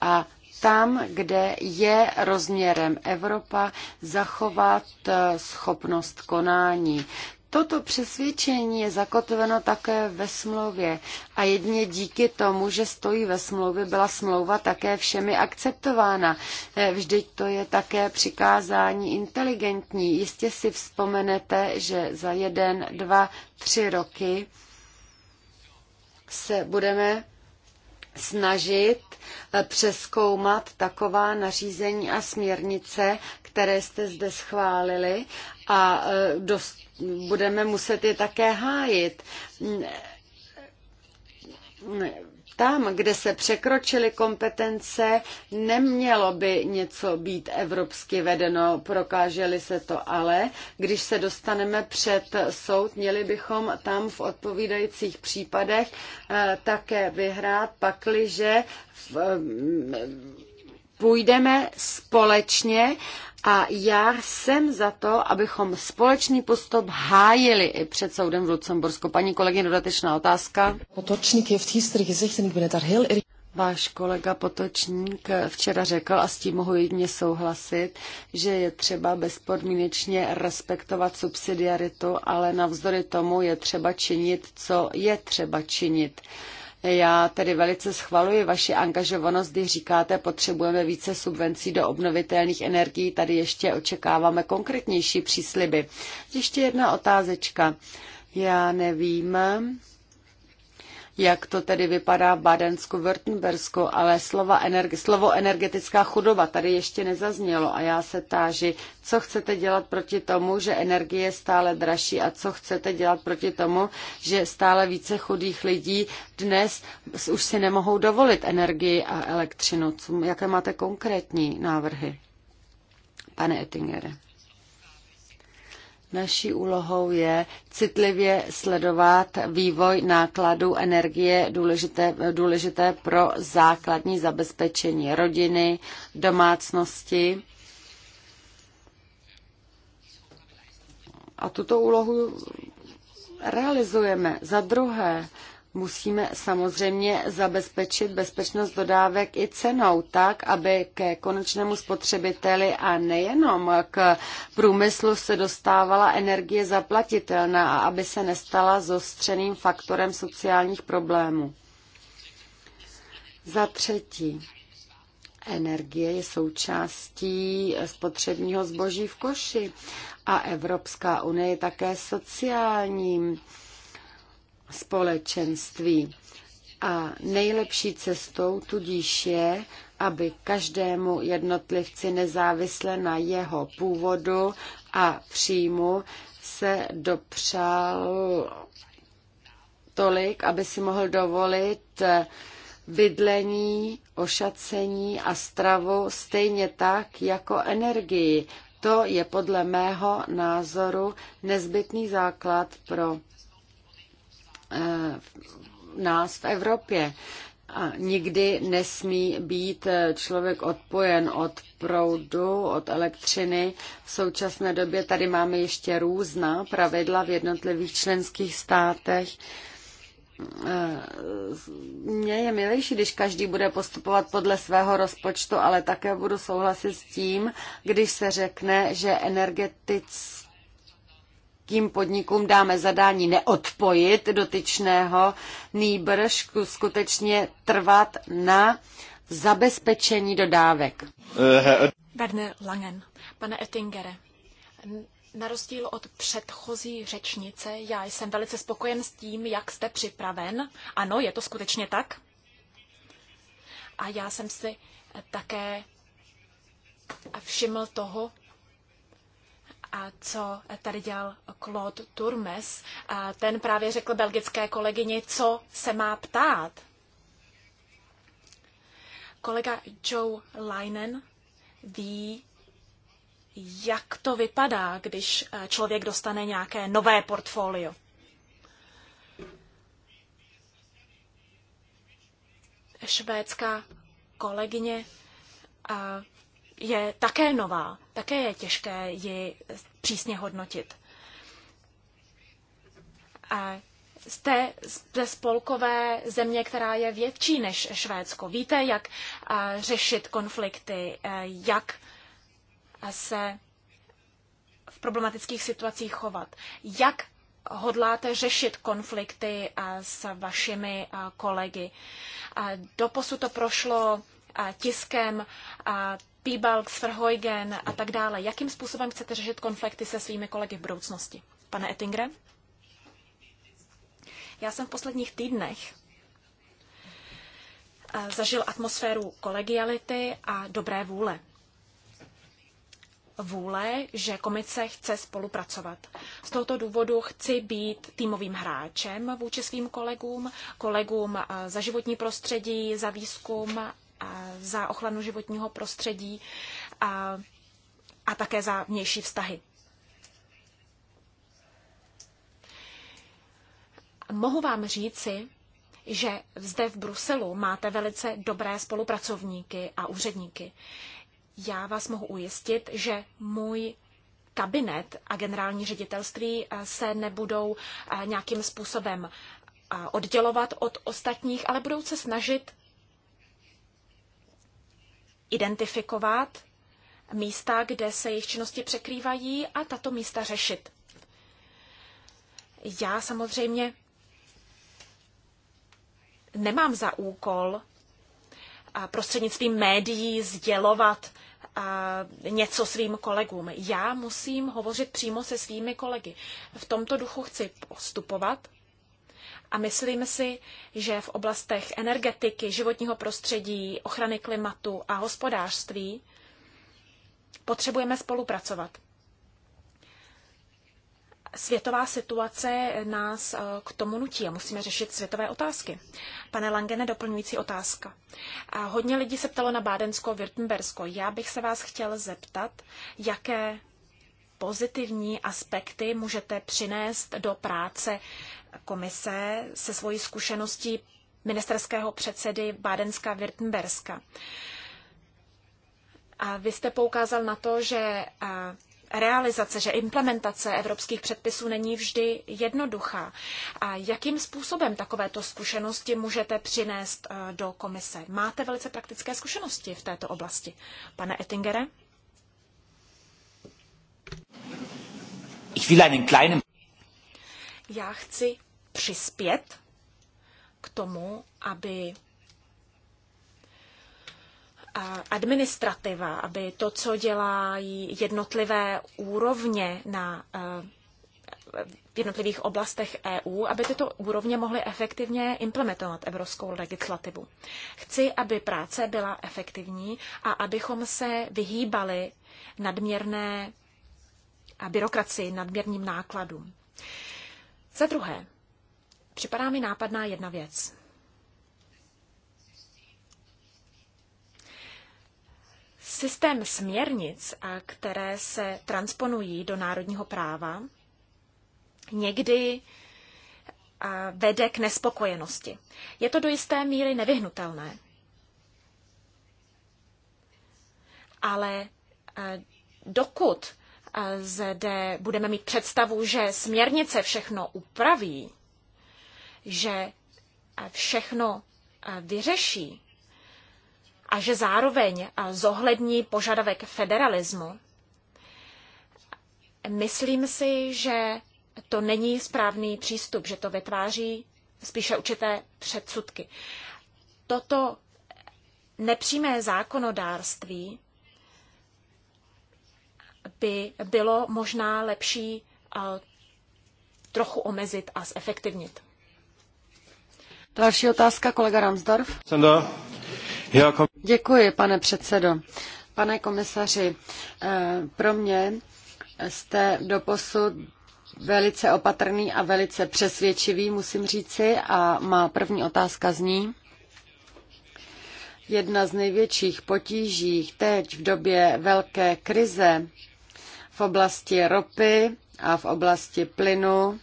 a tam, kde je rozměrem Evropa, zachovat eh, schopnost konání. Toto přesvědčení je zakotveno také ve smlouvě a jedně díky tomu, že stojí ve smlouvě, byla smlouva také všemi akceptována. Eh, vždyť to je také přikázání inteligentní. Jistě si vzpomenete, že za jeden, dva, tři roky se budeme snažit eh, přeskoumat taková nařízení a směrnice, které jste zde schválili a e, dost, budeme muset je také hájit. Tam, kde se překročily kompetence, nemělo by něco být evropsky vedeno, prokáželi se to ale. Když se dostaneme před soud, měli bychom tam v odpovídajících případech e, také vyhrát, pakliže v, půjdeme společně a já jsem za to, abychom společný postup hájili i před soudem v Lucembursku. Paní kolegyně, dodatečná otázka. Potočník je v Váš kolega Potočník včera řekl, a s tím mohu jedině souhlasit, že je třeba bezpodmínečně respektovat subsidiaritu, ale navzdory tomu je třeba činit, co je třeba činit. Já tedy velice schvaluji vaši angažovanost, když říkáte, potřebujeme více subvencí do obnovitelných energií. Tady ještě očekáváme konkrétnější přísliby. Ještě jedna otázečka. Já nevím, jak to tedy vypadá v Badensku, Württembersku, ale slova energi- slovo energetická chudoba tady ještě nezaznělo a já se táži, co chcete dělat proti tomu, že energie je stále dražší a co chcete dělat proti tomu, že stále více chudých lidí dnes už si nemohou dovolit energii a elektřinu. Jaké máte konkrétní návrhy, pane Ettingere? Naší úlohou je citlivě sledovat vývoj nákladů energie důležité, důležité pro základní zabezpečení rodiny, domácnosti. A tuto úlohu realizujeme. Za druhé, Musíme samozřejmě zabezpečit bezpečnost dodávek i cenou tak, aby ke konečnému spotřebiteli a nejenom k průmyslu se dostávala energie zaplatitelná a aby se nestala zostřeným faktorem sociálních problémů. Za třetí, energie je součástí spotřebního zboží v koši a Evropská unie je také sociálním společenství. A nejlepší cestou tudíž je, aby každému jednotlivci nezávisle na jeho původu a příjmu se dopřál tolik, aby si mohl dovolit bydlení, ošacení a stravu stejně tak jako energii. To je podle mého názoru nezbytný základ pro nás v Evropě. A nikdy nesmí být eh, člověk odpojen od proudu, od elektřiny. V současné době tady máme ještě různá pravidla v jednotlivých členských státech. Eh, mně je milejší, když každý bude postupovat podle svého rozpočtu, ale také budu souhlasit s tím, když se řekne, že energetické velkým podnikům dáme zadání neodpojit dotyčného, nýbrž skutečně trvat na zabezpečení dodávek. Werner Langen, pane Ettingere, na rozdíl od předchozí řečnice, já jsem velice spokojen s tím, jak jste připraven. Ano, je to skutečně tak. A já jsem si také všiml toho, co tady dělal Claude Turmes. Ten právě řekl belgické kolegyni, co se má ptát. Kolega Joe Leinen ví, jak to vypadá, když eh, člověk dostane nějaké nové portfolio. Švédská kolegyně a eh, je také nová, také je těžké ji přísně hodnotit. A jste ze spolkové země, která je větší než Švédsko. Víte, jak řešit konflikty, jak se v problematických situacích chovat. Jak hodláte řešit konflikty s vašimi kolegy? Doposud to prošlo tiskem Píbalks, Verheugen a tak dále. Jakým způsobem chcete řešit konflikty se svými kolegy v budoucnosti? Pane Ettingre? Já jsem v posledních týdnech eh, zažil atmosféru kolegiality a dobré vůle. Vůle, že komice chce spolupracovat. Z tohoto důvodu chci být týmovým hráčem vůči svým kolegům, kolegům eh, za životní prostředí, za výzkum za ochranu životního prostředí a, a také za vnější vztahy. Mohu vám říci, že zde v Bruselu máte velice dobré spolupracovníky a úředníky. Já vás mohu ujistit, že můj kabinet a generální ředitelství eh, se nebudou eh, nějakým způsobem eh, oddělovat od ostatních, ale budou se snažit identifikovat místa, kde se jejich činnosti překrývají a tato místa řešit. Já samozřejmě nemám za úkol prostřednictvím médií sdělovat něco svým kolegům. Já musím hovořit přímo se svými kolegy. V tomto duchu chci postupovat a myslím si, že v oblastech energetiky, životního prostředí, ochrany klimatu a hospodářství potřebujeme spolupracovat. Světová situace nás eh, k tomu nutí a musíme řešit světové otázky. Pane Langene, doplňující otázka. A eh, hodně lidí se ptalo na Bádensko Württembersko. Já bych se vás chtěl zeptat, jaké pozitivní aspekty můžete přinést do práce komise se svojí zkušeností ministerského předsedy Bádenska Württemberska. A vy jste poukázal na to, že realizace, že implementace evropských předpisů není vždy jednoduchá. A jakým způsobem takovéto zkušenosti můžete přinést do komise? Máte velice praktické zkušenosti v této oblasti. Pane Ettingere? Ich will einen kleinen... Já chci přispět k tomu, aby eh, administrativa, aby to, co dělají jednotlivé úrovně na eh, v jednotlivých oblastech EU, aby tyto úrovně mohly efektivně implementovat evropskou legislativu. Chci, aby práce byla efektivní a abychom se vyhýbali nadměrné byrokracii, nadměrným nákladům. Za druhé, připadá mi nápadná jedna věc. Systém směrnic, které se transponují do národního práva, někdy vede k nespokojenosti. Je to do jisté míry nevyhnutelné. Ale dokud zde budeme mít představu, že směrnice všechno upraví, že všechno vyřeší a že zároveň zohlední požadavek federalismu, myslím si, že to není správný přístup, že to vytváří spíše určité předsudky. Toto nepřímé zákonodárství by bylo možná lepší eh, trochu omezit a zefektivnit. Další otázka, kolega Ramsdorf. Děkuji, pane předsedo. Pane komisaři, eh, pro mě jste do posud velice opatrný a velice přesvědčivý, musím říci, a má první otázka zní. Jedna z největších potíží teď v době velké krize v oblasti ropy a v oblasti plynu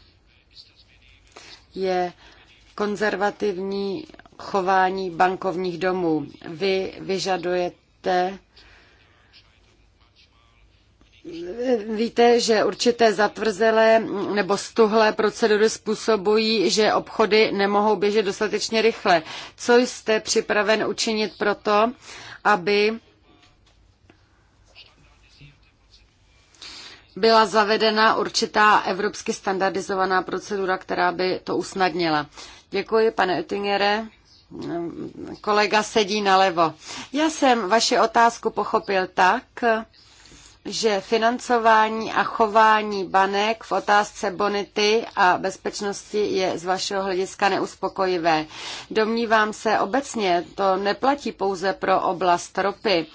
je konzervativní chování bankovních domů. Vy vyžadujete Víte, že určité zatvrzelé nebo stuhlé procedury způsobují, že obchody nemohou běžet dostatečně rychle. Co jste připraven učinit proto, aby byla zavedena určitá evropsky standardizovaná procedura, která by to usnadnila. Děkuji, pane Oettingere. Kolega sedí nalevo. Já jsem vaši otázku pochopil tak, že financování a chování banek v otázce bonity a bezpečnosti je z vašeho hlediska neuspokojivé. Domnívám se obecně, to neplatí pouze pro oblast ropy,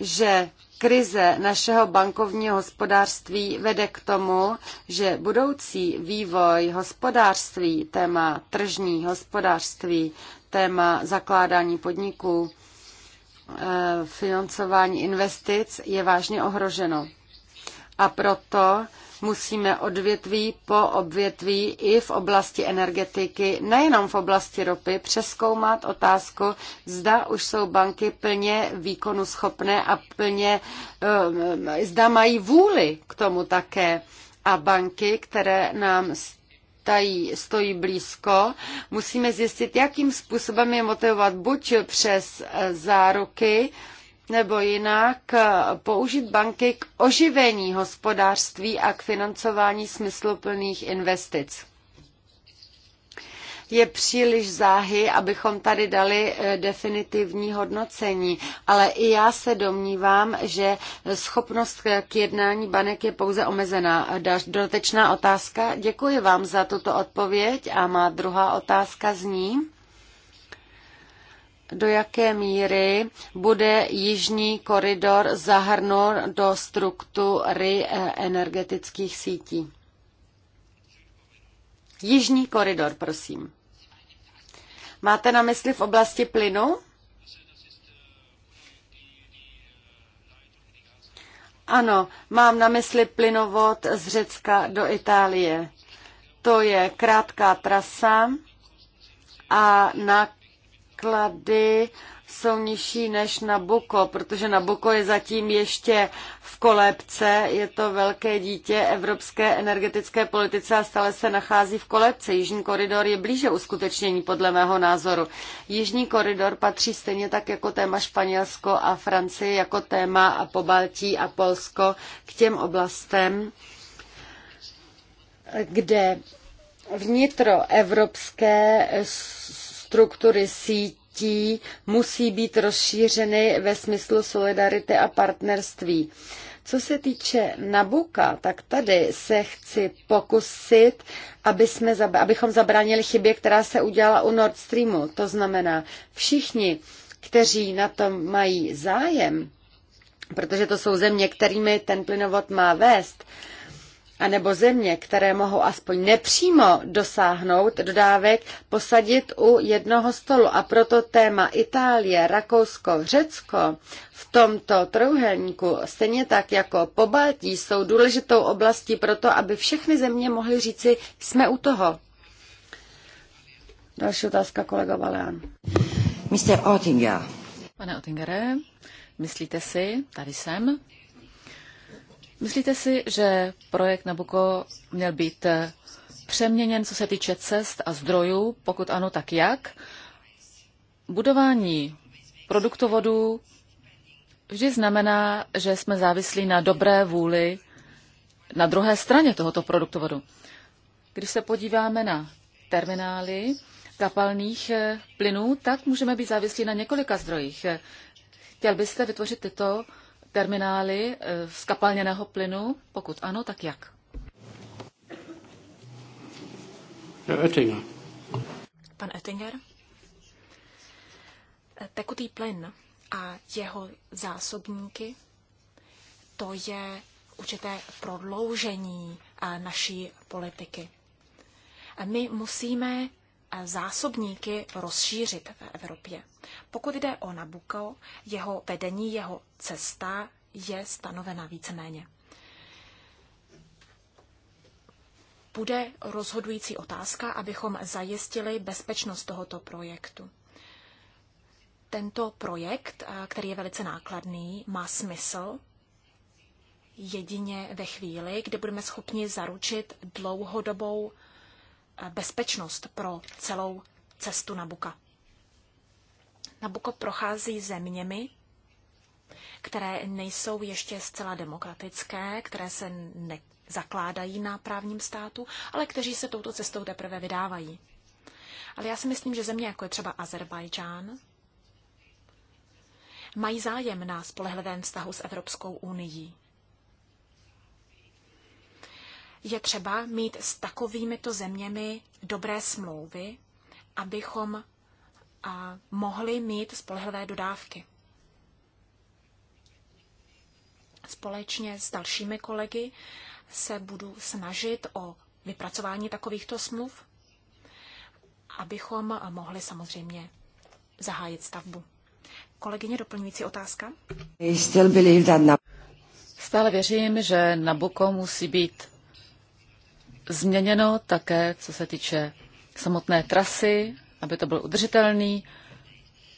že Krize našeho bankovního hospodářství vede k tomu, že budoucí vývoj hospodářství, téma tržní hospodářství, téma zakládání podniků, eh, financování investic je vážně ohroženo. A proto Musíme odvětví po odvětví i v oblasti energetiky, nejenom v oblasti ropy, přeskoumat otázku, zda už jsou banky plně výkonu schopné a plně, eh, zda mají vůli k tomu také. A banky, které nám stají, stojí blízko, musíme zjistit, jakým způsobem je motivovat buď přes eh, záruky, nebo jinak eh, použít banky k oživení hospodářství a k financování smysluplných investic. Je příliš záhy, abychom tady dali eh, definitivní hodnocení, ale i já se domnívám, že schopnost k jednání banek je pouze omezená. Dotečná otázka. Děkuji vám za tuto odpověď a má druhá otázka zní do jaké míry bude jižní koridor zahrnut do struktury eh, energetických sítí. Jižní koridor, prosím. Máte na mysli v oblasti plynu? Ano, mám na mysli plynovod z Řecka do Itálie. To je krátká trasa a na náklady jsou nižší než Nabuko, protože Nabuko je zatím ještě v kolebce, je to velké dítě evropské energetické politice a stále se nachází v kolebce. Jižní koridor je blíže uskutečnění podle mého názoru. Jižní koridor patří stejně tak jako téma Španělsko a Francie, jako téma a po Baltí a Polsko k těm oblastem, kde vnitroevropské struktury sítí musí být rozšířeny ve smyslu solidarity a partnerství. Co se týče Nabuka, tak tady se chci pokusit, aby jsme, abychom zabránili chybě, která se udělala u Nord Streamu. To znamená, všichni, kteří na tom mají zájem, protože to jsou země, kterými ten plynovod má vést, anebo země, které mohou aspoň nepřímo dosáhnout dodávek, posadit u jednoho stolu. A proto téma Itálie, Rakousko, Řecko v tomto trojuhelníku, stejně tak jako Baltí, jsou důležitou oblastí pro to, aby všechny země mohly říci, jsme u toho. Další otázka, kolega Valéan. Mr. Oettinger. Pane Oettingere, myslíte si, tady jsem, Myslíte si, že projekt Nabuko měl být eh, přeměněn, co se týče cest a zdrojů? Pokud ano, tak jak? Budování produktovodů vždy znamená, že jsme závislí na dobré vůli na druhé straně tohoto produktovodu. Když se podíváme na terminály kapalných eh, plynů, tak můžeme být závislí na několika zdrojích. Chtěl byste vytvořit tyto terminály eh, z kapalněného plynu? Pokud ano, tak jak? Oettinger. Pan Oettinger. Eh, tekutý plyn a jeho zásobníky, to je určité prodloužení eh, naší politiky. My musíme zásobníky rozšířit v Evropě. Pokud jde o Nabuko, jeho vedení, jeho cesta je stanovena víceméně. Bude rozhodující otázka, abychom zajistili bezpečnost tohoto projektu. Tento projekt, který je velice nákladný, má smysl jedině ve chvíli, kdy budeme schopni zaručit dlouhodobou bezpečnost pro celou cestu Nabuka. Nabuko prochází zeměmi, které nejsou ještě zcela demokratické, které se nezakládají na právním státu, ale kteří se touto cestou teprve vydávají. Ale já si myslím, že země, jako je třeba Azerbajdžán, mají zájem na spolehlivém vztahu s Evropskou unii je třeba mít s takovýmito zeměmi dobré smlouvy, abychom a, mohli mít spolehlivé dodávky. Společně s dalšími kolegy se budu snažit o vypracování takovýchto smluv, abychom mohli samozřejmě zahájit stavbu. Kolegyně, doplňující otázka? Stále věřím, že Nabuko musí být změněno také, co se týče samotné trasy, aby to byl udržitelný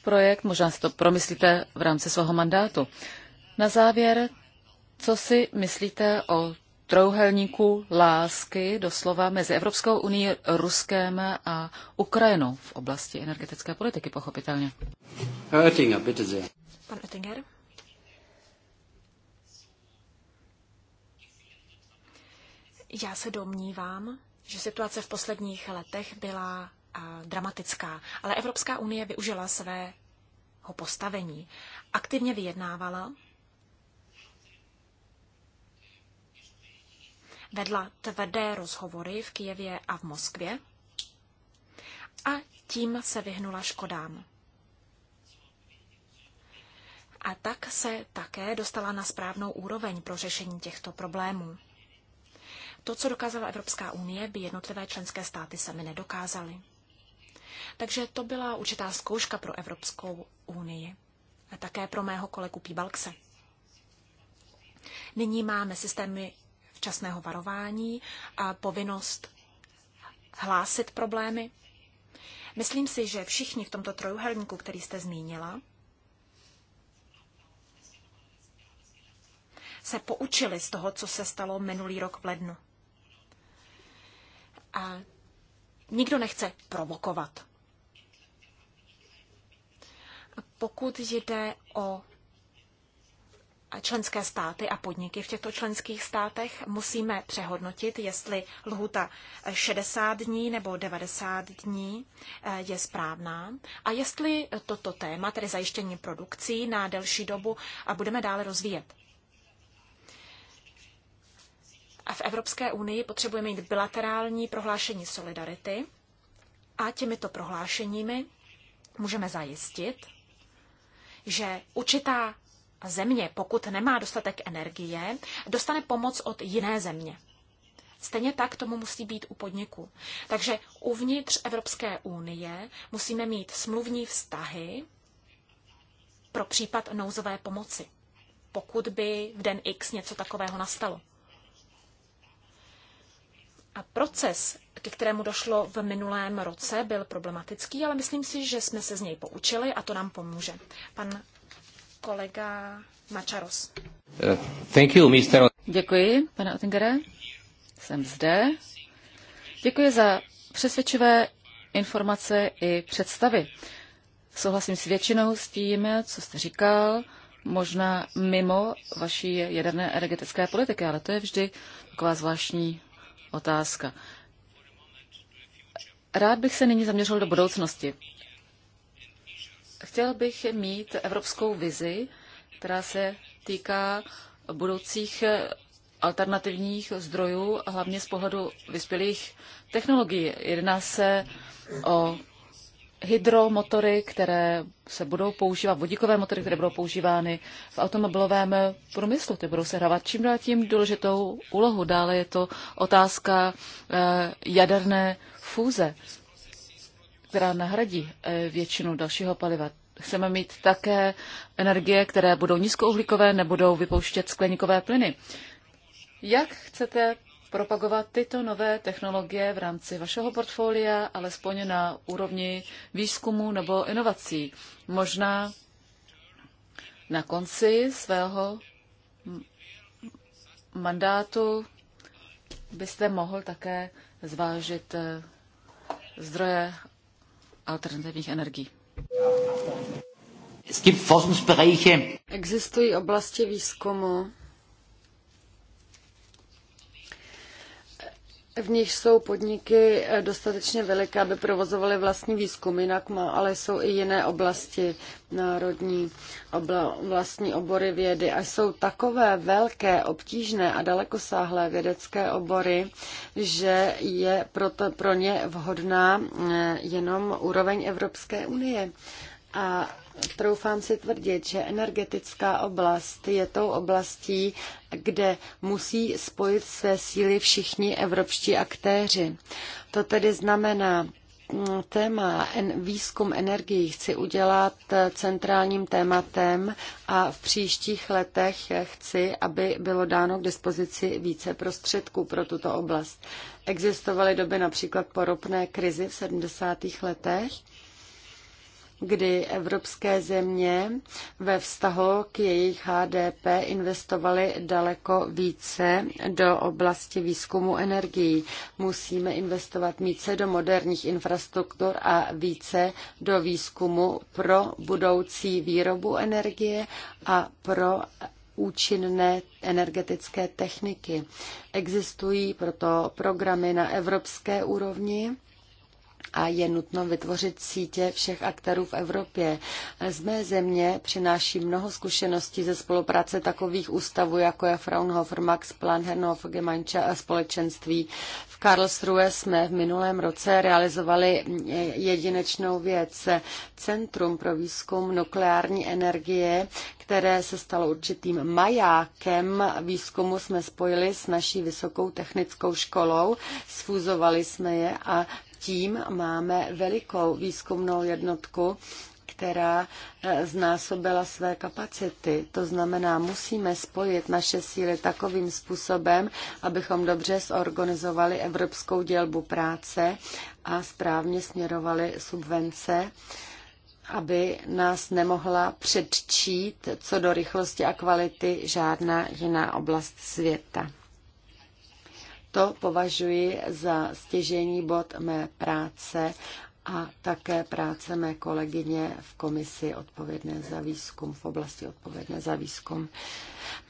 projekt. Možná si to promyslíte v rámci svého mandátu. Na závěr, co si myslíte o trouhelníku lásky doslova mezi Evropskou unii, Ruskem a Ukrajinou v oblasti energetické politiky, pochopitelně? Pan Oettinger. Já se domnívám, že situace v posledních letech byla dramatická, ale Evropská unie využila svého postavení. Aktivně vyjednávala, vedla tvrdé rozhovory v Kijevě a v Moskvě a tím se vyhnula škodám. A tak se také dostala na správnou úroveň pro řešení těchto problémů. To, co dokázala Evropská unie, by jednotlivé členské státy sami nedokázaly. Takže to byla určitá zkouška pro Evropskou unii a také pro mého kolegu Píbalkse. Nyní máme systémy včasného varování a povinnost hlásit problémy. Myslím si, že všichni v tomto trojuhelníku, který jste zmínila, se poučili z toho, co se stalo minulý rok v lednu. A nikdo nechce provokovat. Pokud jde o členské státy a podniky v těchto členských státech, musíme přehodnotit, jestli lhuta 60 dní nebo 90 dní eh, je správná a jestli toto téma, tedy zajištění produkcí na delší dobu, budeme dále rozvíjet. A v Evropské unii potřebujeme mít bilaterální prohlášení solidarity a těmito prohlášeními můžeme zajistit, že určitá země, pokud nemá dostatek energie, dostane pomoc od jiné země. Stejně tak tomu musí být u podniku. Takže uvnitř Evropské unie musíme mít smluvní vztahy pro případ nouzové pomoci, pokud by v den X něco takového nastalo. A proces, ke kterému došlo v minulém roce, byl problematický, ale myslím si, že jsme se z něj poučili a to nám pomůže. Pan kolega Mačaros. Eh, thank you, Mr. Děkuji, pane Otingere. Jsem zde. Děkuji za přesvědčivé informace i představy. Souhlasím s většinou s tím, co jste říkal, možná mimo vaší jaderné energetické politiky, ale to je vždy taková zvláštní otázka. Rád bych se nyní zaměřil do budoucnosti. Chtěl bych mít evropskou vizi, která se týká budoucích alternativních zdrojů, hlavně z pohledu vyspělých technologií. Jedná se o hydromotory, které se budou používat, vodíkové motory, které budou používány v automobilovém průmyslu. Ty budou se hrávat čím dál tím důležitou úlohu. Dále je to otázka eh, jaderné fúze, která nahradí eh, většinu dalšího paliva. Chceme mít také energie, které budou nízkouhlíkové, nebudou vypouštět skleníkové plyny. Jak chcete propagovat tyto nové technologie v rámci vašeho portfolia, alespoň na úrovni výzkumu nebo inovací. Možná na konci svého mandátu byste mohl také zvážit eh, zdroje alternativních energií. Existují oblasti výzkumu, v nich jsou podniky eh, dostatečně veliké, aby provozovaly vlastní výzkum, jinak má, ale jsou i jiné oblasti, národní obla, vlastní obory vědy a jsou takové velké, obtížné a dalekosáhlé vědecké obory, že je proto, pro ně vhodná eh, jenom úroveň Evropské unie. A troufám si tvrdit, že energetická oblast je tou oblastí, kde musí spojit své síly všichni evropští aktéři. To tedy znamená, mm, téma výzkum energií chci udělat eh, centrálním tématem a v příštích letech chci, aby bylo dáno k dispozici více prostředků pro tuto oblast. Existovaly doby například po ropné krizi v 70. letech, kdy evropské země ve vztahu k jejich HDP investovaly daleko více do oblasti výzkumu energií. Musíme investovat více do moderních infrastruktur a více do výzkumu pro budoucí výrobu energie a pro účinné energetické techniky. Existují proto programy na evropské úrovni a je nutno vytvořit sítě všech aktérů v Evropě. Z mé země přináší mnoho zkušeností ze spolupráce takových ústavů, jako je Fraunhofer, Max Planck, Hernhofer Gemeinschaft a společenství. V Karlsruhe jsme v minulém roce realizovali jedinečnou věc. Centrum pro výzkum nukleární energie, které se stalo určitým majákem výzkumu, jsme spojili s naší vysokou technickou školou, sfuzovali jsme je a tím máme velikou výzkumnou jednotku, která eh, znásobila své kapacity. To znamená, musíme spojit naše síly takovým způsobem, abychom dobře zorganizovali evropskou dělbu práce a správně směrovali subvence aby nás nemohla předčít co do rychlosti a kvality žádná jiná oblast světa. To považuji za stěžení bod mé práce a také práce mé kolegyně v komisi odpovědné za výzkum, v oblasti odpovědné za výzkum.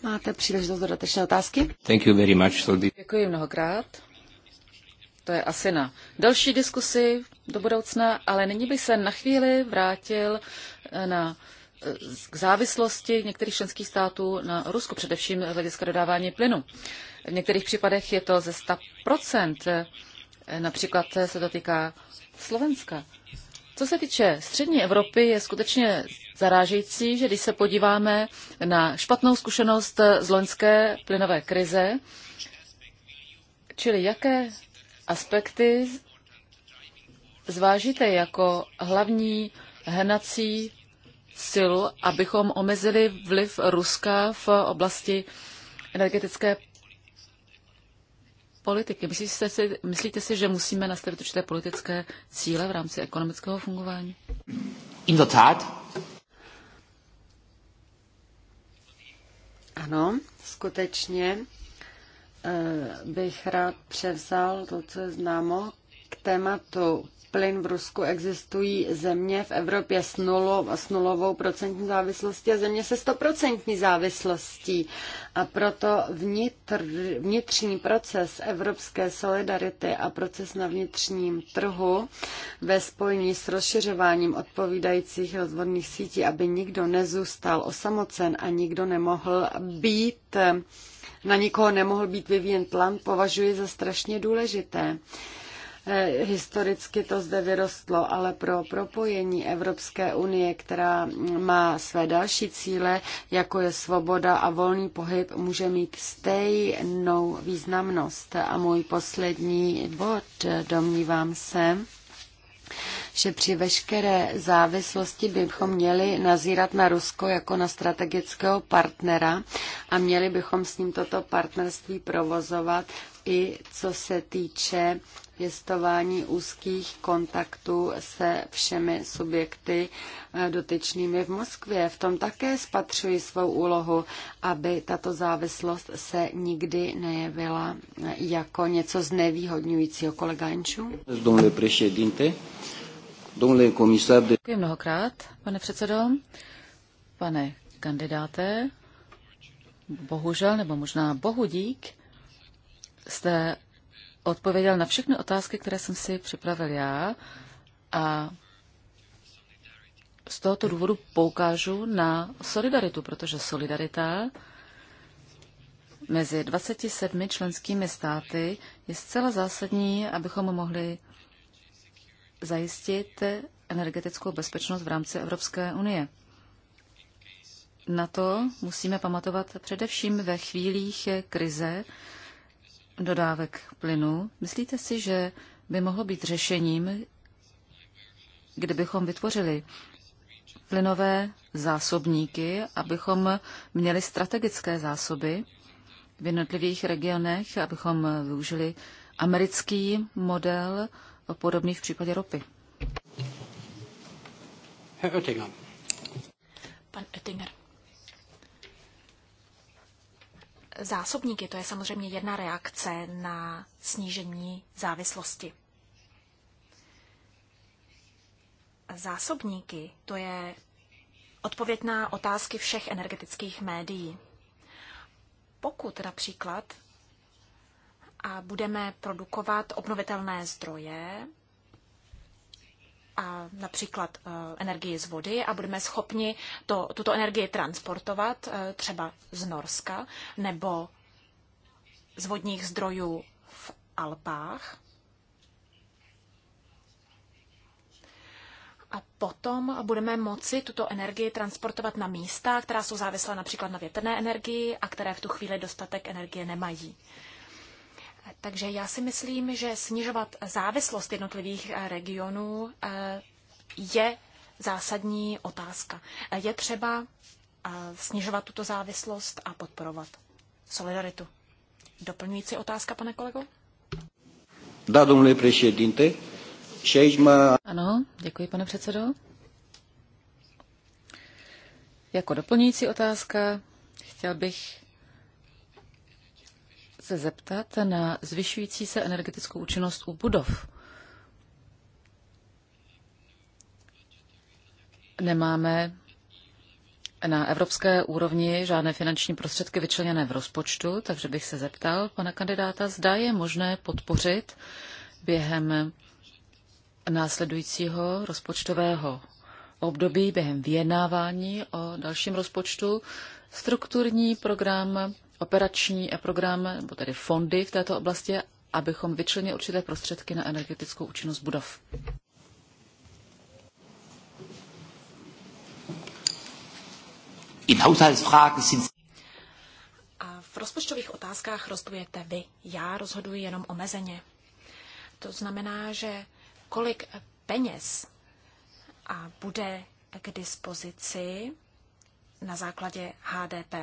Máte příležitost dodatečné otázky? Thank you very much. Děkuji mnohokrát. To je asi na další diskusi do budoucna, ale nyní bych se na chvíli vrátil na k závislosti některých členských států na Rusku, především z hlediska dodávání plynu. V některých případech je to ze 100%, například se to týká Slovenska. Co se týče střední Evropy, je skutečně zarážející, že když se podíváme na špatnou zkušenost z loňské plynové krize, čili jaké aspekty zvážíte jako hlavní hnací sil, abychom omezili vliv Ruska v oblasti energetické politiky. Myslíte si, myslíte si že musíme nastavit určité politické cíle v rámci ekonomického fungování? In the Tat. Ano, skutečně eh, bych rád převzal to, co je známo k tématu plyn v Rusku existují země v Evropě s, nulo, s nulovou procentní závislostí a země se stoprocentní závislostí. A proto vnitř, vnitřní proces evropské solidarity a proces na vnitřním trhu ve spojení s rozšiřováním odpovídajících rozvodných sítí, aby nikdo nezůstal osamocen a nikdo nemohl být na nikoho nemohl být vyvíjen tlan, považuji za strašně důležité. Eh, historicky to zde vyrostlo, ale pro propojení Evropské unie, která má své další cíle, jako je svoboda a volný pohyb, může mít stejnou významnost. A můj poslední bod, domnívám se, že při veškeré závislosti bychom měli nazírat na Rusko jako na strategického partnera a měli bychom s ním toto partnerství provozovat i co se týče pěstování úzkých kontaktů se všemi subjekty eh, dotyčnými v Moskvě. V tom také spatřuji svou úlohu, aby tato závislost se nikdy nejevila eh, jako něco znevýhodňujícího. Kolega Enču? Děkuji mnohokrát, pane předsedo. Pane kandidáte, bohužel, nebo možná bohu dík, jste odpověděl na všechny otázky, které jsem si připravil já a z tohoto důvodu poukážu na solidaritu, protože solidarita mezi 27 členskými státy je zcela zásadní, abychom mohli zajistit energetickou bezpečnost v rámci Evropské unie. Na to musíme pamatovat především ve chvílích krize, dodávek plynu. Myslíte si, že by mohlo být řešením, kdybychom vytvořili plynové zásobníky, abychom měli strategické zásoby v jednotlivých regionech, abychom využili americký model podobný v případě ropy. Herr Oettinger. Pan Oettinger. zásobníky, to je samozřejmě jedna reakce na snížení závislosti. Zásobníky, to je odpověď na otázky všech energetických médií. Pokud například a budeme produkovat obnovitelné zdroje, například eh, energii z vody a budeme schopni to, tuto energii transportovat eh, třeba z Norska nebo z vodních zdrojů v Alpách. A potom budeme moci tuto energii transportovat na místa, která jsou závislá například na větrné energii a které v tu chvíli dostatek energie nemají. Takže já si myslím, že snižovat závislost jednotlivých eh, regionů eh, je zásadní otázka. Je třeba eh, snižovat tuto závislost a podporovat solidaritu. Doplňující otázka, pane kolego? Da, domnule președinte. Ma... Ano, děkuji, pane předsedo. Jako doplňující otázka chtěl bych se zeptat na zvyšující se energetickou účinnost u budov. Nemáme na evropské úrovni žádné finanční prostředky vyčleněné v rozpočtu, takže bych se zeptal pana kandidáta, zda je možné podpořit během následujícího rozpočtového období, během vyjednávání o dalším rozpočtu, strukturní program operační program, nebo tedy fondy v této oblasti, abychom vyčlenili určité prostředky na energetickou účinnost budov. In a v rozpočtových otázkách rozhodujete vy. Já rozhoduji jenom omezeně. To znamená, že kolik peněz a bude k dispozici na základě HDP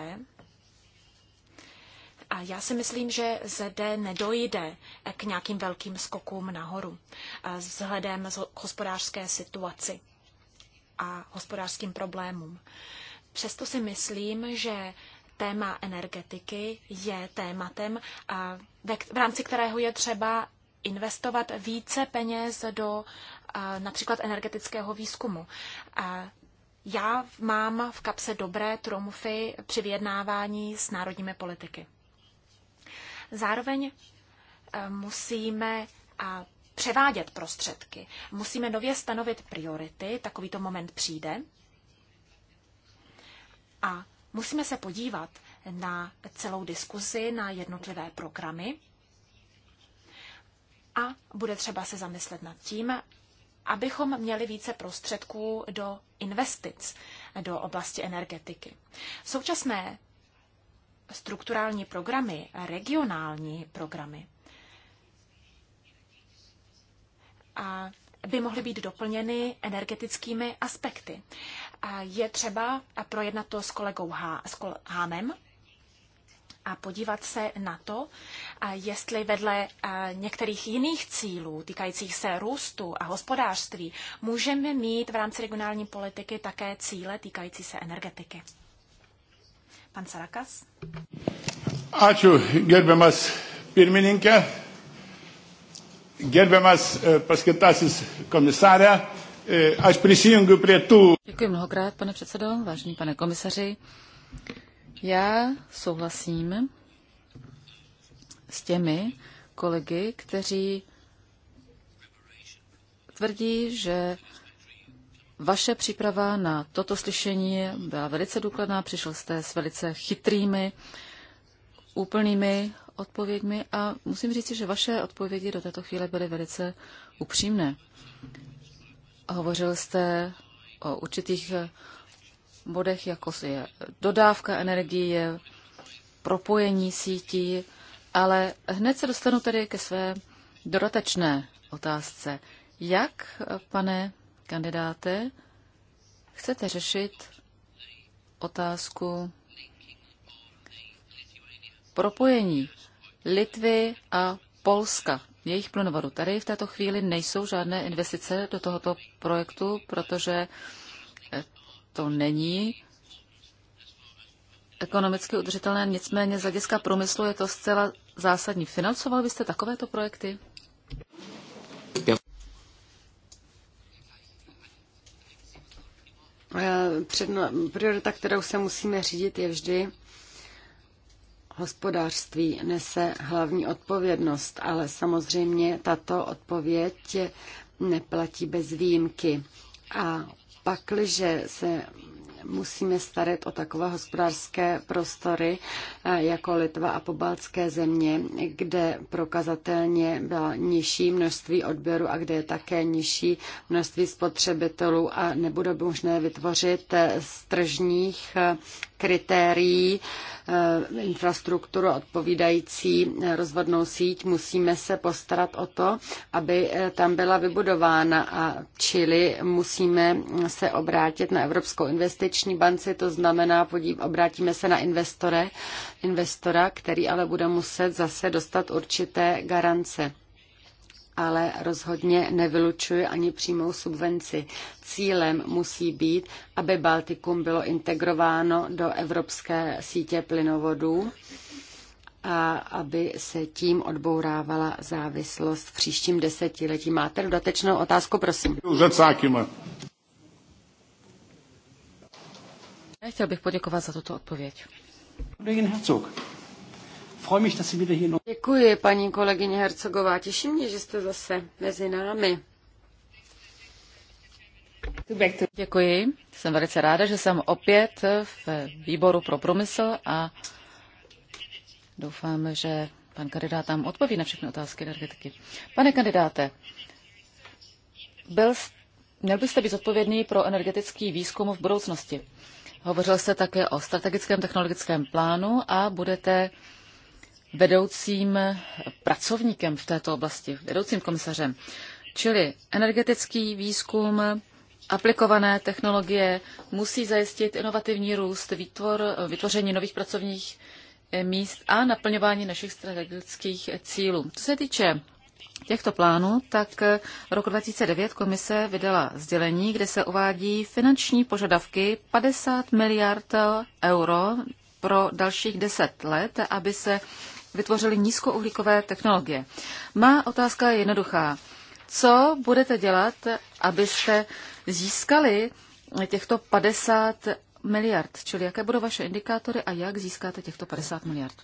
a já si myslím, že zde nedojde k nějakým velkým skokům nahoru eh, vzhledem k hospodářské situaci a hospodářským problémům. Přesto si myslím, že téma energetiky je tématem, eh, v rámci kterého je třeba investovat více peněz do eh, například energetického výzkumu. Já mám v kapse dobré trumfy při vyjednávání s národními politiky. Zároveň eh, musíme převádět prostředky. Musíme nově stanovit priority, takovýto moment přijde. A musíme se podívat na celou diskusi, na jednotlivé programy. A bude třeba se zamyslet nad tím, abychom měli více prostředků do investic do oblasti energetiky. Současné strukturální programy, regionální programy, a by mohly být doplněny energetickými aspekty. A je třeba projednat to s kolegou H, s kol, Hánem a podívat se na to, jestli vedle některých jiných cílů týkajících se růstu a hospodářství můžeme mít v rámci regionální politiky také cíle týkající se energetiky. Pan Sarakas. Ačiū, gerbiamas pirmininkė, gerbiamas e, paskirtasis komisarė. E, Až prisijungiu prie tų. Děkuji mnohokrát, pane předsedo, vážení pane komisaři. Já souhlasím s těmi kolegy, kteří tvrdí, že vaše příprava na toto slyšení byla velice důkladná, přišel jste s velice chytrými, úplnými odpověďmi a musím říct, že vaše odpovědi do této chvíle byly velice upřímné. Hovořil jste o určitých bodech, jako je dodávka energie, propojení sítí, ale hned se dostanu tedy ke své dodatečné otázce. Jak, pane kandidáte, chcete řešit otázku propojení Litvy a Polska, jejich plynovodu. Tady v této chvíli nejsou žádné investice do tohoto projektu, protože eh, to není ekonomicky udržitelné, nicméně z hlediska průmyslu je to zcela zásadní. Financoval byste takovéto projekty? Eh, priorita, kterou se musíme řídit, je vždy hospodářství nese hlavní odpovědnost, ale samozřejmě tato odpověď neplatí bez výjimky. A pakliže se musíme starat o takové hospodářské prostory eh, jako Litva a pobaltské země, kde prokazatelně byla nižší množství odběru a kde je také nižší množství spotřebitelů a nebude možné vytvořit eh, z tržních eh, kritérií infrastrukturu odpovídající rozvodnou síť. Musíme se postarat o to, aby tam byla vybudována a čili musíme se obrátit na Evropskou investiční investiční bance, to znamená, podív, obrátíme se na investore, investora, který ale bude muset zase dostat určité garance ale rozhodně nevylučuje ani přímou subvenci. Cílem musí být, aby Baltikum bylo integrováno do evropské sítě plynovodů a aby se tím odbourávala závislost v příštím desetiletí. Máte dodatečnou otázku, prosím. Já chtěl bych poděkovat za tuto odpověď. Děkuji, paní kolegyně Hercogová. Těší mě, že jste zase mezi námi. Děkuji. Jsem velice ráda, že jsem opět v výboru pro průmysl a doufám, že pan kandidát tam odpoví na všechny otázky energetiky. Pane kandidáte, byl, měl byste být odpovědný pro energetický výzkum v budoucnosti. Hovořil jste také o strategickém technologickém plánu a budete vedoucím pracovníkem v této oblasti, vedoucím komisařem. Čili energetický výzkum, aplikované technologie musí zajistit inovativní růst, výtvor, vytvoření nových pracovních míst a naplňování našich strategických cílů. Co se týče těchto plánů, tak eh, roku 2009 komise vydala sdělení, kde se uvádí finanční požadavky 50 miliard euro pro dalších 10 let, aby se vytvořily nízkouhlíkové technologie. Má otázka je jednoduchá. Co budete dělat, abyste získali těchto 50 miliard? Čili jaké budou vaše indikátory a jak získáte těchto 50 miliard?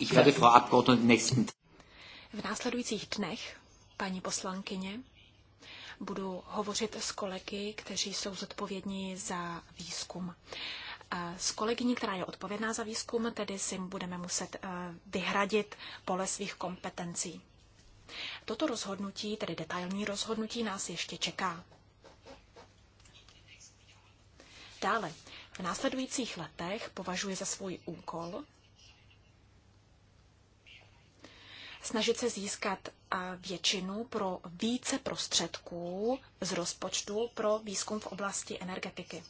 Ich werde Frau Abgeordnete nächsten V následujících dnech, paní poslankyně, budu hovořit s kolegy, kteří jsou zodpovědní za výzkum. S kolegyní, která je odpovědná za výzkum, tedy si budeme muset eh, vyhradit pole svých kompetencí. Toto rozhodnutí, tedy detailní rozhodnutí, nás ještě čeká. Dále, v následujících letech považuji za svůj úkol snažit se získat většinu pro více prostředků z rozpočtu pro výzkum v oblasti energetiky.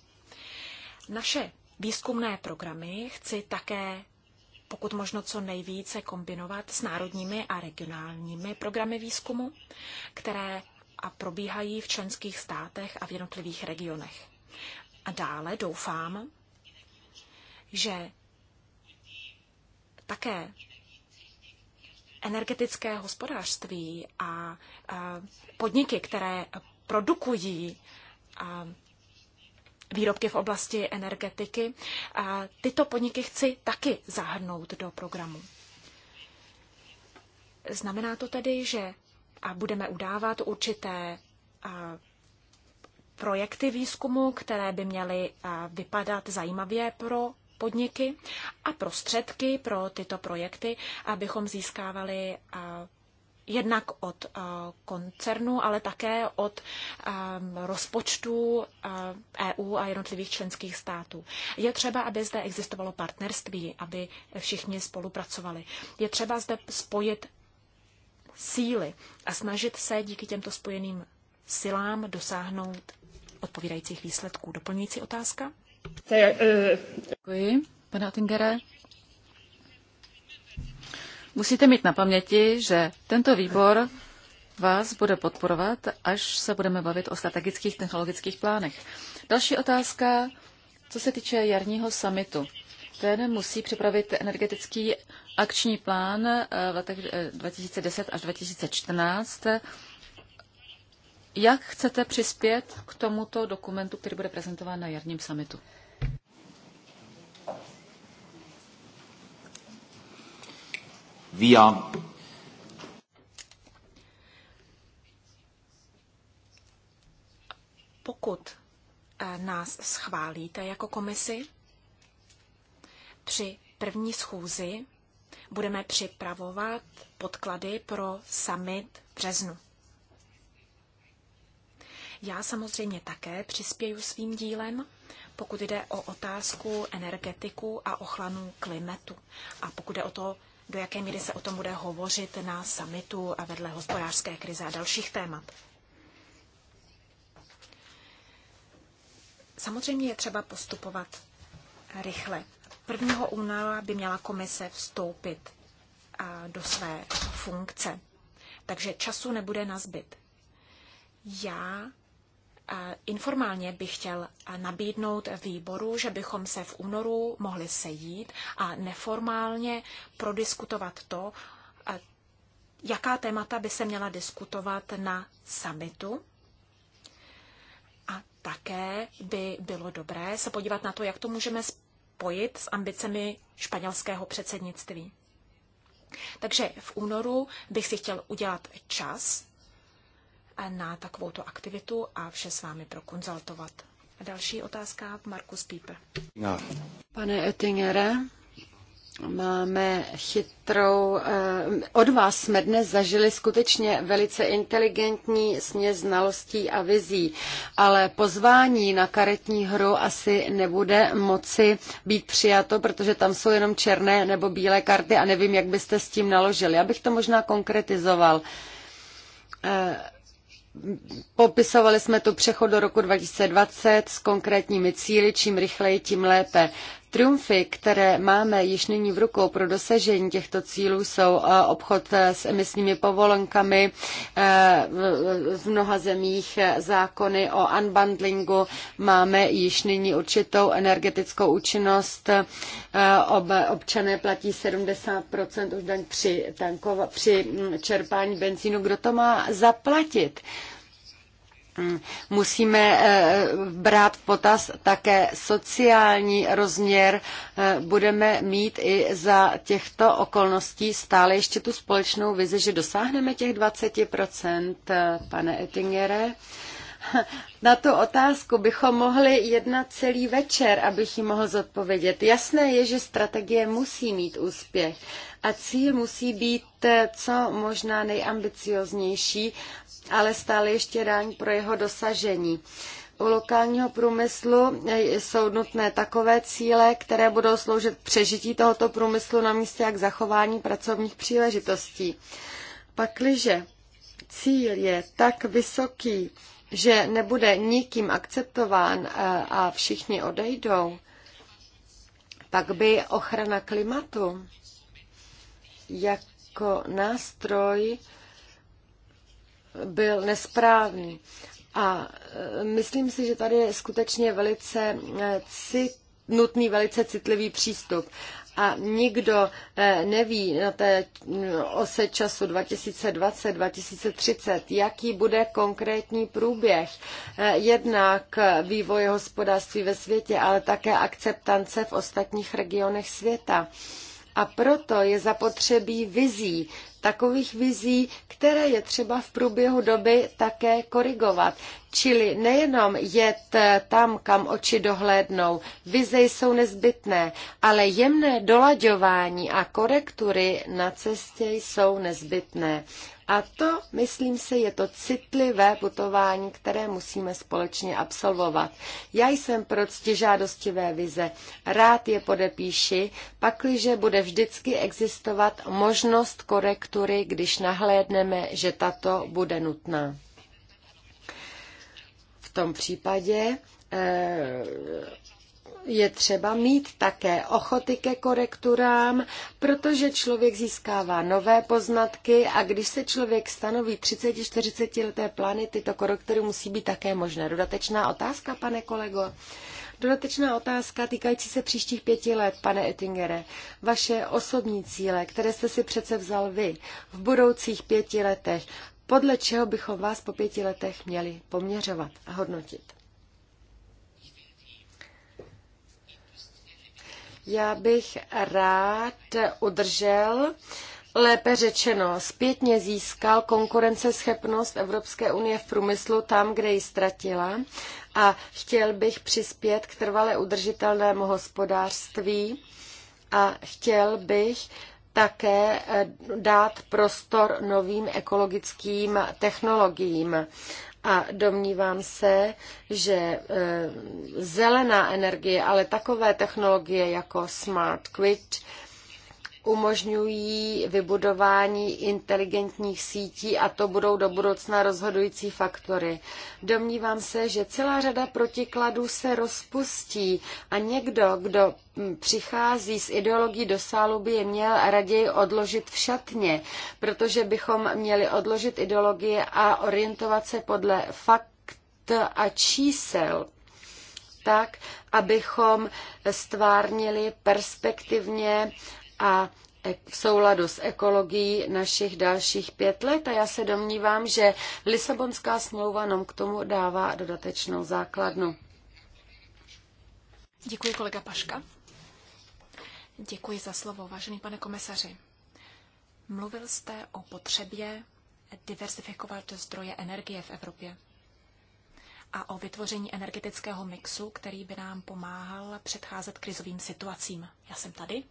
Naše výzkumné programy chci také pokud možno co nejvíce kombinovat s národními a regionálními programy výzkumu, které a probíhají v členských státech a v jednotlivých regionech. A dále doufám, že také energetické hospodářství a podniky, které produkují výrobky v oblasti energetiky, tyto podniky chci taky zahrnout do programu. Znamená to tedy, že budeme udávat určité projekty výzkumu, které by měly vypadat zajímavě pro podniky a prostředky pro tyto projekty abychom získávali jednak od koncernu, ale také od rozpočtu EU a jednotlivých členských států. Je třeba, aby zde existovalo partnerství, aby všichni spolupracovali. Je třeba zde spojit síly a snažit se díky těmto spojeným silám dosáhnout odpovídajících výsledků. Doplňující otázka? Děkuji, pane Musíte mít na paměti, že tento výbor vás bude podporovat, až se budeme bavit o strategických technologických plánech. Další otázka, co se týče jarního samitu. Ten musí připravit energetický akční plán eh, v letech 2010 eh, až 2014. Jak chcete přispět k tomuto dokumentu, který bude prezentován na jarním summitu? Via. Pokud eh, nás schválíte jako komisi, při první schůzi budeme připravovat podklady pro summit v březnu. Já samozřejmě také přispěju svým dílem, pokud jde o otázku energetiku a ochranu klimatu. A pokud jde o to, do jaké míry se o tom bude hovořit na summitu a vedle hospodářské krize a dalších témat. Samozřejmě je třeba postupovat rychle. 1. února by měla komise vstoupit do své funkce, takže času nebude na zbyt. Já informálně bych chtěl nabídnout výboru, že bychom se v únoru mohli sejít a neformálně prodiskutovat to, jaká témata by se měla diskutovat na summitu. A také by bylo dobré se podívat na to, jak to můžeme spojit s ambicemi španělského předsednictví. Takže v únoru bych si chtěl udělat čas na takovouto aktivitu a vše s vámi prokonzultovat. Další otázka, Markus Pípe. No. Pane Oettingere, Máme chytrou. Eh, od vás jsme dnes zažili skutečně velice inteligentní směs znalostí a vizí, ale pozvání na karetní hru asi nebude moci být přijato, protože tam jsou jenom černé nebo bílé karty a nevím, jak byste s tím naložili. Já bych to možná konkretizoval. Eh, Popisovali jsme tu přechod do roku 2020 s konkrétními cíly, čím rychleji, tím lépe. Triumfy, které máme již nyní v rukou pro dosažení těchto cílů, jsou eh, obchod eh, s emisními povolenkami eh, v mnoha zemích, zákony o unbundlingu, máme již nyní určitou energetickou účinnost, občané platí 70% už daň při, při hm, čerpání benzínu. Kdo to má zaplatit? Mm, musíme eh, brát v potaz také sociální rozměr. Eh, budeme mít i za těchto okolností stále ještě tu společnou vizi, že dosáhneme těch 20%, eh, pane Ettingere. (laughs) Na tu otázku bychom mohli jednat celý večer, abych ji mohl zodpovědět. Jasné je, že strategie musí mít úspěch a cíl musí být co možná nejambicioznější ale stále ještě ráň pro jeho dosažení. U lokálního průmyslu e, jsou nutné takové cíle, které budou sloužit přežití tohoto průmyslu na místě jak zachování pracovních příležitostí. Pakliže cíl je tak vysoký, že nebude nikým akceptován e, a všichni odejdou, pak by ochrana klimatu jako nástroj byl nesprávný. A e, myslím si, že tady je skutečně velice e, cit, nutný velice citlivý přístup. A nikdo e, neví na té mm, ose času 2020-2030, jaký bude konkrétní průběh jednak vývoje hospodářství ve světě, ale také akceptance v ostatních regionech světa. A proto je zapotřebí vizí, takových vizí, které je třeba v průběhu doby také korigovat. Čili nejenom jet eh, tam, kam oči dohlédnou, vize jsou nezbytné, ale jemné dolaďování a korektury na cestě jsou nezbytné. A to, myslím si, je to citlivé putování, které musíme společně absolvovat. Já jsem pro ctižádostivé vize. Rád je podepíši, pakliže bude vždycky existovat možnost korektury, když nahlédneme, že tato bude nutná. V tom případě eh, je třeba mít také ochoty ke korekturám, protože člověk získává nové poznatky a když se člověk stanoví 30-40 leté plány, tyto korektury musí být také možné. Dodatečná otázka, pane kolego? Dodatečná otázka týkající se příštích pěti let, pane Ettingere. Vaše osobní cíle, které jste si přece vzal vy v budoucích pěti letech, podle čeho bychom vás po pěti letech měli poměřovat a hodnotit? Já bych rád udržel lépe řečeno, zpětně získal konkurenceschopnost Evropské unie v průmyslu tam, kde ji ztratila a chtěl bych přispět k trvale udržitelnému hospodářství a chtěl bych také eh, dát prostor novým ekologickým technologiím a domnívám se, že e, zelená energie, ale takové technologie jako smart grid, umožňují vybudování inteligentních sítí a to budou do budoucna rozhodující faktory. Domnívám se, že celá řada protikladů se rozpustí a někdo, kdo mm, přichází s ideologií do sálu, by je měl raději odložit v šatně, protože bychom měli odložit ideologie a orientovat se podle fakt a čísel tak, abychom stvárnili perspektivně a v souladu s ekologií našich dalších pět let a já se domnívám, že Lisabonská smlouva nám k tomu dává dodatečnou základnu. Děkuji, kolega Paška. Děkuji za slovo, vážený pane komisaři. Mluvil jste o potřebě diversifikovat zdroje energie v Evropě a o vytvoření energetického mixu, který by nám pomáhal předcházet krizovým situacím. Já jsem tady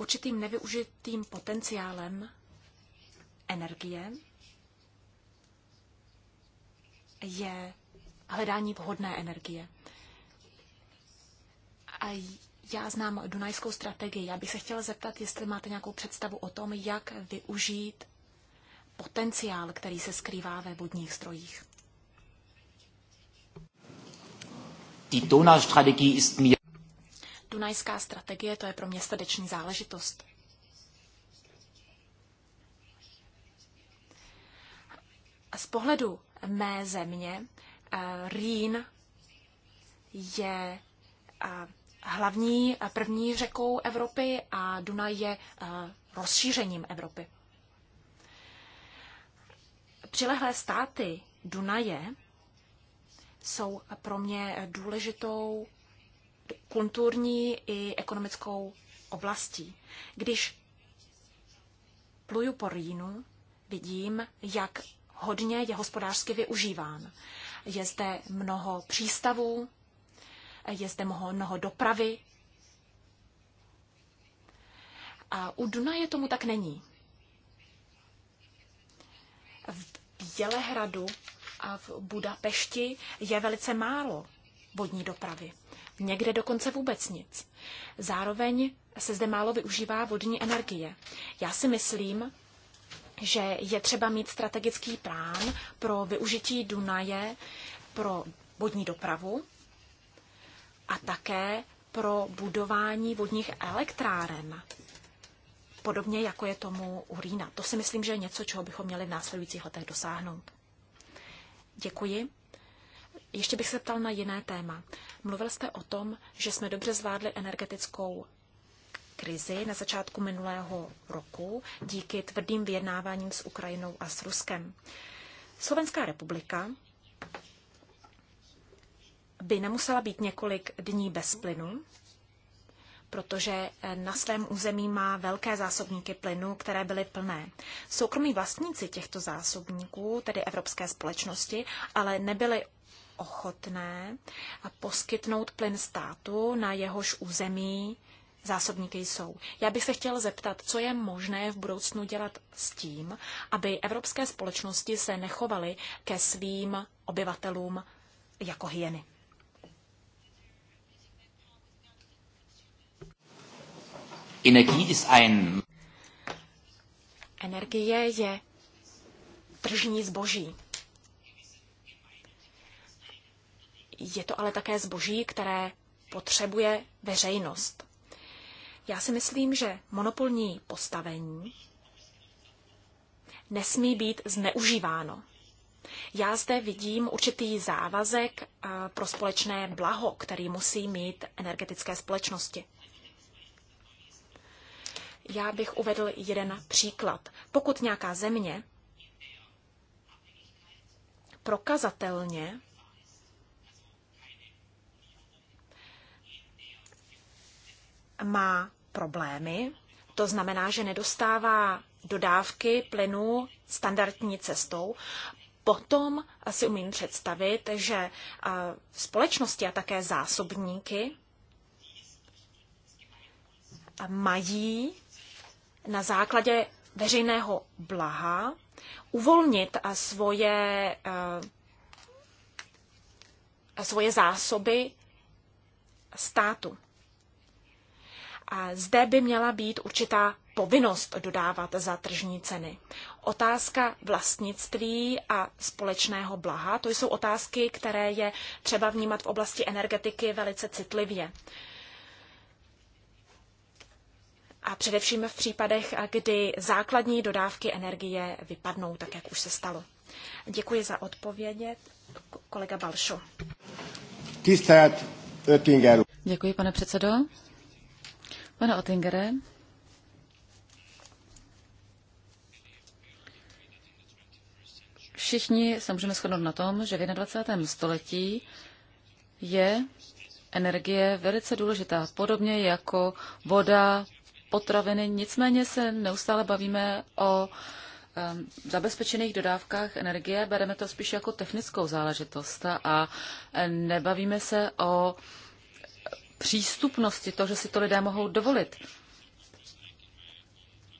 určitým nevyužitým potenciálem energie je hledání vhodné energie. A já znám dunajskou strategii. Já bych se chtěla zeptat, jestli máte nějakou představu o tom, jak využít potenciál, který se skrývá ve vodních strojích. Die Donaustrategie ist mir Dunajská strategie, to je pro mě srdeční záležitost. Z pohledu mé země eh, Rýn je eh, hlavní eh, první řekou Evropy a Dunaj je rozšířením Evropy. Přilehlé státy Dunaje jsou pro mě důležitou kulturní i ekonomickou oblastí. Když pluju po Rýnu, vidím, jak hodně je hospodářsky využíván. Je zde mnoho přístavů, je zde mnoho, mnoho dopravy. A u Dunaje tomu tak není. V Bělehradu a v Budapešti je velice málo vodní dopravy. Někde dokonce vůbec nic. Zároveň se zde málo využívá vodní energie. Já si myslím, že je třeba mít strategický plán pro využití Dunaje pro vodní dopravu a také pro budování vodních elektráren, podobně jako je tomu u Rýna. To si myslím, že je něco, čeho bychom měli v následujících letech dosáhnout. Děkuji. Ještě bych se ptal na jiné téma. Mluvil jste o tom, že jsme dobře zvládli energetickou krizi na začátku minulého roku díky tvrdým vyjednáváním s Ukrajinou a s Ruskem. Slovenská republika by nemusela být několik dní bez plynu, protože na svém území má velké zásobníky plynu, které byly plné. Soukromí vlastníci těchto zásobníků, tedy evropské společnosti, ale nebyli ochotné poskytnout plyn státu, na jehož území zásobníky jsou. Já bych se chtěl zeptat, co je možné v budoucnu dělat s tím, aby evropské společnosti se nechovaly ke svým obyvatelům jako hyeny. Energie je tržní zboží. Je to ale také zboží, které potřebuje veřejnost. Já si myslím, že monopolní postavení nesmí být zneužíváno. Já zde vidím určitý závazek eh, pro společné blaho, který musí mít energetické společnosti. Já bych uvedl jeden příklad. Pokud nějaká země prokazatelně má problémy, to znamená, že nedostává dodávky plynu standardní cestou, potom si umím představit, že společnosti a také zásobníky mají na základě veřejného blaha uvolnit svoje, svoje zásoby státu. Zde by měla být určitá povinnost dodávat za tržní ceny. Otázka vlastnictví a společného blaha, to jsou otázky, které je třeba vnímat v oblasti energetiky velice citlivě. A především v případech, kdy základní dodávky energie vypadnou, tak jak už se stalo. Děkuji za odpovědě. Kolega Balšo. Děkuji, pane předsedo. Pane Ottingere, všichni se můžeme shodnout na tom, že v 21. století je energie velice důležitá, podobně jako voda, potraviny. Nicméně se neustále bavíme o zabezpečených dodávkách energie, bereme to spíš jako technickou záležitost a nebavíme se o přístupnosti, to, že si to lidé mohou dovolit.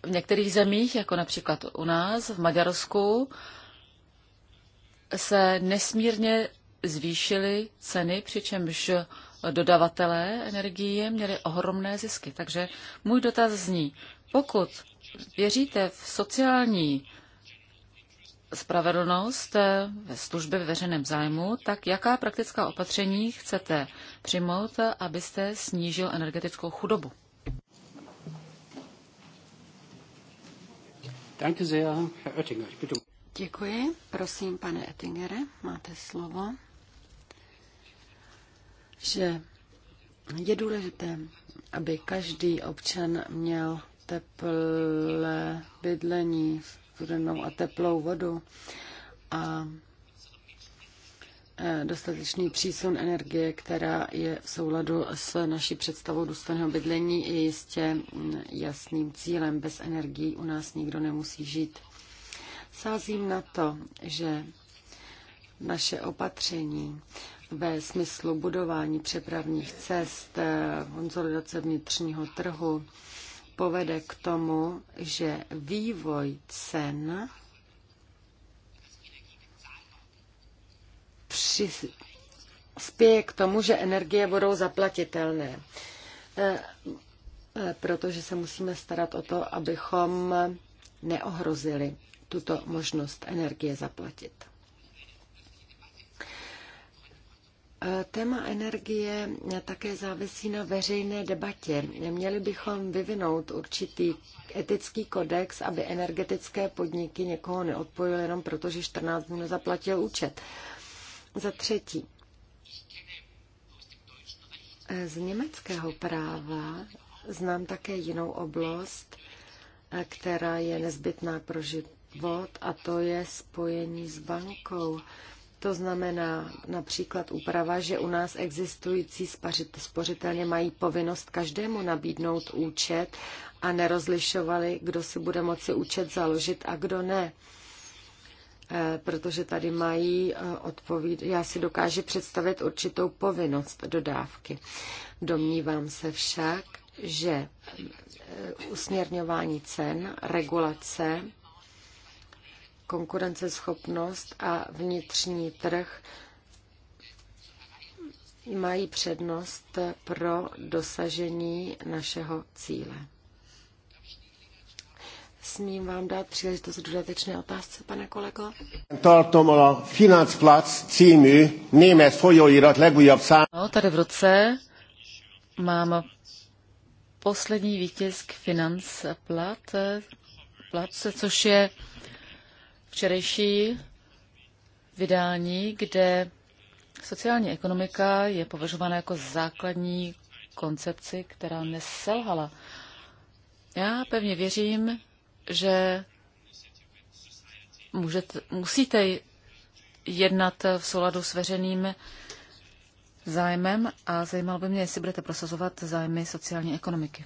V některých zemích, jako například u nás, v Maďarsku, se nesmírně zvýšily ceny, přičemž dodavatelé energie měli ohromné zisky. Takže můj dotaz zní, pokud věříte v sociální spravedlnost eh, ve službě ve veřejném zájmu, tak jaká praktická opatření chcete přijmout, abyste snížil energetickou chudobu? Um- Děkuji. Prosím, pane Ettingere, máte slovo. Že je důležité, aby každý občan měl teplé bydlení v studenou a teplou vodu a e, dostatečný přísun energie, která je v souladu s naší představou důstojného bydlení, je jistě jasným cílem. Bez energií u nás nikdo nemusí žít. Sázím na to, že naše opatření ve smyslu budování přepravních cest, e, konsolidace vnitřního trhu, povede k tomu, že vývoj cen spěje k tomu, že energie budou zaplatitelné. E, e, protože se musíme starat o to, abychom neohrozili tuto možnost energie zaplatit. Téma energie také závisí na veřejné debatě. Měli bychom vyvinout určitý etický kodex, aby energetické podniky někoho neodpojily jenom proto, že 14 dnů nezaplatil účet. Za třetí, z německého práva znám také jinou oblast, která je nezbytná pro život, a to je spojení s bankou. To znamená například úprava, že u nás existující spořitelně mají povinnost každému nabídnout účet a nerozlišovali, kdo si bude moci účet založit a kdo ne eh, protože tady mají eh, odpovíd. Já si dokážu představit určitou povinnost dodávky. Domnívám se však, že eh, usměrňování cen, regulace konkurenceschopnost a vnitřní trh mají přednost pro dosažení našeho cíle. Smím vám dát příležitost dodatečné otázce, pane kolego? Tartom a Finanzplatz című német folyóirat legújabb szám. No, tady v roce mám poslední vítězk Finanzplatz, což je včerejší vydání, kde sociální ekonomika je považována jako základní koncepci, která neselhala. Já pevně věřím, že můžete, musíte jednat v souladu s veřejným zájmem a zajímalo by mě, jestli budete prosazovat zájmy sociální ekonomiky.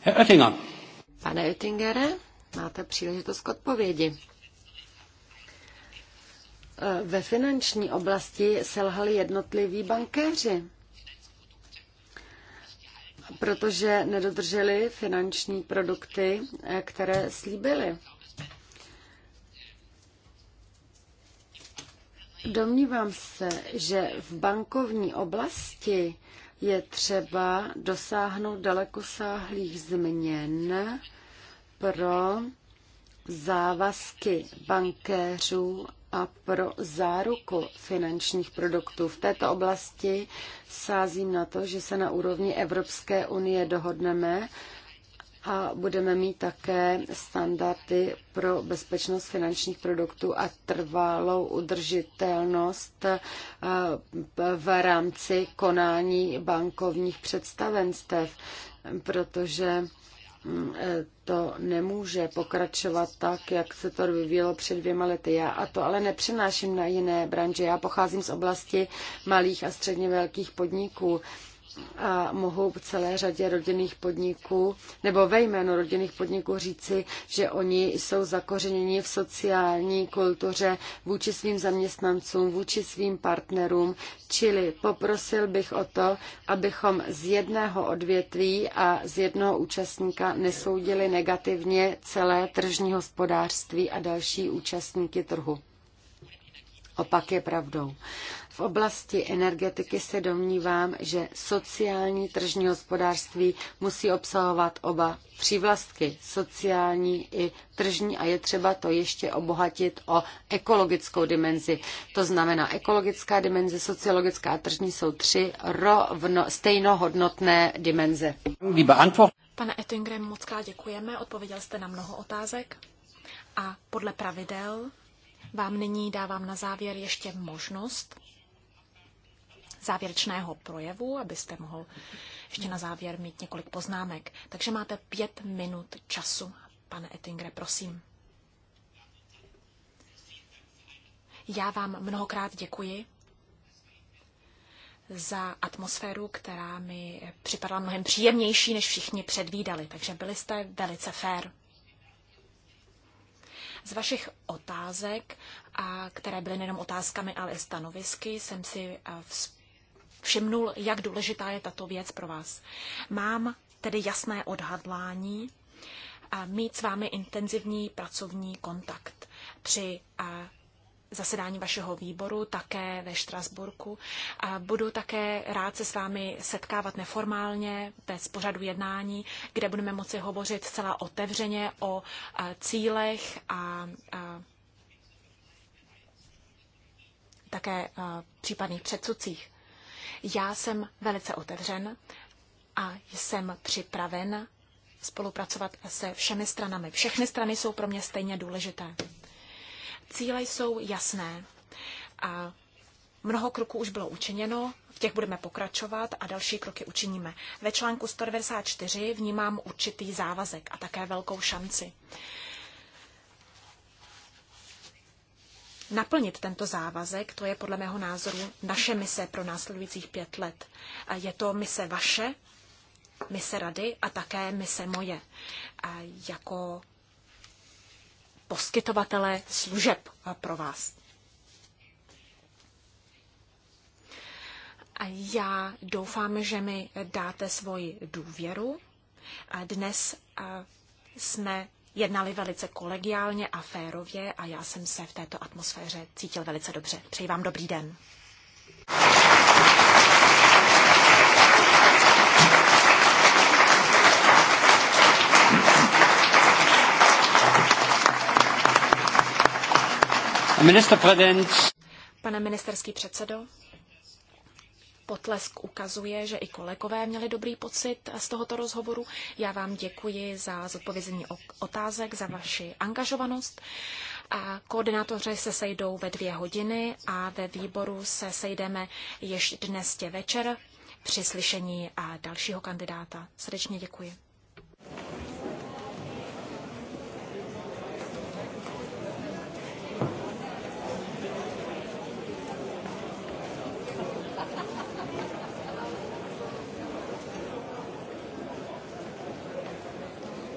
Herr Pane Oettingere. Máte příležitost k odpovědi. E, ve finanční oblasti selhali jednotliví bankéři, protože nedodrželi finanční produkty, e, které slíbili. Domnívám se, že v bankovní oblasti je třeba dosáhnout dalekosáhlých změn pro závazky bankéřů a pro záruku finančních produktů. V této oblasti sázím na to, že se na úrovni Evropské unie dohodneme a budeme mít také standardy pro bezpečnost finančních produktů a trvalou udržitelnost eh, v rámci konání bankovních představenstev, protože to nemůže pokračovat tak, jak se to vyvíjelo před dvěma lety. Já a to ale nepřenáším na jiné branže. Já pocházím z oblasti malých a středně velkých podniků a mohu v celé řadě rodinných podniků nebo ve jménu rodinných podniků říci, že oni jsou zakořeněni v sociální kultuře vůči svým zaměstnancům, vůči svým partnerům, čili poprosil bych o to, abychom z jednoho odvětví a z jednoho účastníka nesoudili negativně celé tržní hospodářství a další účastníky trhu. Opak je pravdou. V oblasti energetiky se domnívám, že sociální tržní hospodářství musí obsahovat oba přívlastky, sociální i tržní, a je třeba to ještě obohatit o ekologickou dimenzi. To znamená, ekologická dimenze, sociologická a tržní jsou tři rovno, stejnohodnotné dimenze. Pane Ettingrem, moc krát děkujeme, odpověděl jste na mnoho otázek a podle pravidel vám nyní dávám na závěr ještě možnost závěrečného projevu, abyste mohl ještě na závěr mít několik poznámek. Takže máte pět minut času, pane Ettingre, prosím. Já vám mnohokrát děkuji za atmosféru, která mi připadala mnohem příjemnější, než všichni předvídali. Takže byli jste velice fér. Z vašich otázek, a které byly nejenom otázkami, ale i stanovisky, jsem si vzpomněla, všimnul, jak důležitá je tato věc pro vás. Mám tedy jasné odhadlání a mít s vámi intenzivní pracovní kontakt při zasedání vašeho výboru, také ve Štrasburku. A budu také rád se s vámi setkávat neformálně, bez pořadu jednání, kde budeme moci hovořit celá otevřeně o cílech a, a také a, případných předsudcích. Já jsem velice otevřen a jsem připraven spolupracovat se všemi stranami. Všechny strany jsou pro mě stejně důležité. Cíle jsou jasné a mnoho kroků už bylo učiněno, v těch budeme pokračovat a další kroky učiníme. Ve článku 194 vnímám určitý závazek a také velkou šanci. Naplnit tento závazek, to je podle mého názoru naše mise pro následujících pět let. Je to mise vaše, mise rady a také mise moje. A jako poskytovatele služeb pro vás. A já doufám, že mi dáte svoji důvěru. A dnes jsme jednali velice kolegiálně a férově a já jsem se v této atmosféře cítil velice dobře. Přeji vám dobrý den. Pane ministerský předsedo, potlesk ukazuje, že i kolegové měli dobrý pocit z tohoto rozhovoru. Já vám děkuji za zodpovězení otázek, za vaši angažovanost. A koordinátoři se sejdou ve dvě hodiny a ve výboru se sejdeme ještě dnes tě večer při slyšení a dalšího kandidáta. Srdečně děkuji.